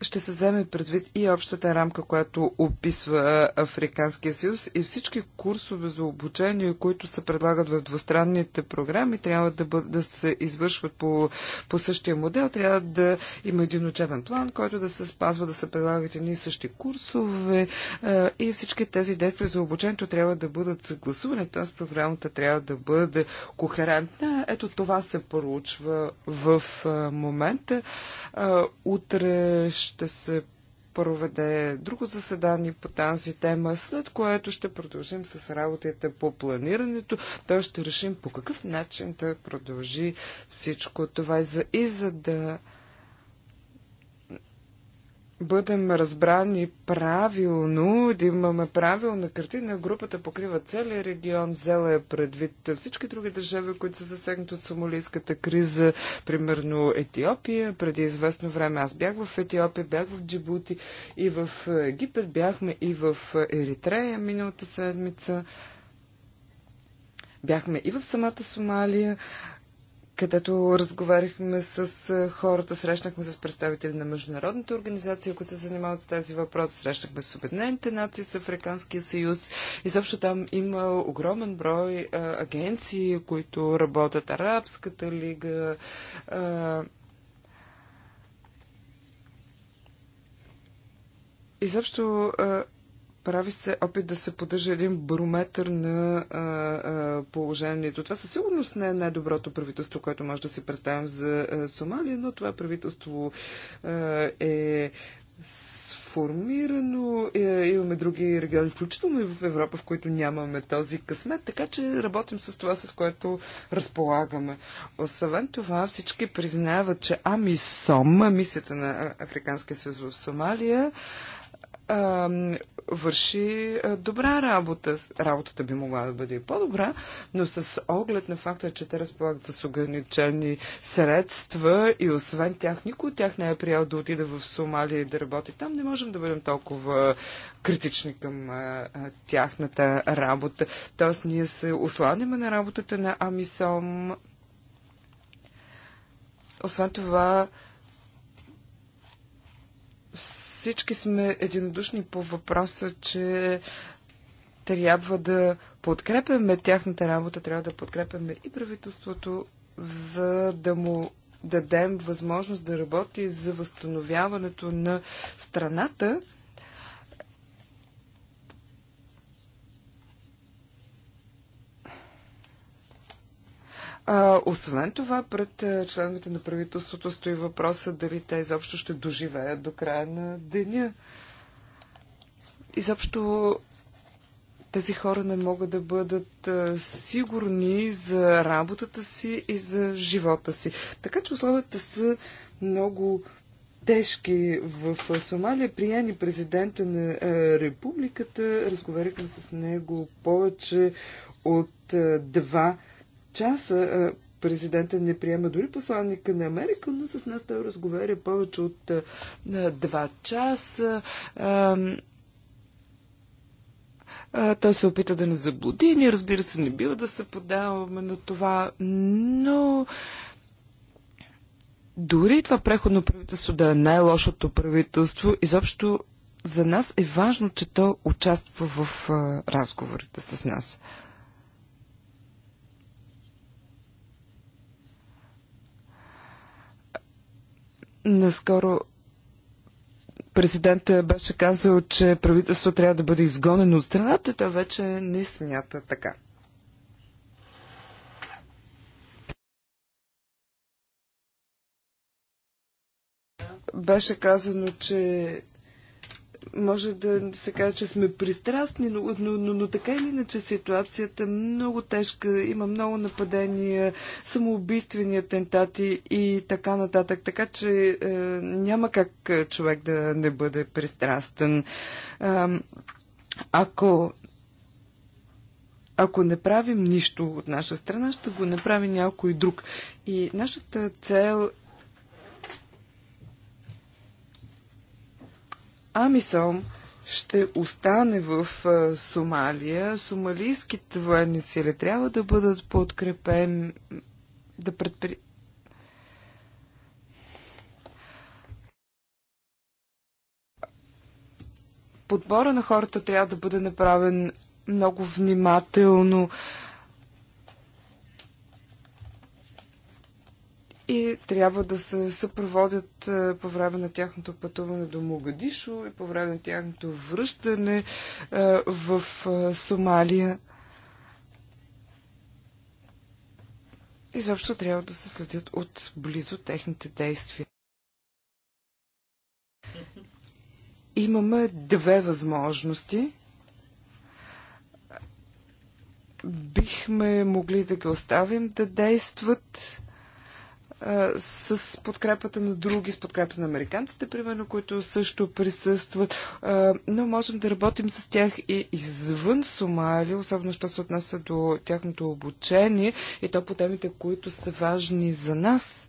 ще се вземе предвид и общата рамка, която описва Африканския съюз и всички курсове за обучение, които се предлагат в двустранните програми, трябва да, бъд, да се извършват по, по същия модел. Трябва да има един учебен план, който да се спазва, да се предлагат едни и същи курсове и всички тези действия за обучението трябва да бъдат съгласувани, т.е. програмата трябва да бъде кохерентна. Ето това се поручва в момента. утре ще ще се проведе друго заседание по тази тема, след което ще продължим с работите по планирането. Той ще решим по какъв начин да продължи всичко това и за, и за да бъдем разбрани правилно, да имаме правилна картина. Групата покрива целия регион, взела е предвид всички други държави, които са засегнати от сомалийската криза, примерно Етиопия. Преди известно време аз бях в Етиопия, бях в Джибути и в Египет, бяхме и в Еритрея миналата седмица. Бяхме и в самата Сомалия където разговаряхме с хората, срещнахме с представители на международната организация, които се занимават с тази въпрос, срещнахме с Обединените нации, с Африканския съюз. И също там има огромен брой а, агенции, които работят Арабската лига. А, изобщо а, прави се опит да се поддържа един барометр на а, а, положението. Това със сигурност не е най-доброто правителство, което може да си представим за а, Сомалия, но това правителство а, е сформирано. Е, имаме други региони, включително и в Европа, в които нямаме този късмет, така че работим с това, с което разполагаме. Освен това, всички признават, че АМИСОМ, мисията на Африканския съюз в Сомалия, върши добра работа. Работата би могла да бъде и по-добра, но с оглед на факта, че те разполагат с ограничени средства и освен тях, никой от тях не е приял да отида в Сомалия и да работи там, не можем да бъдем толкова критични към а, тяхната работа. Тоест, ние се осланяме на работата на Амисом. Освен това, всички сме единодушни по въпроса, че трябва да подкрепяме тяхната работа, трябва да подкрепяме и правителството, за да му дадем възможност да работи за възстановяването на страната А, освен това, пред членовете на правителството стои въпроса дали те изобщо ще доживеят до края на деня. Изобщо тези хора не могат да бъдат сигурни за работата си и за живота си. Така че условията са много тежки в Сомалия. Прияни президента на републиката, разговаряхме с него повече от два часа президента не приема дори посланника на Америка, но с нас той разговаря повече от два часа. Той се опита да не заблуди. Ние, разбира се, не бива да се подаваме на това, но дори това преходно правителство да е най-лошото правителство, изобщо за нас е важно, че то участва в разговорите с нас. Наскоро президента беше казал, че правителство трябва да бъде изгонено от страната, той вече не смята така. Беше казано, че може да се каже, че сме пристрастни, но, но, но, но така или иначе ситуацията е много тежка. Има много нападения, самоубийствени атентати и така нататък. Така че е, няма как е, човек да не бъде пристрастен. Е, ако ако не правим нищо от наша страна, ще го направи някой друг. И нашата цел Амисом ще остане в Сомалия. Сомалийските военни сили трябва да бъдат подкрепени да предпри... Подбора на хората трябва да бъде направен много внимателно. и трябва да се съпроводят е, по време на тяхното пътуване до Могадишо и по време на тяхното връщане е, в е, Сомалия. И заобщо трябва да се следят от близо техните действия. Имаме две възможности. Бихме могли да ги оставим да действат с подкрепата на други, с подкрепата на американците, примерно, които също присъстват. Но можем да работим с тях и извън Сомали, особено що се отнася до тяхното обучение и то по темите, които са важни за нас.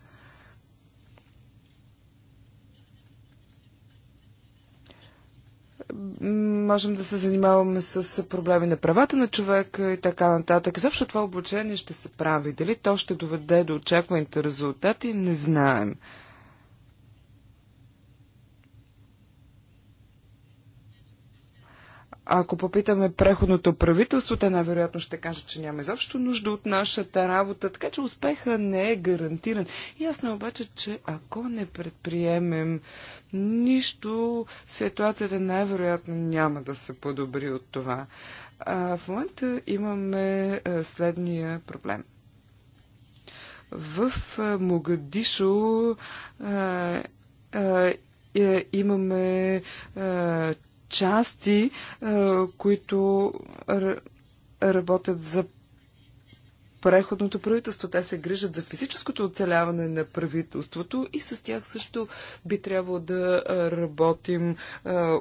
можем да се занимаваме с проблеми на правата на човека и така нататък. Защо това обучение ще се прави? Дали то ще доведе до очакваните резултати, не знаем. Ако попитаме преходното правителство, те най-вероятно ще кажат, че няма изобщо нужда от нашата работа, така че успеха не е гарантиран. Ясно е обаче, че ако не предприемем нищо, ситуацията най-вероятно няма да се подобри от това. А, в момента имаме следния проблем. В Могадишо а, а, е, имаме а, части, е, които работят за преходното правителство. Те се грижат за физическото оцеляване на правителството и с тях също би трябвало да е, работим. Е,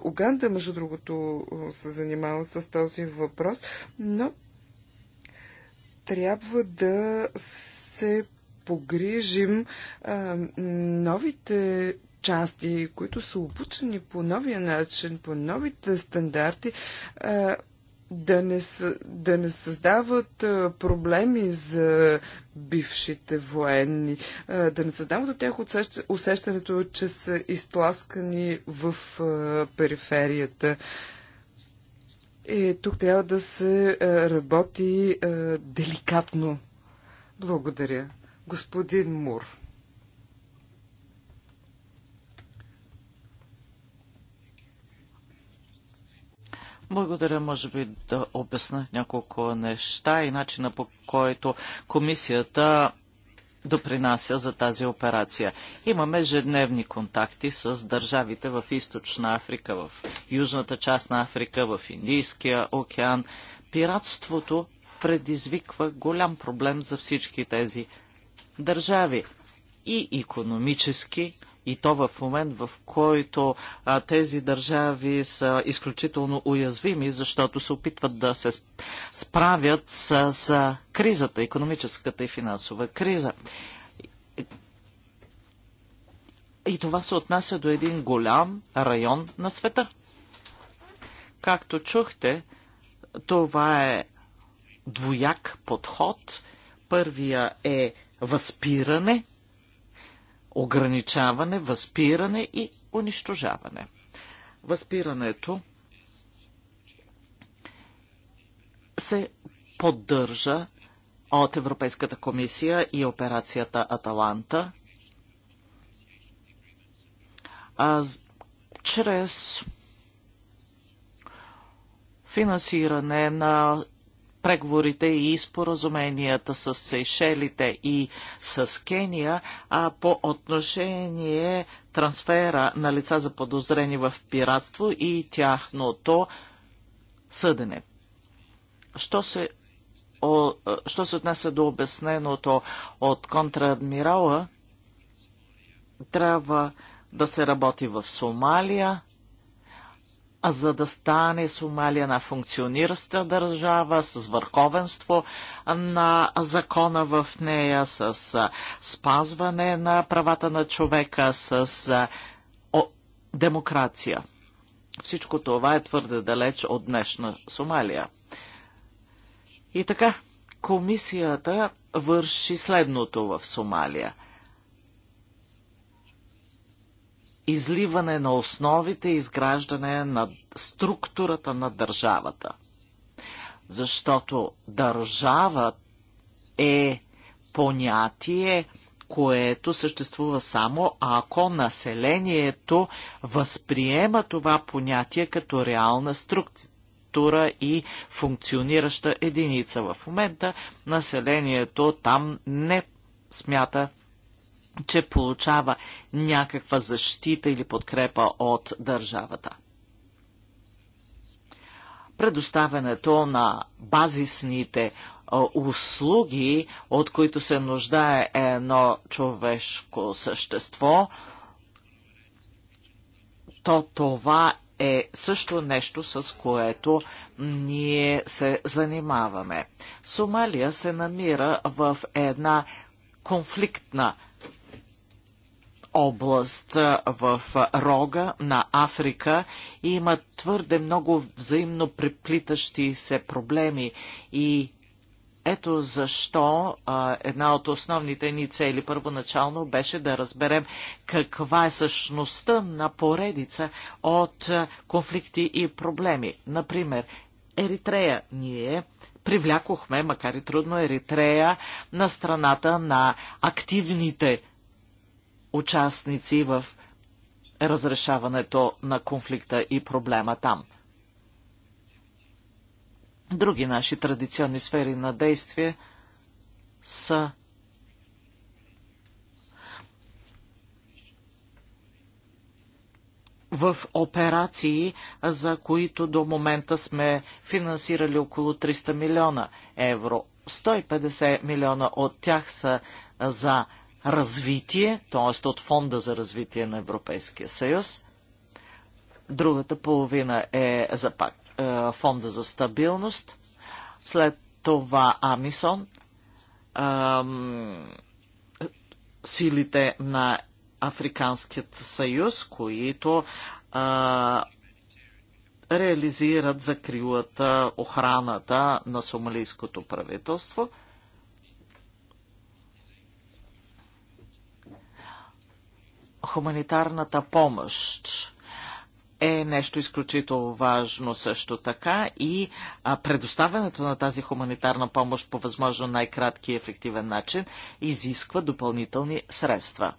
Уганда, между другото, се занимава с този въпрос, но трябва да се погрижим новите части, които са обучени по новия начин, по новите стандарти, да не, да не създават проблеми за бившите военни, да не създават от тях усещането, че са изтласкани в периферията. И тук трябва да се работи деликатно. Благодаря. Господин Мур. Благодаря, може би да обясна няколко неща и начина по който комисията допринася за тази операция. Имаме ежедневни контакти с държавите в Източна Африка, в Южната част на Африка, в Индийския океан. Пиратството предизвиква голям проблем за всички тези държави и економически, и то в момент, в който а, тези държави са изключително уязвими, защото се опитват да се справят с, с кризата, економическата и финансова криза. И това се отнася до един голям район на света. Както чухте, това е двояк подход. Първия е възпиране ограничаване, възпиране и унищожаване. Възпирането се поддържа от Европейската комисия и операцията Аталанта а, чрез финансиране на преговорите и споразуменията с Сейшелите и с Кения а по отношение трансфера на лица за подозрени в пиратство и тяхното съдене. Що се, о, що се отнася до обясненото от контрадмирала, трябва да се работи в Сомалия, а за да стане Сомалия на функционираща държава, с върховенство на закона в нея, с спазване на правата на човека, с демокрация. Всичко това е твърде далеч от днешна Сомалия. И така, комисията върши следното в Сомалия – изливане на основите и изграждане на структурата на държавата. Защото държава е понятие, което съществува само ако населението възприема това понятие като реална структура и функционираща единица. В момента населението там не смята че получава някаква защита или подкрепа от държавата. Предоставянето на базисните услуги, от които се нуждае едно човешко същество, то това е също нещо, с което ние се занимаваме. Сомалия се намира в една конфликтна област в рога на Африка и има твърде много взаимно преплитащи се проблеми и ето защо а, една от основните ни цели първоначално беше да разберем каква е същността на поредица от конфликти и проблеми. Например, Еритрея ние привлякохме, макар и трудно, Еритрея на страната на активните участници в разрешаването на конфликта и проблема там. Други наши традиционни сфери на действие са в операции, за които до момента сме финансирали около 300 милиона евро. 150 милиона от тях са за развитие, т.е. от Фонда за развитие на Европейския съюз. Другата половина е за пак, е, Фонда за стабилност. След това Амисон, е, силите на Африканският съюз, които е, реализират закрилата, охраната на сомалийското правителство – хуманитарната помощ е нещо изключително важно също така и предоставянето на тази хуманитарна помощ по възможно най-кратки и ефективен начин изисква допълнителни средства.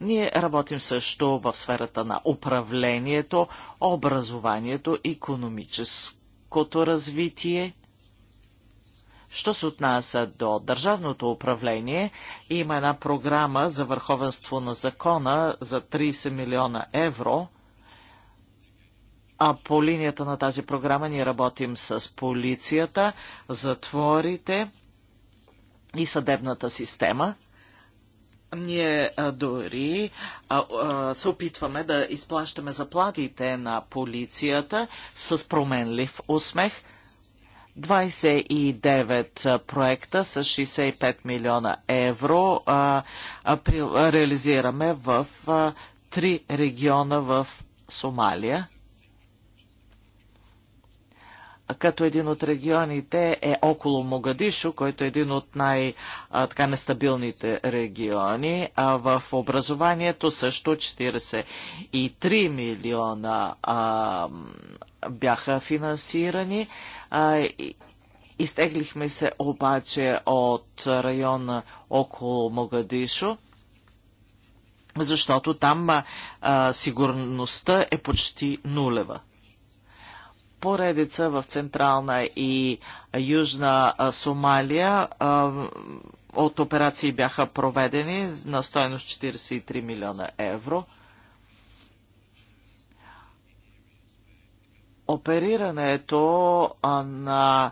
Ние работим също в сферата на управлението, образованието, економическото развитие Що се отнася до държавното управление, има една програма за върховенство на закона за 30 милиона евро. А по линията на тази програма ние работим с полицията, затворите и съдебната система. Ние дори а, а, се опитваме да изплащаме заплатите на полицията с променлив усмех – 29 проекта с 65 милиона евро реализираме в три региона в Сомалия. Като един от регионите е около Могадишо, който е един от най-нестабилните региони. А в образованието също 43 милиона а, бяха финансирани. Изтеглихме се обаче от района около Могадишо, защото там а, сигурността е почти нулева. Поредица в Централна и Южна Сомалия а, от операции бяха проведени на стоеност 43 милиона евро – оперирането на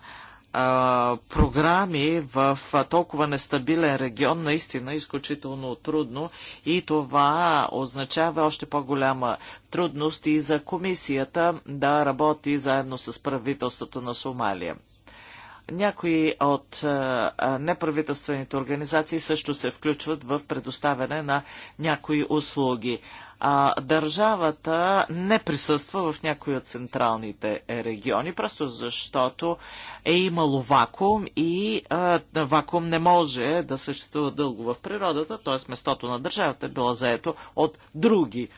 програми в толкова нестабилен регион наистина е изключително трудно и това означава още по-голяма трудност и за комисията да работи заедно с правителството на Сомалия. Някои от е, е, неправителствените организации също се включват в предоставяне на някои услуги. А държавата не присъства в някои от централните региони, просто защото е имало вакуум и а, е, вакуум не може да съществува дълго в природата, т.е. местото на държавата е било заето от други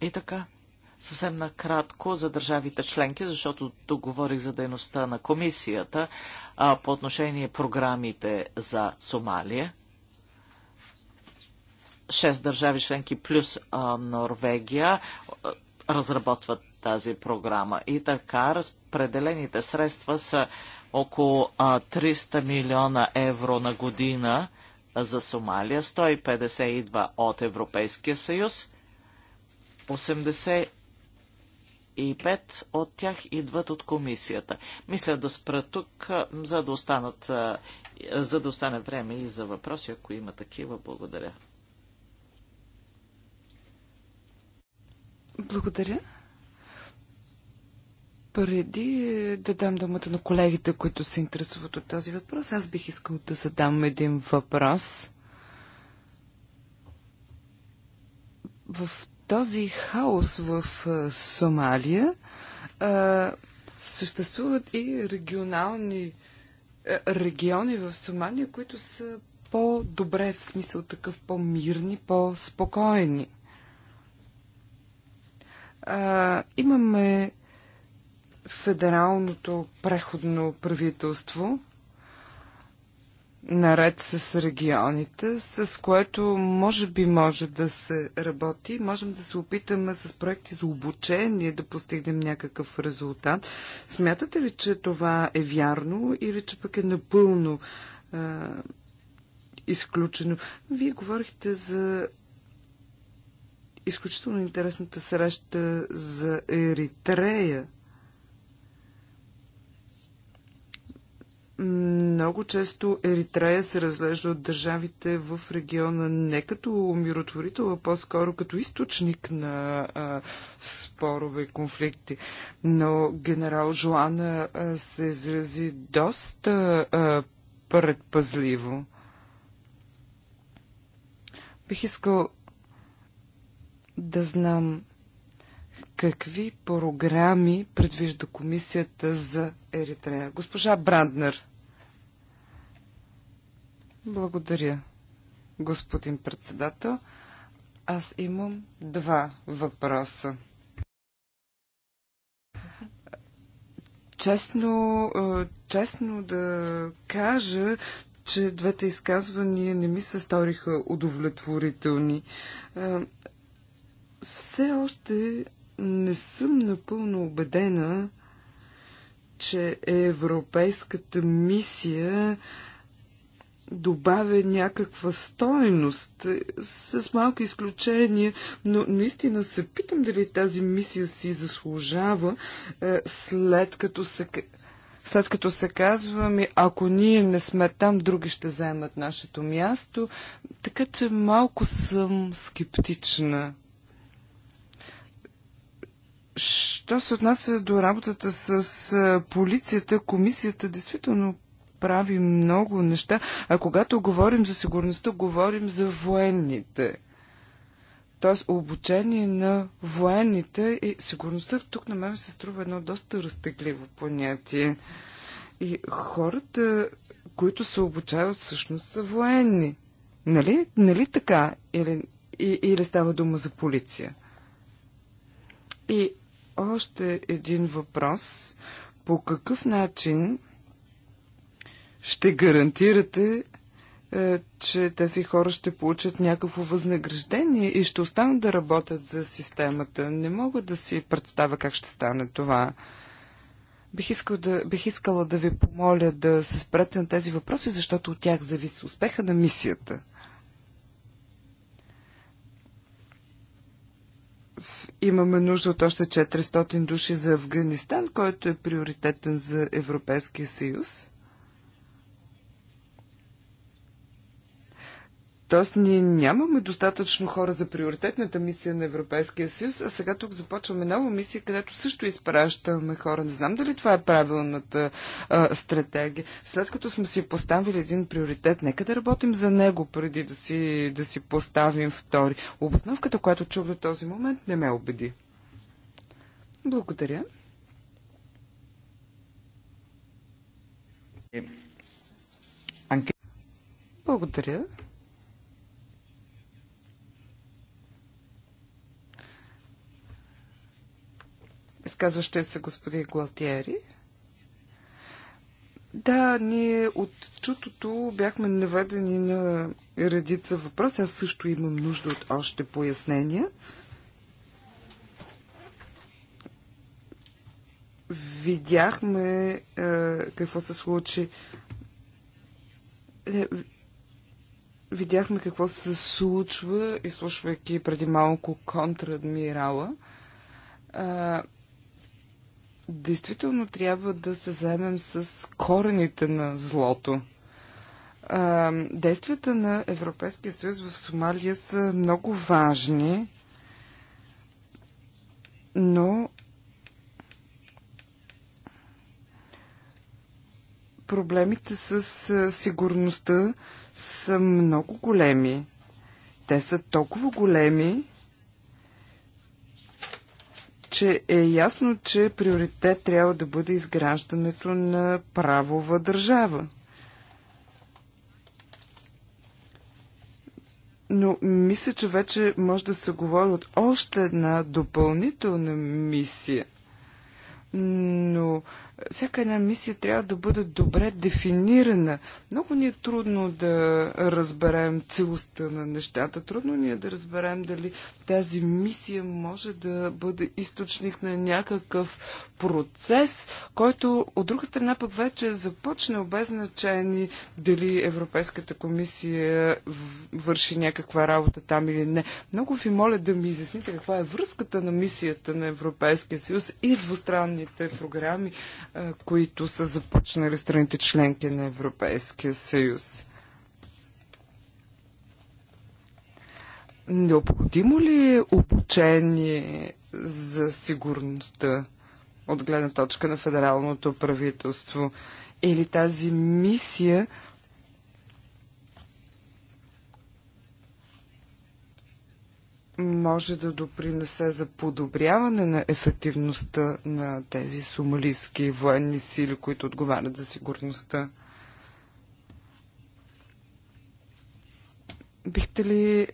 И така, съвсем накратко за държавите членки, защото тук говорих за дейността на комисията а, по отношение програмите за Сомалия. Шест държави членки плюс а, Норвегия а, разработват тази програма. И така, разпределените средства са около а, 300 милиона евро на година за Сомалия, 150 идва от Европейския съюз 85 от тях идват от комисията. Мисля да спра тук, за да, останат, за да остане време и за въпроси, ако има такива. Благодаря. Благодаря. Преди е, да дам думата на колегите, които се интересуват от този въпрос, аз бих искал да задам един въпрос. В този хаос в Сомалия а, съществуват и регионални региони в Сомалия, които са по-добре, в смисъл такъв по-мирни, по-спокойни. имаме федералното преходно правителство – наред с регионите, с което може би може да се работи. Можем да се опитаме с проекти за обучение да постигнем някакъв резултат. Смятате ли, че това е вярно или че пък е напълно а, изключено? Вие говорихте за изключително интересната среща за Еритрея. Много често Еритрея се разглежда от държавите в региона не като миротворител, а по-скоро като източник на а, спорове и конфликти. Но генерал Жуана а, се изрази доста а, предпазливо. Бих искал да знам Какви програми предвижда комисията за Еритрея? Госпожа Бранднер. Благодаря, господин председател. Аз имам два въпроса. Честно, е, честно да кажа, че двете изказвания не ми се сториха удовлетворителни. Е, все още не съм напълно убедена, че европейската мисия добавя някаква стойност, е, с малко изключение, но наистина се питам дали тази мисия си заслужава, е, след като се, след като се казва, ми, ако ние не сме там, други ще заемат нашето място. Така че малко съм скептична Що се отнася до работата с полицията, комисията действително прави много неща, а когато говорим за сигурността, говорим за военните. Тоест обучение на военните и сигурността тук на мен се струва едно доста разтегливо понятие. И хората, които се обучават, всъщност са военни. Нали? Нали така? Или, и, или става дума за полиция? И още един въпрос. По какъв начин ще гарантирате, е, че тези хора ще получат някакво възнаграждение и ще останат да работят за системата? Не мога да си представя как ще стане това. Бих, искал да, бих искала да ви помоля да се спрете на тези въпроси, защото от тях зависи успеха на мисията. имаме нужда от още 400 души за Афганистан, който е приоритетен за Европейския съюз. Тоест, ние нямаме достатъчно хора за приоритетната мисия на Европейския съюз, а сега тук започваме нова мисия, където също изпращаме хора. Не знам дали това е правилната а, стратегия. След като сме си поставили един приоритет, нека да работим за него, преди да си, да си поставим втори. Обосновката, която чух до този момент, не ме убеди. Благодаря. Благодаря. изказващия се господин Гуалтиери. Да, ние от чутото бяхме наведени на редица въпроси. Аз също имам нужда от още пояснения. Видяхме е, какво се случи. Е, видяхме какво се случва, изслушвайки преди малко контрадмирала. Е, действително трябва да се заемем с корените на злото. Действията на Европейския съюз в Сомалия са много важни, но проблемите с сигурността са много големи. Те са толкова големи, че е ясно, че приоритет трябва да бъде изграждането на правова държава. Но мисля, че вече може да се говори от още една допълнителна мисия. Но всяка една мисия трябва да бъде добре дефинирана. Много ни е трудно да разберем целостта на нещата. Трудно ни е да разберем дали тази мисия може да бъде източник на някакъв процес, който от друга страна пък вече е започнал без значение дали Европейската комисия върши някаква работа там или не. Много ви моля да ми изясните каква е връзката на мисията на Европейския съюз и двустранните програми които са започнали страните членки на Европейския съюз. Необходимо ли е обучение за сигурността от гледна точка на федералното правителство? Или тази мисия – може да допринесе за подобряване на ефективността на тези сомалийски военни сили, които отговарят за сигурността? Бихте ли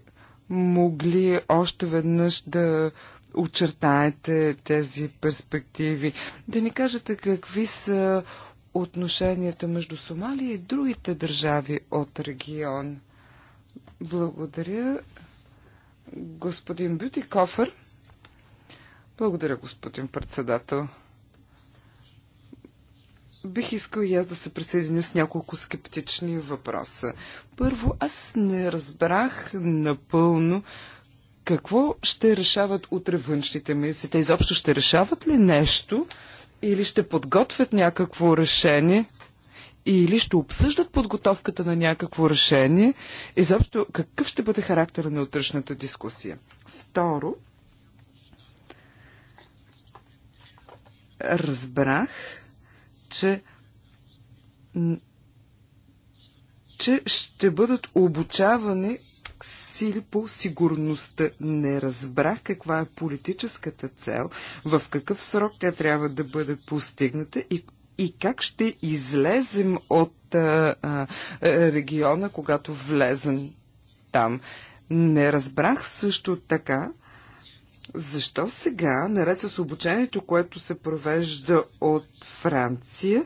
могли още веднъж да очертаете тези перспективи? Да ни кажете какви са отношенията между Сомалия и другите държави от регион? Благодаря. Господин Бюти Кофър. Благодаря, господин председател. Бих искал и аз да се присъединя с няколко скептични въпроса. Първо, аз не разбрах напълно какво ще решават утре външните мисли. Те изобщо ще решават ли нещо или ще подготвят някакво решение? или ще обсъждат подготовката на някакво решение, изобщо какъв ще бъде характера на утрешната дискусия. Второ, разбрах, че че ще бъдат обучавани сили по сигурността. Не разбрах каква е политическата цел, в какъв срок тя трябва да бъде постигната и и как ще излезем от а, а, региона, когато влезем там. Не разбрах също така, защо сега, наред с обучението, което се провежда от Франция,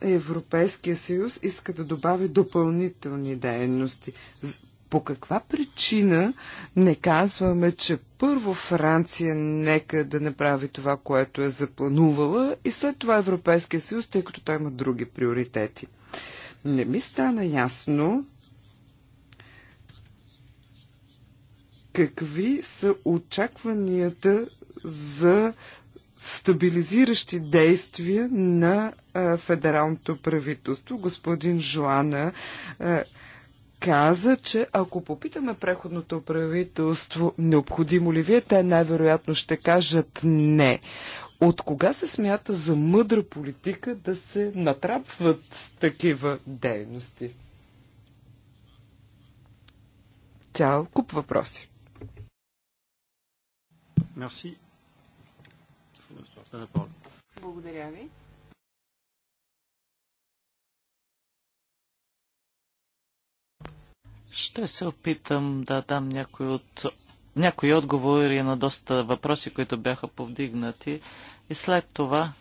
Европейския съюз иска да добави допълнителни дейности по каква причина не казваме, че първо Франция нека да направи това, което е запланувала и след това Европейския съюз, тъй като той има други приоритети? Не ми стана ясно какви са очакванията за стабилизиращи действия на а, федералното правителство. Господин Жоана а, каза, че ако попитаме преходното правителство, необходимо ли вие, те най-вероятно ще кажат не. От кога се смята за мъдра политика да се натрапват такива дейности? Цял куп въпроси. Мерси. Благодаря ви. Ще се опитам да дам някои, от, някои отговори на доста въпроси, които бяха повдигнати. И след това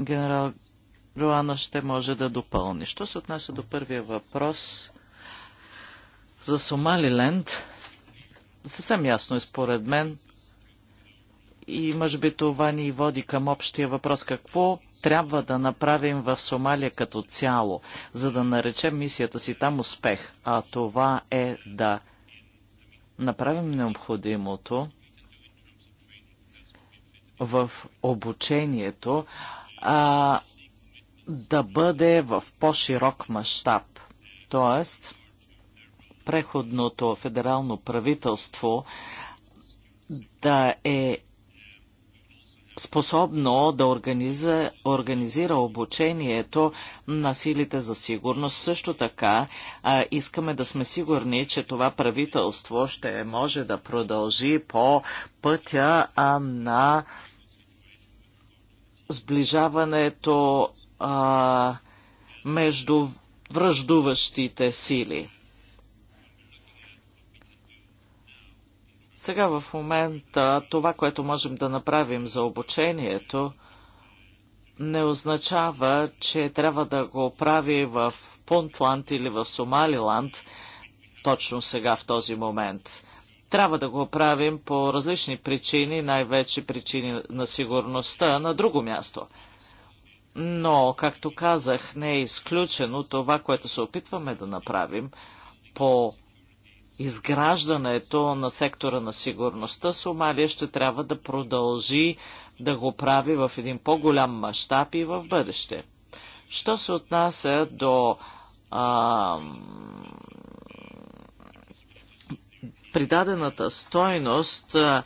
генерал Руана ще може да допълни. Що се отнася до първия въпрос за Сомалиленд, съвсем ясно е според мен и може би това ни води към общия въпрос какво трябва да направим в Сомалия като цяло, за да наречем мисията си там успех, а това е да направим необходимото в обучението а, да бъде в по-широк мащаб. Тоест, преходното федерално правителство да е способно да организира, организира обучението на силите за сигурност. Също така а, искаме да сме сигурни, че това правителство ще може да продължи по пътя а, на сближаването а, между връждуващите сили. Сега в момента това, което можем да направим за обучението, не означава, че трябва да го прави в Пунтланд или в Сомалиланд точно сега в този момент. Трябва да го правим по различни причини, най-вече причини на сигурността на друго място. Но, както казах, не е изключено това, което се опитваме да направим по изграждането на сектора на сигурността, Сомалия ще трябва да продължи да го прави в един по-голям мащаб и в бъдеще. Що се отнася до а, придадената стойност а,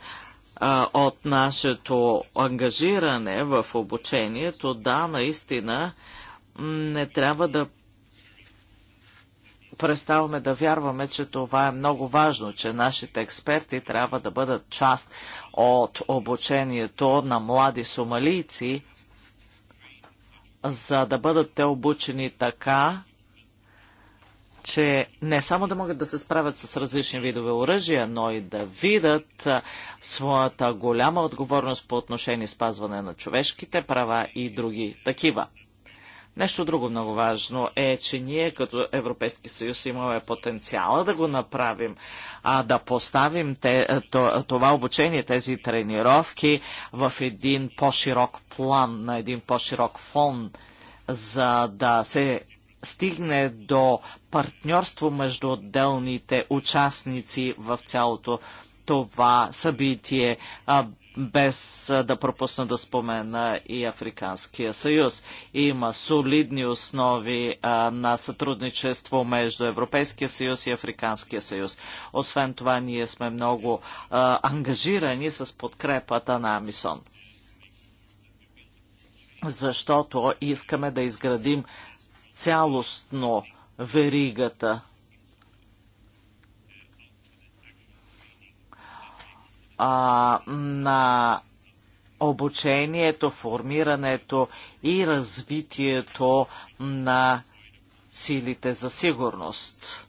от нашето ангажиране в обучението, да, наистина не трябва да преставаме да вярваме, че това е много важно, че нашите експерти трябва да бъдат част от обучението на млади сомалийци, за да бъдат те обучени така, че не само да могат да се справят с различни видове оръжия, но и да видят своята голяма отговорност по отношение спазване на човешките права и други такива. Нещо друго много важно е, че ние като Европейски съюз имаме потенциала да го направим, а да поставим те, е, това обучение, тези тренировки в един по-широк план, на един по-широк фон, за да се стигне до партньорство между отделните участници в цялото това събитие, без да пропусна да спомена и Африканския съюз. Има солидни основи а, на сътрудничество между Европейския съюз и Африканския съюз. Освен това, ние сме много а, ангажирани с подкрепата на Амисон. Защото искаме да изградим цялостно веригата а, на обучението, формирането и развитието на силите за сигурност.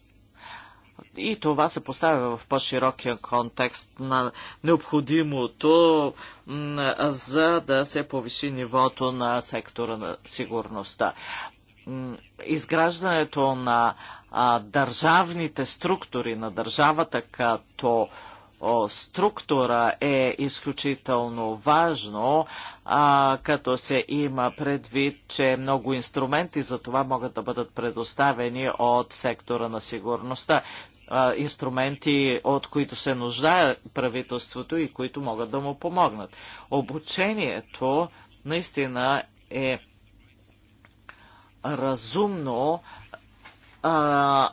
И това се поставя в по-широкия контекст на необходимото за да се повиши нивото на сектора на сигурността. Изграждането на а, държавните структури на държавата като структура е изключително важно, а, като се има предвид, че много инструменти за това могат да бъдат предоставени от сектора на сигурността. А, инструменти, от които се нуждае правителството и които могат да му помогнат. Обучението наистина е разумно а,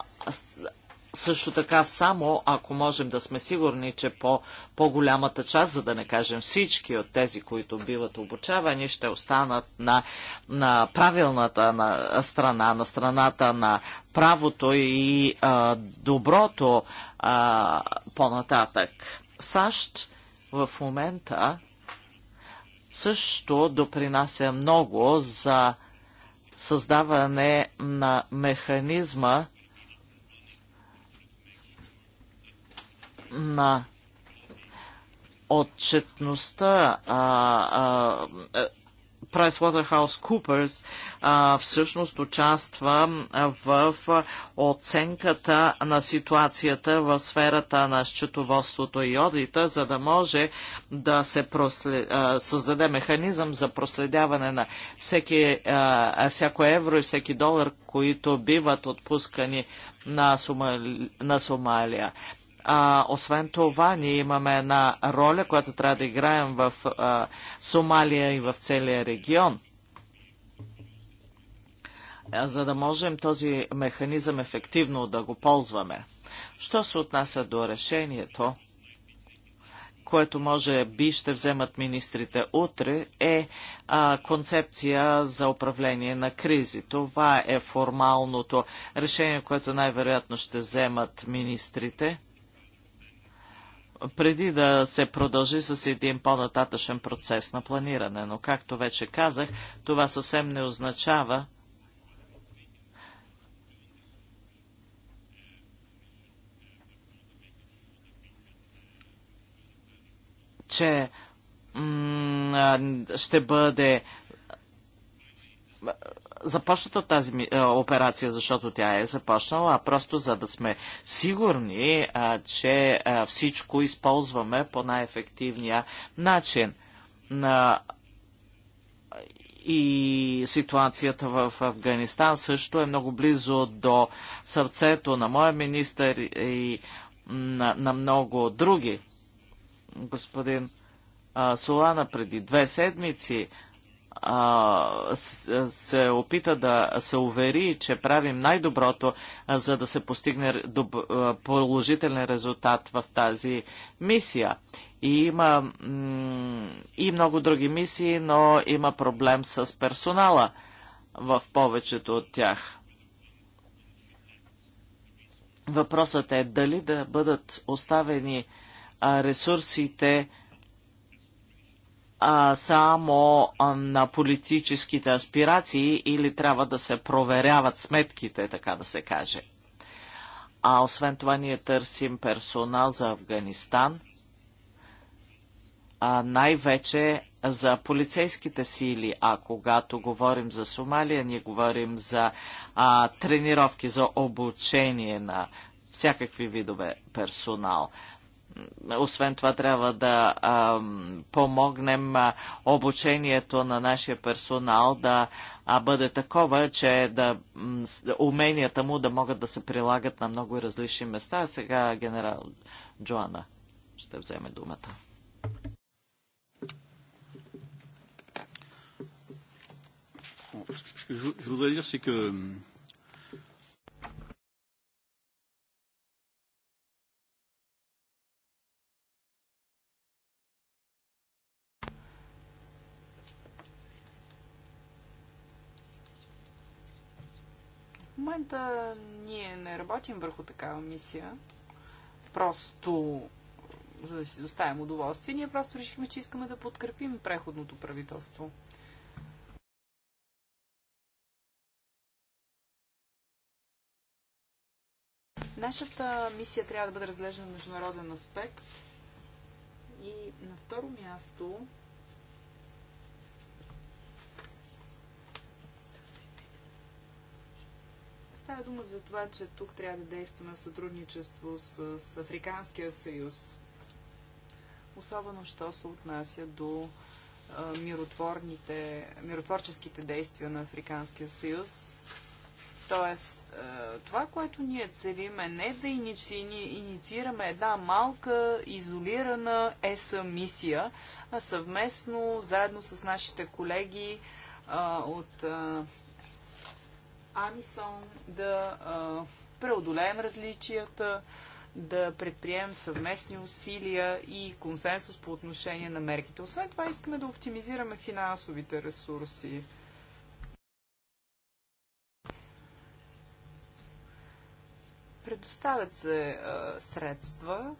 също така само ако можем да сме сигурни, че по по-голямата част, за да не кажем всички от тези, които биват обучавани, ще останат на, на правилната на страна, на страната на правото и а, доброто а, по-нататък. САЩ в момента също допринася много за създаване на механизма, на отчетността е, PricewaterhouseCoopers а, всъщност участва в оценката на ситуацията в сферата на счетоводството и одита, за да може да се просле... а, създаде механизъм за проследяване на всеки, а, всяко евро и всеки долар, които биват отпускани на, Сомали... на Сомалия. А, освен това, ние имаме една роля, която трябва да играем в а, Сомалия и в целия регион за да можем този механизъм ефективно да го ползваме. Що се отнася до решението, което може би ще вземат министрите утре, е а, концепция за управление на кризи. Това е формалното решение, което най-вероятно ще вземат министрите преди да се продължи с един по-нататъчен процес на планиране. Но, както вече казах, това съвсем не означава, че ще бъде започната тази е, операция, защото тя е започнала, а просто за да сме сигурни, е, че е, всичко използваме по най-ефективния начин. На... И ситуацията в Афганистан също е много близо до сърцето на моя министър и на, на много други. Господин Солана преди две седмици се опита да се увери, че правим най-доброто, за да се постигне положителен резултат в тази мисия. И има и много други мисии, но има проблем с персонала в повечето от тях. Въпросът е дали да бъдат оставени ресурсите а, само а, на политическите аспирации или трябва да се проверяват сметките, така да се каже. А освен това ние търсим персонал за Афганистан, най-вече за полицейските сили, а когато говорим за Сомалия, ние говорим за а, тренировки, за обучение на всякакви видове персонал освен това трябва да а, помогнем а, обучението на нашия персонал да а, бъде такова, че да, уменията му да могат да се прилагат на много различни места. А сега генерал Джоана ще вземе думата. Je voudrais dire, c'est que В момента ние не работим върху такава мисия, просто за да си доставим удоволствие. Ние просто решихме, че искаме да подкрепим преходното правителство. Нашата мисия трябва да бъде разглеждана в международен аспект. И на второ място Става дума за това, че тук трябва да действаме в сътрудничество с, с Африканския съюз. Особено, що се отнася до миротворните, миротворческите действия на Африканския съюз. Тоест, това, което ние целим е не да инициираме една малка, изолирана ЕСА мисия, а съвместно, заедно с нашите колеги от Амисон, да а, преодолеем различията, да предприемем съвместни усилия и консенсус по отношение на мерките. Освен това, искаме да оптимизираме финансовите ресурси. Предоставят се а, средства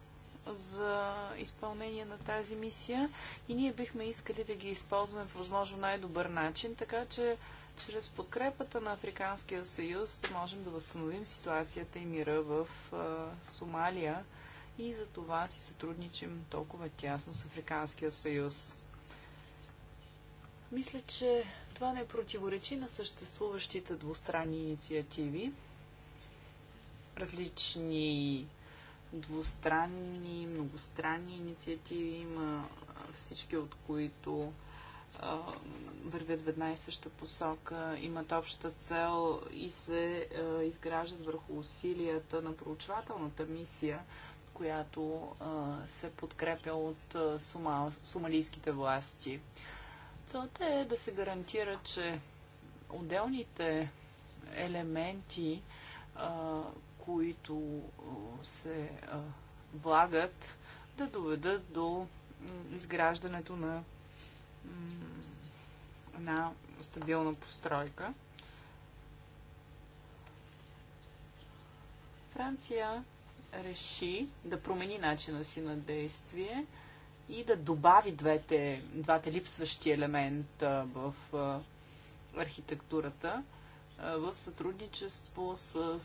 за изпълнение на тази мисия и ние бихме искали да ги използваме по възможно най-добър начин, така че чрез подкрепата на Африканския съюз да можем да възстановим ситуацията и мира в Сомалия и за това си сътрудничим толкова тясно с Африканския съюз. Мисля, че това не противоречи на съществуващите двустранни инициативи, различни двустранни, многостранни инициативи има, всички от които вървят в една и съща посока, имат обща цел и се изграждат върху усилията на проучвателната мисия, която се подкрепя от сумалийските власти. Целта е да се гарантира, че отделните елементи, които се влагат, да доведат до изграждането на една стабилна постройка. Франция реши да промени начина си на действие и да добави двете, двата липсващи елемента в архитектурата в сътрудничество с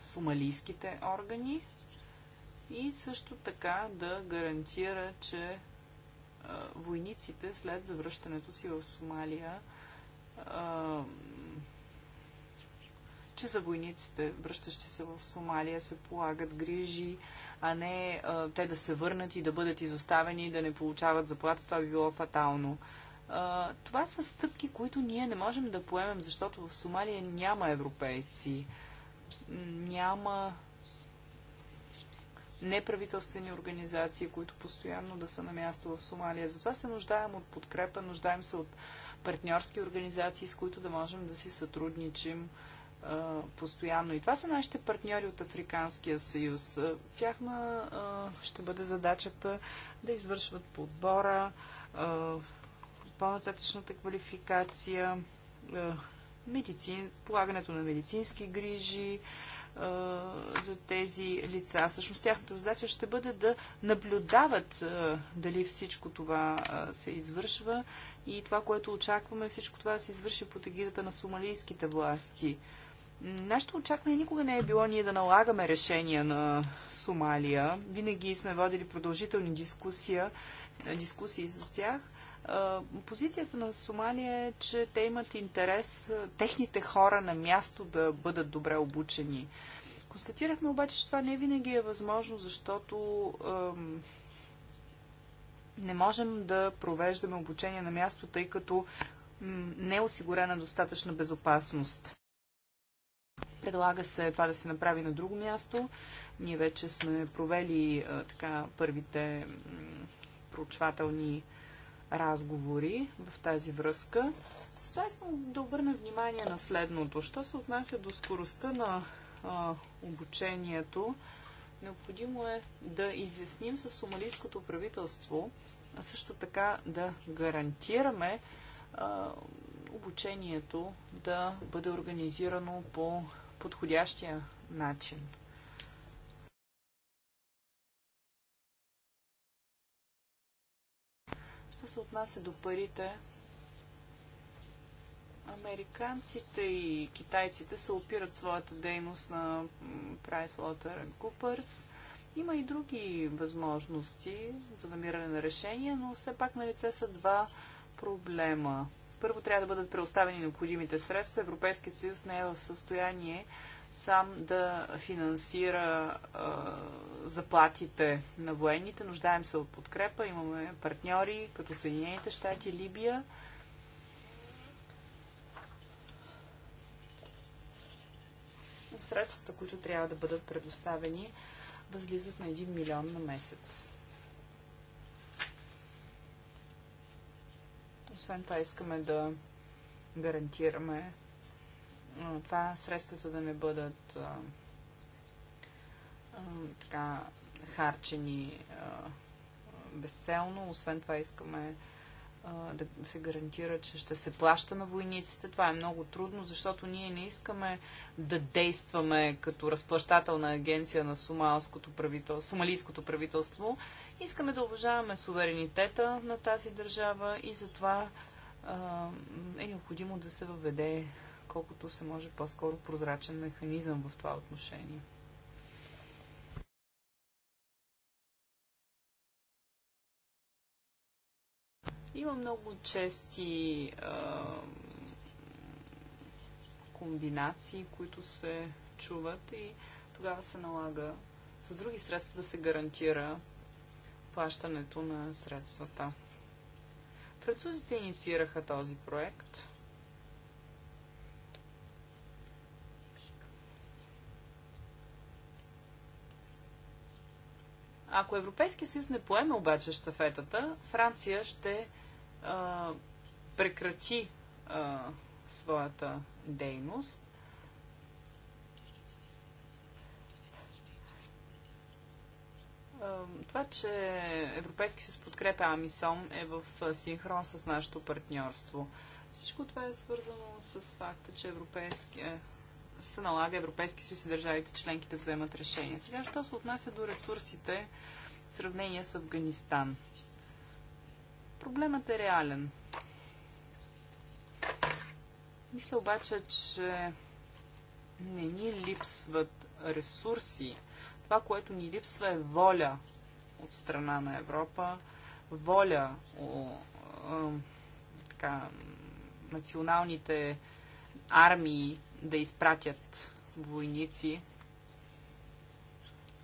сомалийските органи и също така да гарантира, че войниците след завръщането си в Сомалия, че за войниците, връщащи се в Сомалия, се полагат грижи, а не те да се върнат и да бъдат изоставени и да не получават заплата. Това би било фатално. това са стъпки, които ние не можем да поемем, защото в Сомалия няма европейци. Няма неправителствени организации, които постоянно да са на място в Сомалия. Затова се нуждаем от подкрепа, нуждаем се от партньорски организации, с които да можем да си сътрудничим постоянно. И това са нашите партньори от Африканския съюз. Тяхна ще бъде задачата да извършват подбора, по-нататъчната квалификация, медицин, полагането на медицински грижи, за тези лица. Всъщност тяхната задача ще бъде да наблюдават дали всичко това се извършва и това, което очакваме, всичко това да се извърши под егидата на сомалийските власти. Нашето очакване никога не е било ние да налагаме решения на Сомалия. Винаги сме водили продължителни дискусия, дискусии с тях – Позицията на Сомалия е, че те имат интерес техните хора на място да бъдат добре обучени. Констатирахме обаче, че това не винаги е възможно, защото ем, не можем да провеждаме обучение на място, тъй като не е осигурена достатъчна безопасност. Предлага се това да се направи на друго място. Ние вече сме провели а, така първите м- проучвателни разговори в тази връзка. С това искам да обърна внимание на следното. Що се отнася до скоростта на а, обучението, необходимо е да изясним с сомалийското правителство, а също така да гарантираме а, обучението да бъде организирано по подходящия начин. Що се отнася до парите, американците и китайците се опират своята дейност на PricewaterhouseCoopers. Има и други възможности за намиране на решение, но все пак на лице са два проблема. Първо трябва да бъдат преоставени необходимите средства. Европейският съюз не е в състояние сам да финансира а, заплатите на военните. Нуждаем се от подкрепа. Имаме партньори като Съединените щати, Либия. Средствата, които трябва да бъдат предоставени, възлизат на 1 милион на месец. Освен това искаме да гарантираме това средствата да не бъдат а, а, така харчени а, безцелно. Освен това искаме да се гарантира, че ще се плаща на войниците. Това е много трудно, защото ние не искаме да действаме като разплащателна агенция на сумалското сумалийското правителство. Искаме да уважаваме суверенитета на тази държава и затова е необходимо да се въведе колкото се може по-скоро прозрачен механизъм в това отношение. Има много чести а, комбинации, които се чуват и тогава се налага с други средства да се гарантира плащането на средствата. Французите инициираха този проект – Ако Европейския съюз не поеме обаче щафетата, Франция ще а, прекрати а, своята дейност. А, това, че Европейски съюз подкрепя Амисон е в синхрон с нашето партньорство. Всичко това е свързано с факта, че Европейския се налага Европейски съюз и държавите членки да вземат решение. Сега, що се отнася до ресурсите в сравнение с Афганистан? Проблемът е реален. Мисля обаче, че не ни липсват ресурси. Това, което ни липсва е воля от страна на Европа, воля о, о, така, националните армии да изпратят войници.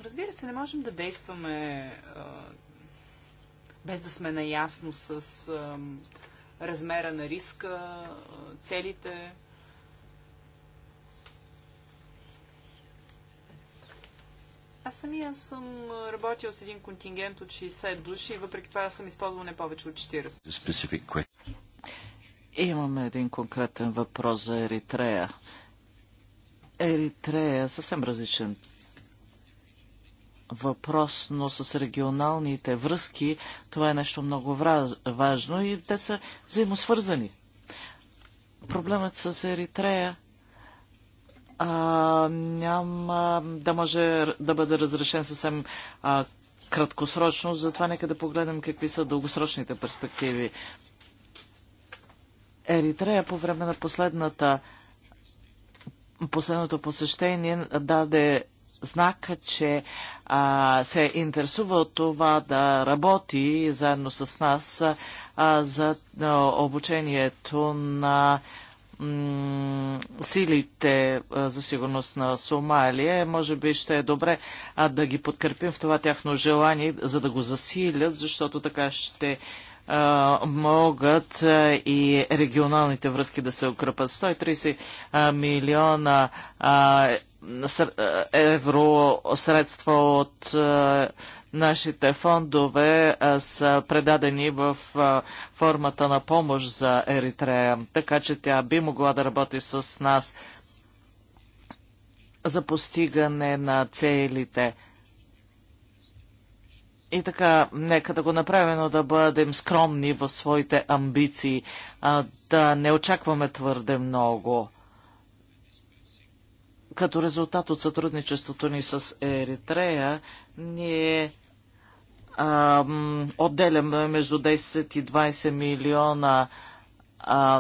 Разбира се, не можем да действаме а, без да сме наясно с а, размера на риска, а, целите. Аз самия съм работил с един контингент от 60 души въпреки това съм използвал не повече от 40. Имаме един конкретен въпрос за Еритрея. Еритрея е съвсем различен въпрос, но с регионалните връзки това е нещо много важно и те са взаимосвързани. Проблемът с Еритрея а, няма да може да бъде разрешен съвсем а, краткосрочно, затова нека да погледнем какви са дългосрочните перспективи Еритрея по време на последната, последното посещение даде знак, че а, се интересува от това да работи заедно с нас а, за а, обучението на силите за сигурност на Сомалия. Може би ще е добре а, да ги подкрепим в това тяхно желание, за да го засилят, защото така ще могат и регионалните връзки да се укрепат. 130 милиона евро средства от нашите фондове са предадени в формата на помощ за Еритрея, така че тя би могла да работи с нас за постигане на целите. И така, нека да го направим, но да бъдем скромни в своите амбиции, а, да не очакваме твърде много. Като резултат от сътрудничеството ни с Еритрея, ние а, отделяме между 10 и 20 милиона а,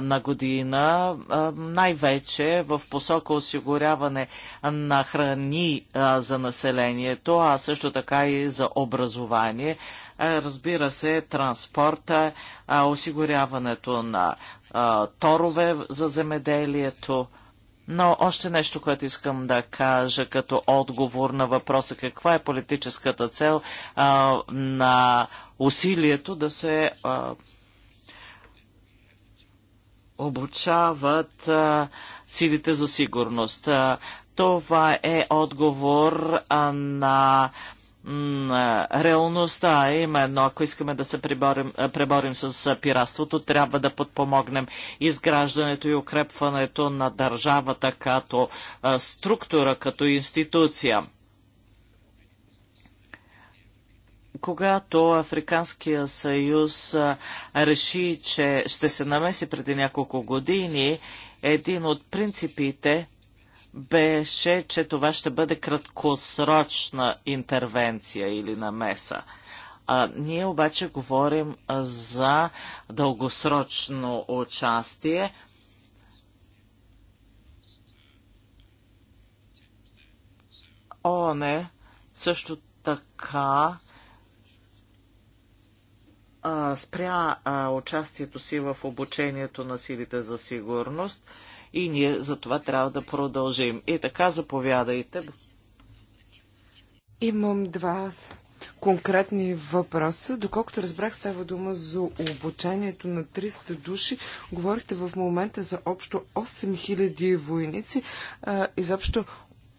на година, най-вече в посока осигуряване на храни за населението, а също така и за образование, разбира се, транспорта, осигуряването на торове за земеделието. Но още нещо, което искам да кажа като отговор на въпроса каква е политическата цел а, на усилието да се а, обучават а, силите за сигурност. А, това е отговор а, на реалността, а именно ако искаме да се преборим, преборим с пиратството, трябва да подпомогнем изграждането и укрепването на държавата като структура, като институция. когато Африканския съюз реши, че ще се намеси преди няколко години, един от принципите беше, че това ще бъде краткосрочна интервенция или намеса. А, ние обаче говорим за дългосрочно участие. О, не, също така спря а, участието си в обучението на силите за сигурност и ние за това трябва да продължим. И така, заповядайте. Имам два конкретни въпроса. Доколкото разбрах, става дума за обучението на 300 души. Говорихте в момента за общо 8000 войници. А, изобщо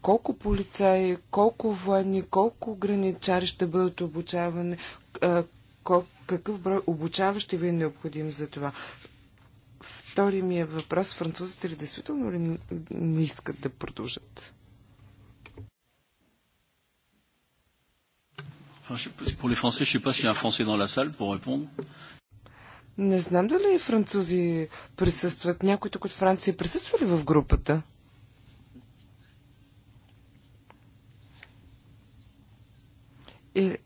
колко полицаи, колко военни, колко граничари ще бъдат обучавани, а, колко какъв брой обучаващи ви е необходим за това? Втори ми е въпрос. Французите ли действително ли не искат да продължат? Не знам дали французи присъстват. Някой тук от Франция присъства ли в групата? Или, е,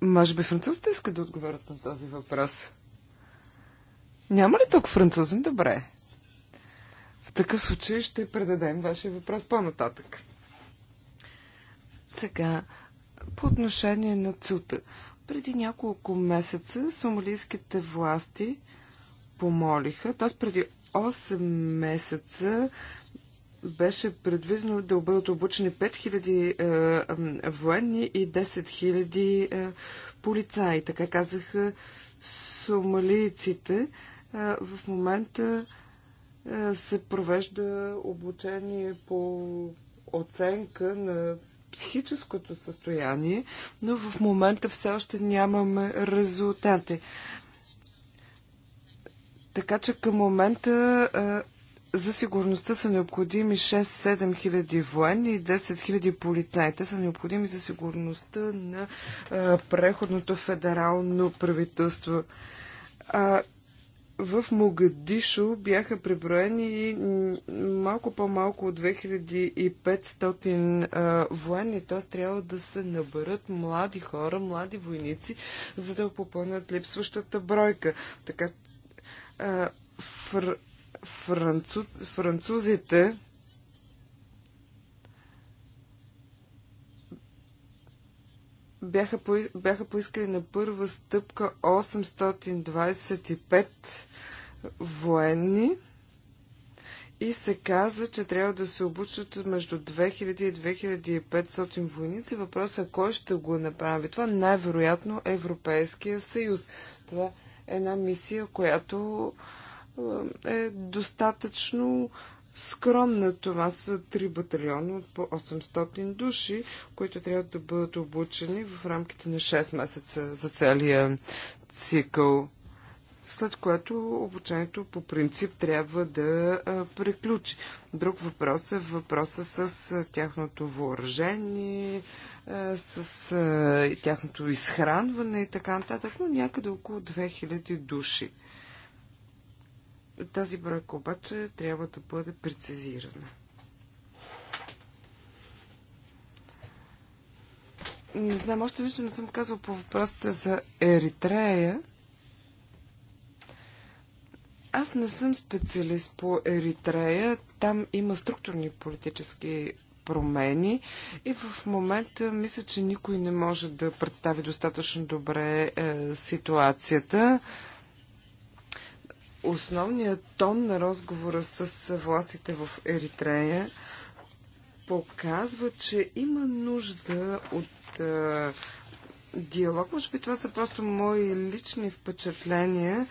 може би французите искат да отговорят на този въпрос. Няма ли тук французин? Добре. В такъв случай ще предадем вашия въпрос по-нататък. Сега, по отношение на целта. Преди няколко месеца сомалийските власти помолиха, т.е. преди 8 месеца беше предвидено да бъдат обучени 5000 е, военни и 10 000 е, полицаи. Така казаха сомалийците. Е, в момента е, се провежда обучение по оценка на психическото състояние, но в момента все още нямаме резултати. Така че към момента е, за сигурността са необходими 6-7 хиляди военни и 10 хиляди полицаи. Те са необходими за сигурността на а, преходното федерално правителство. А, в Могадишо бяха преброени малко по-малко от 2500 а, военни, т.е. трябва да се наберат млади хора, млади войници, за да попълнят липсващата бройка. Така, а, Фр французите бяха, бяха поискали на първа стъпка 825 военни и се каза, че трябва да се обучат между 2000 и 2500 войници. Въпросът е кой ще го направи. Това най-вероятно е Европейския съюз. Това е една мисия, която е достатъчно скромна. Това са три батальона от по 800 души, които трябва да бъдат обучени в рамките на 6 месеца за целия цикъл. След което обучението по принцип трябва да приключи. Друг въпрос е въпроса с тяхното въоръжение, с тяхното изхранване и така нататък, но някъде около 2000 души. Тази бройка обаче трябва да бъде прецизирана. Не знам, още нищо не съм казал по въпросите за Еритрея. Аз не съм специалист по Еритрея. Там има структурни политически промени и в момента мисля, че никой не може да представи достатъчно добре е, ситуацията. Е, Основният тон на разговора с властите в Еритрея показва, че има нужда от а, диалог. Може би това са просто мои лични впечатления,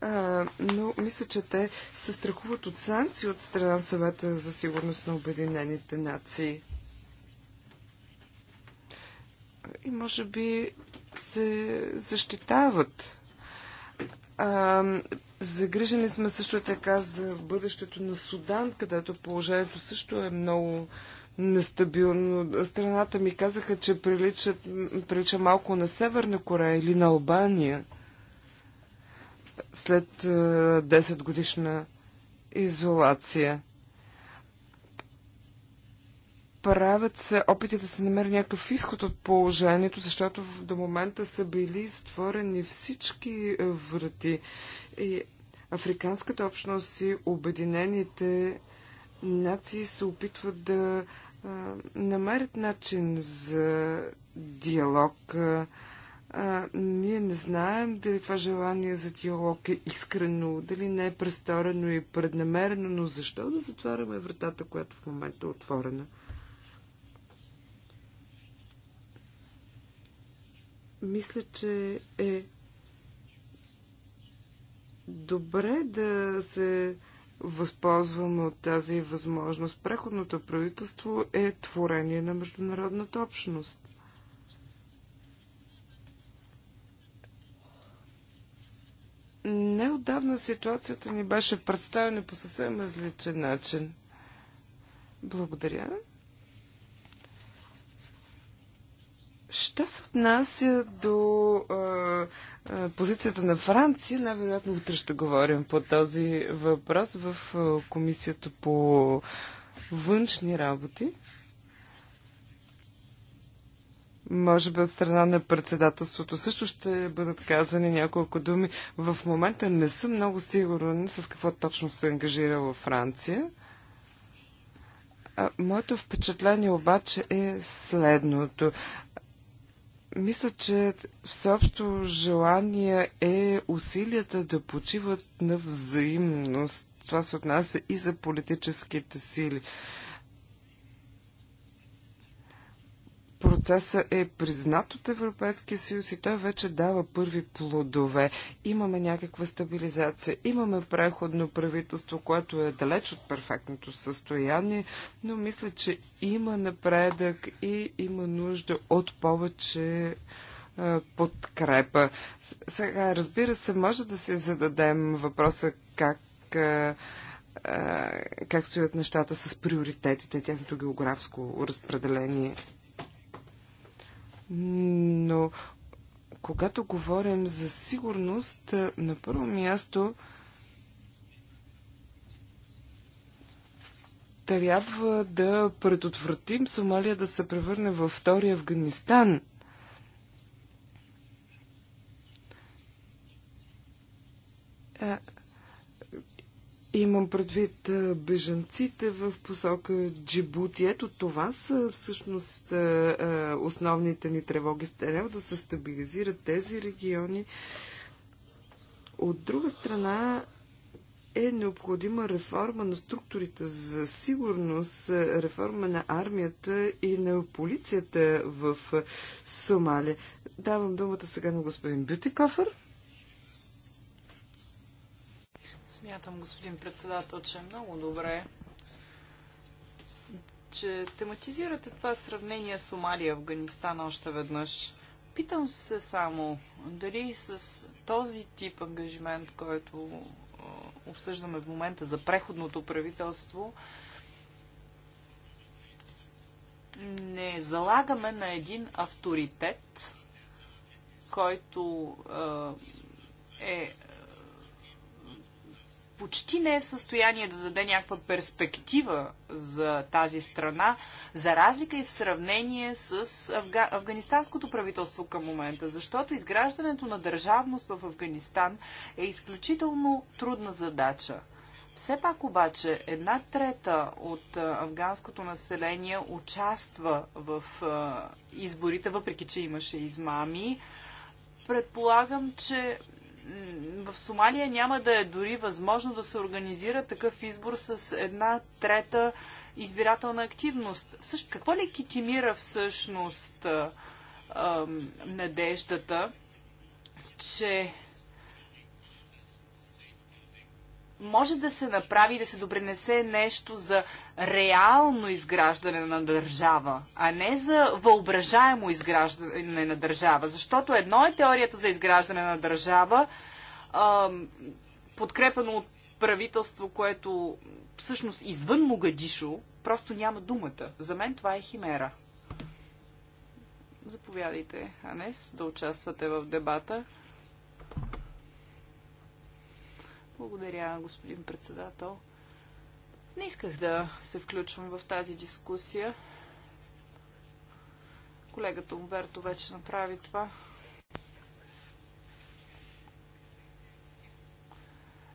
а, но мисля, че те се страхуват от санкции от страна съвета за сигурност на Обединените нации. И може би се защитават. А, Загрижени сме също така за бъдещето на Судан, където положението също е много нестабилно. Страната ми казаха, че прилича, прилича малко на Северна Корея или на Албания след 10 е, годишна изолация. Правят се опити да се намери някакъв изход от положението, защото до момента са били створени всички е, врати. И африканската общност и обединените нации се опитват да а, е, намерят начин за диалог. А, е, ние не знаем дали това желание за диалог е искрено, дали не е престорено и преднамерено, но защо да затваряме вратата, която в момента е отворена? Мисля, че е добре да се възползваме от тази възможност. Преходното правителство е творение на международната общност. Неодавна ситуацията ни беше представена по съвсем различен начин. Благодаря. Що се отнася до а, позицията на Франция, най-вероятно утре ще говорим по този въпрос в а, Комисията по външни работи. Може би от страна на председателството също ще бъдат казани няколко думи. В момента не съм много сигурен с какво точно се е ангажирала Франция. А, моето впечатление обаче е следното. Мисля, че всеобщо желание е усилията да почиват на взаимност. Това се отнася и за политическите сили. процеса е признат от Европейския съюз и той вече дава първи плодове. Имаме някаква стабилизация, имаме преходно правителство, което е далеч от перфектното състояние, но мисля, че има напредък и има нужда от повече подкрепа. Сега, разбира се, може да си зададем въпроса как как стоят нещата с приоритетите, тяхното географско разпределение но когато говорим за сигурност, на първо място трябва да предотвратим Сомалия да се превърне във втори Афганистан. Имам предвид бежанците в посока Джибути. Ето това са всъщност основните ни тревоги. Трябва да се стабилизират тези региони. От друга страна е необходима реформа на структурите за сигурност, реформа на армията и на полицията в Сомалия. Давам думата сега на господин Бютикофър. Смятам, господин председател, че е много добре, че тематизирате това сравнение с Сомалия, Афганистан още веднъж. Питам се само дали с този тип ангажимент, който обсъждаме в момента за преходното правителство, не залагаме на един авторитет, който е почти не е в състояние да даде някаква перспектива за тази страна, за разлика и в сравнение с Афга... афганистанското правителство към момента, защото изграждането на държавност в Афганистан е изключително трудна задача. Все пак обаче една трета от афганското население участва в изборите, въпреки че имаше измами. Предполагам, че в Сомалия няма да е дори възможно да се организира такъв избор с една трета избирателна активност. Всъщ, какво легитимира всъщност а, а, надеждата, че може да се направи и да се добренесе нещо за реално изграждане на държава, а не за въображаемо изграждане на държава. Защото едно е теорията за изграждане на държава, подкрепено от правителство, което всъщност извън Могадишо, просто няма думата. За мен това е химера. Заповядайте, Анес, да участвате в дебата. Благодаря, господин председател. Не исках да се включвам в тази дискусия. Колегата Умберто вече направи това.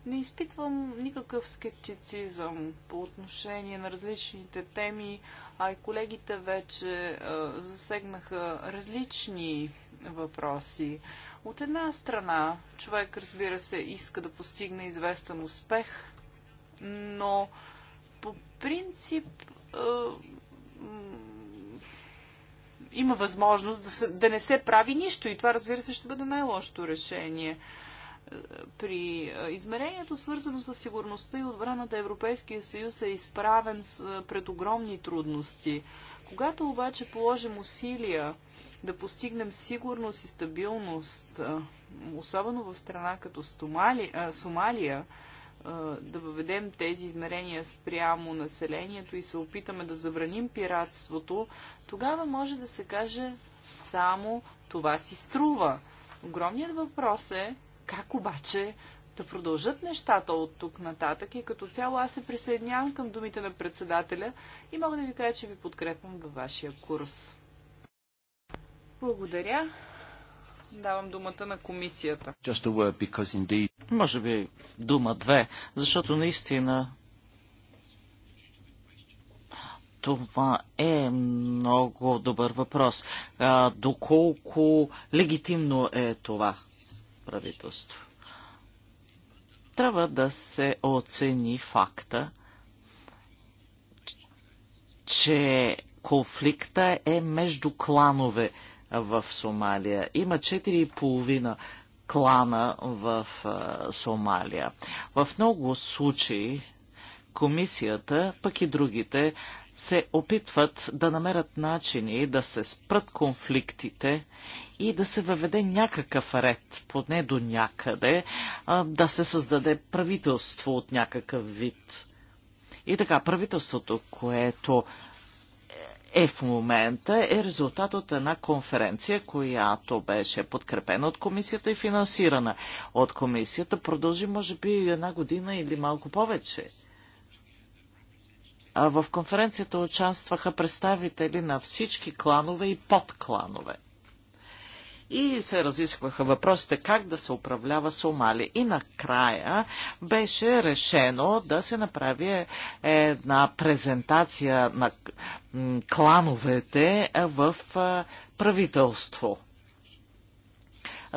Не изпитвам никакъв скептицизъм по отношение на различните теми, а и колегите вече а, засегнаха различни въпроси. От една страна, човек, разбира се, иска да постигне известен успех, но по принцип е, има възможност да, се, да не се прави нищо и това, разбира се, ще бъде най-лошото решение. При измерението, свързано с сигурността и отбраната, Европейския съюз е изправен пред огромни трудности. Когато обаче положим усилия да постигнем сигурност и стабилност, особено в страна като Стомали, а, Сомалия, а, да въведем тези измерения спрямо населението и се опитаме да забраним пиратството, тогава може да се каже само това си струва. Огромният въпрос е как обаче да продължат нещата от тук нататък и като цяло аз се присъединявам към думите на председателя и мога да ви кажа, че ви подкрепям във вашия курс. Благодаря. Давам думата на комисията. Word, indeed... Може би дума две, защото наистина това е много добър въпрос. А, доколко легитимно е това правителство? Трябва да се оцени факта, че конфликта е между кланове в Сомалия. Има 4,5 клана в Сомалия. В много случаи комисията, пък и другите, се опитват да намерят начини да се спрат конфликтите и да се въведе някакъв ред, поне до някъде, да се създаде правителство от някакъв вид. И така, правителството, което е в момента е резултат от една конференция, която беше подкрепена от комисията и финансирана от комисията. Продължи, може би, една година или малко повече. В конференцията участваха представители на всички кланове и подкланове и се разискваха въпросите как да се управлява Сомали. И накрая беше решено да се направи една презентация на клановете в правителство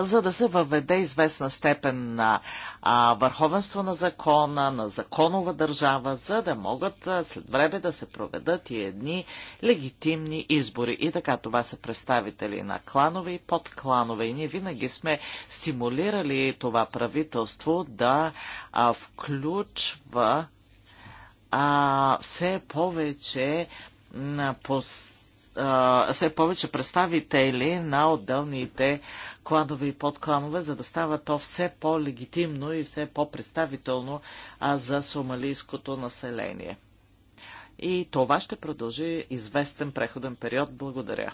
за да се въведе известна степен на а, върховенство на закона, на законова държава, за да могат а, след време да се проведат и едни легитимни избори. И така това са представители на кланове и подкланове. И ние винаги сме стимулирали това правителство да а, включва а, все повече на пост все повече представители на отделните кланове и подкланове, за да става то все по-легитимно и все по-представително за сомалийското население. И това ще продължи известен преходен период. Благодаря.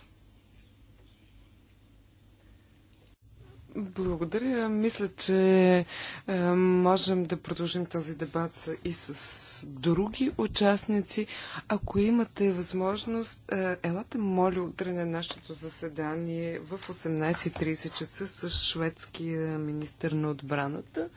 Благодаря. Мисля, че е, можем да продължим този дебат и с други участници. Ако имате възможност, е, елате, моля, утре на нашето заседание в 18.30 часа с шведския министр на отбраната.